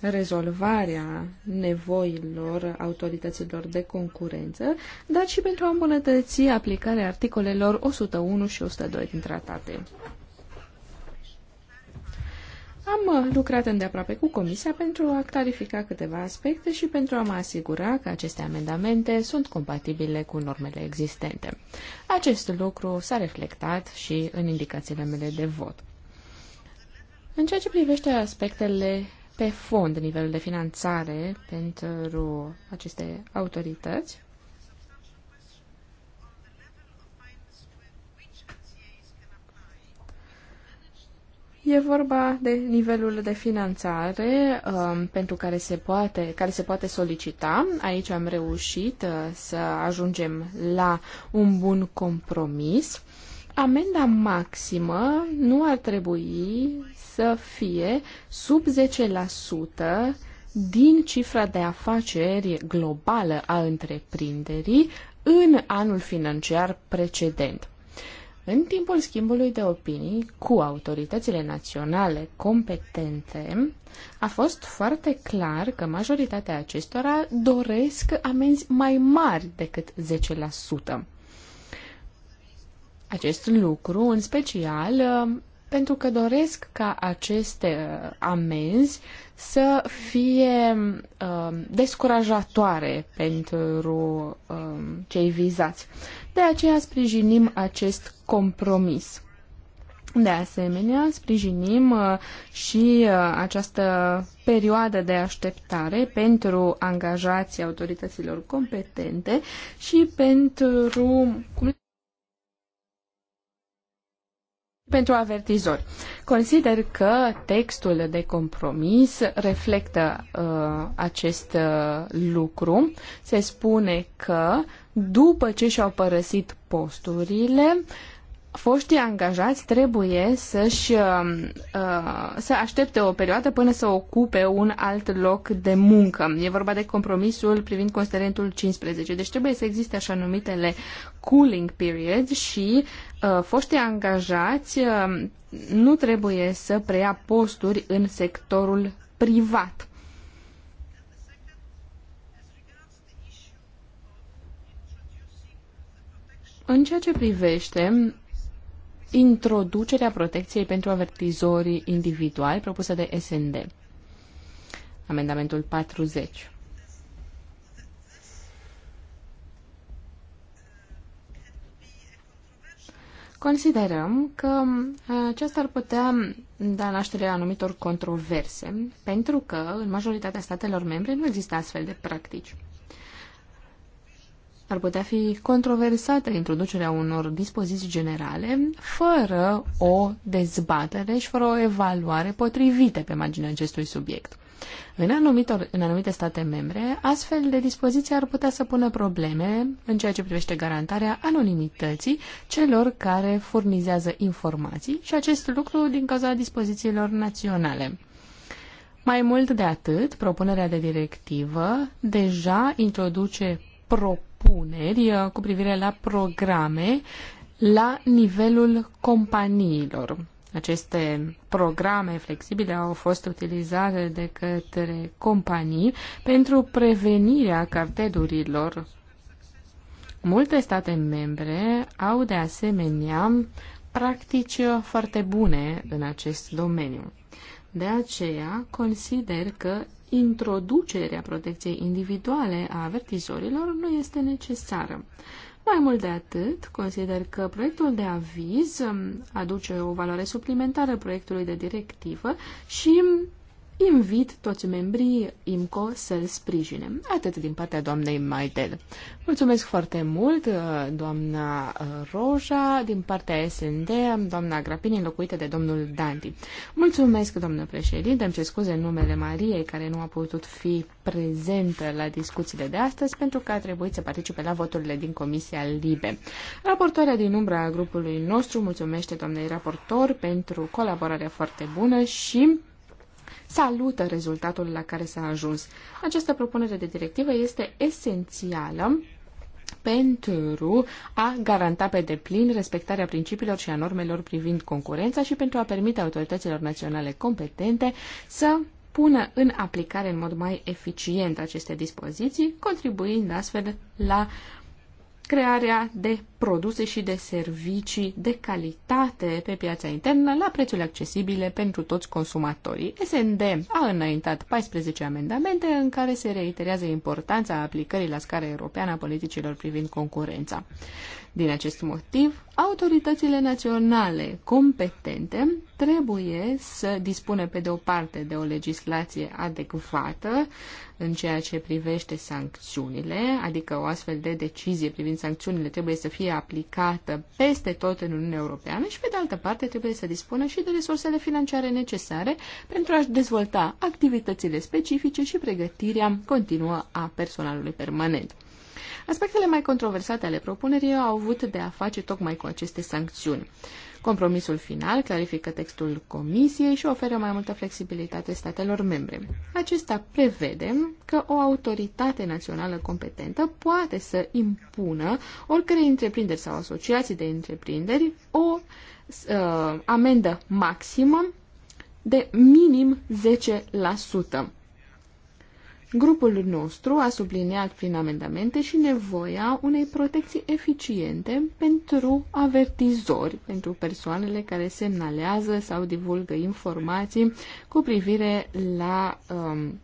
rezolvarea nevoilor autorităților de concurență, dar și pentru a îmbunătăți aplicarea articolelor 101 și 102 din tratate. Am uh, lucrat îndeaproape cu Comisia pentru a clarifica câteva aspecte și pentru a mă asigura că aceste amendamente sunt compatibile cu normele existente. Acest lucru s-a reflectat și în indicațiile mele de vot. În ceea ce privește aspectele pe fond, nivelul de finanțare pentru aceste autorități, E vorba de nivelul de finanțare um, pentru care se, poate, care se poate solicita. Aici am reușit uh, să ajungem la un bun compromis. Amenda maximă nu ar trebui să fie sub 10% din cifra de afaceri globală a întreprinderii în anul financiar precedent. În timpul schimbului de opinii cu autoritățile naționale competente, a fost foarte clar că majoritatea acestora doresc amenzi mai mari decât 10%. Acest lucru, în special, pentru că doresc ca aceste uh, amenzi să fie uh, descurajatoare pentru uh, cei vizați. De aceea sprijinim acest compromis. De asemenea, sprijinim uh, și uh, această perioadă de așteptare pentru angajații autorităților competente și pentru pentru avertizori. Consider că textul de compromis reflectă uh, acest uh, lucru. Se spune că uh, după ce și-au părăsit posturile, foștii angajați trebuie să-și uh, uh, să aștepte o perioadă până să ocupe un alt loc de muncă. E vorba de compromisul privind considerentul 15. Deci trebuie să existe așa numitele cooling period și uh, foștii angajați nu trebuie să preia posturi în sectorul privat. În ceea ce privește introducerea protecției pentru avertizorii individuali propusă de SND, amendamentul 40. Considerăm că uh, aceasta ar putea da naștere anumitor controverse, pentru că în majoritatea statelor membre nu există astfel de practici ar putea fi controversată introducerea unor dispoziții generale fără o dezbatere și fără o evaluare potrivită pe marginea acestui subiect. În, anumitor, în anumite state membre, astfel de dispoziții ar putea să pună probleme în ceea ce privește garantarea anonimității celor care furnizează informații și acest lucru din cauza dispozițiilor naționale. Mai mult de atât, propunerea de directivă deja introduce propuneri propuneri uh, cu privire la programe la nivelul companiilor. Aceste programe flexibile au fost utilizate de către companii pentru prevenirea cartelurilor. Multe state membre au de asemenea practici foarte bune în acest domeniu. De aceea consider că introducerea protecției individuale a avertizorilor nu este necesară. Mai mult de atât, consider că proiectul de aviz um, aduce o valoare suplimentară proiectului de directivă și um, invit toți membrii IMCO să-l sprijine. Atât din partea doamnei Maidel. Mulțumesc foarte mult, uh, doamna uh, Roja, din partea SND, doamna Grapini, înlocuită de domnul Danti. Mulțumesc, doamnă președinte, îmi cer scuze numele Mariei, care nu a putut fi prezentă la discuțiile de astăzi, pentru că a trebuit să participe la voturile din Comisia Libe. Raportoarea din umbra grupului nostru mulțumește doamnei raportor pentru colaborarea foarte bună și salută rezultatul la care s-a ajuns. Această propunere de directivă este esențială pentru a garanta pe deplin respectarea principiilor și a normelor privind concurența și pentru a permite autorităților naționale competente să pună în aplicare în mod mai eficient aceste dispoziții, contribuind astfel la crearea de produse și de servicii de calitate pe piața internă la prețuri accesibile pentru toți consumatorii. SND a înaintat 14 amendamente în care se reiterează importanța aplicării la scară europeană a politicilor privind concurența. Din acest motiv, autoritățile naționale competente trebuie să dispună pe de o parte de o legislație adecvată în ceea ce privește sancțiunile, adică o astfel de decizie privind sancțiunile trebuie să fie aplicată peste tot în Uniunea Europeană și pe de altă parte trebuie să dispună și de resursele financiare necesare pentru a-și dezvolta activitățile specifice și pregătirea continuă a personalului permanent. Aspectele mai controversate ale propunerii au avut de a face tocmai cu aceste sancțiuni. Compromisul final clarifică textul Comisiei și oferă mai multă flexibilitate statelor membre. Acesta prevede că o autoritate națională competentă poate să impună oricărei întreprinderi sau asociații de întreprinderi o uh, amendă maximă de minim 10%. Grupul nostru a subliniat prin amendamente și nevoia unei protecții eficiente pentru avertizori, pentru persoanele care semnalează sau divulgă informații cu privire la um,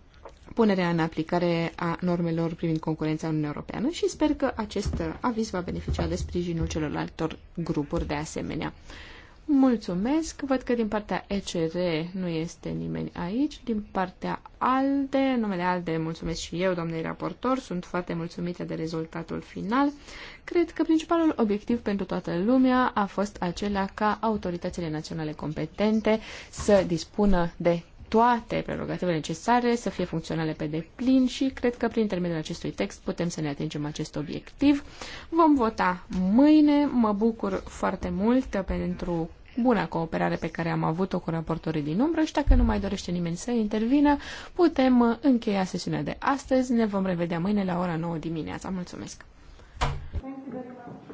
punerea în aplicare a normelor privind concurența în Uniunea Europeană și sper că acest aviz va beneficia de sprijinul celorlaltor grupuri de asemenea. Mulțumesc. Văd că din partea ECR nu este nimeni aici. Din partea ALDE, numele ALDE, mulțumesc și eu, domnului raportor, sunt foarte mulțumită de rezultatul final. Cred că principalul obiectiv pentru toată lumea a fost acela ca autoritățile naționale competente să dispună de toate prerogativele necesare, să fie funcționale pe deplin și cred că prin intermediul acestui text putem să ne atingem acest obiectiv. Vom vota mâine. Mă bucur foarte mult pentru buna cooperare pe care am avut-o cu raportorii din umbră și dacă nu mai dorește nimeni să intervină, putem încheia sesiunea de astăzi. Ne vom revedea mâine la ora 9 dimineața. Mulțumesc!
Thank you very much.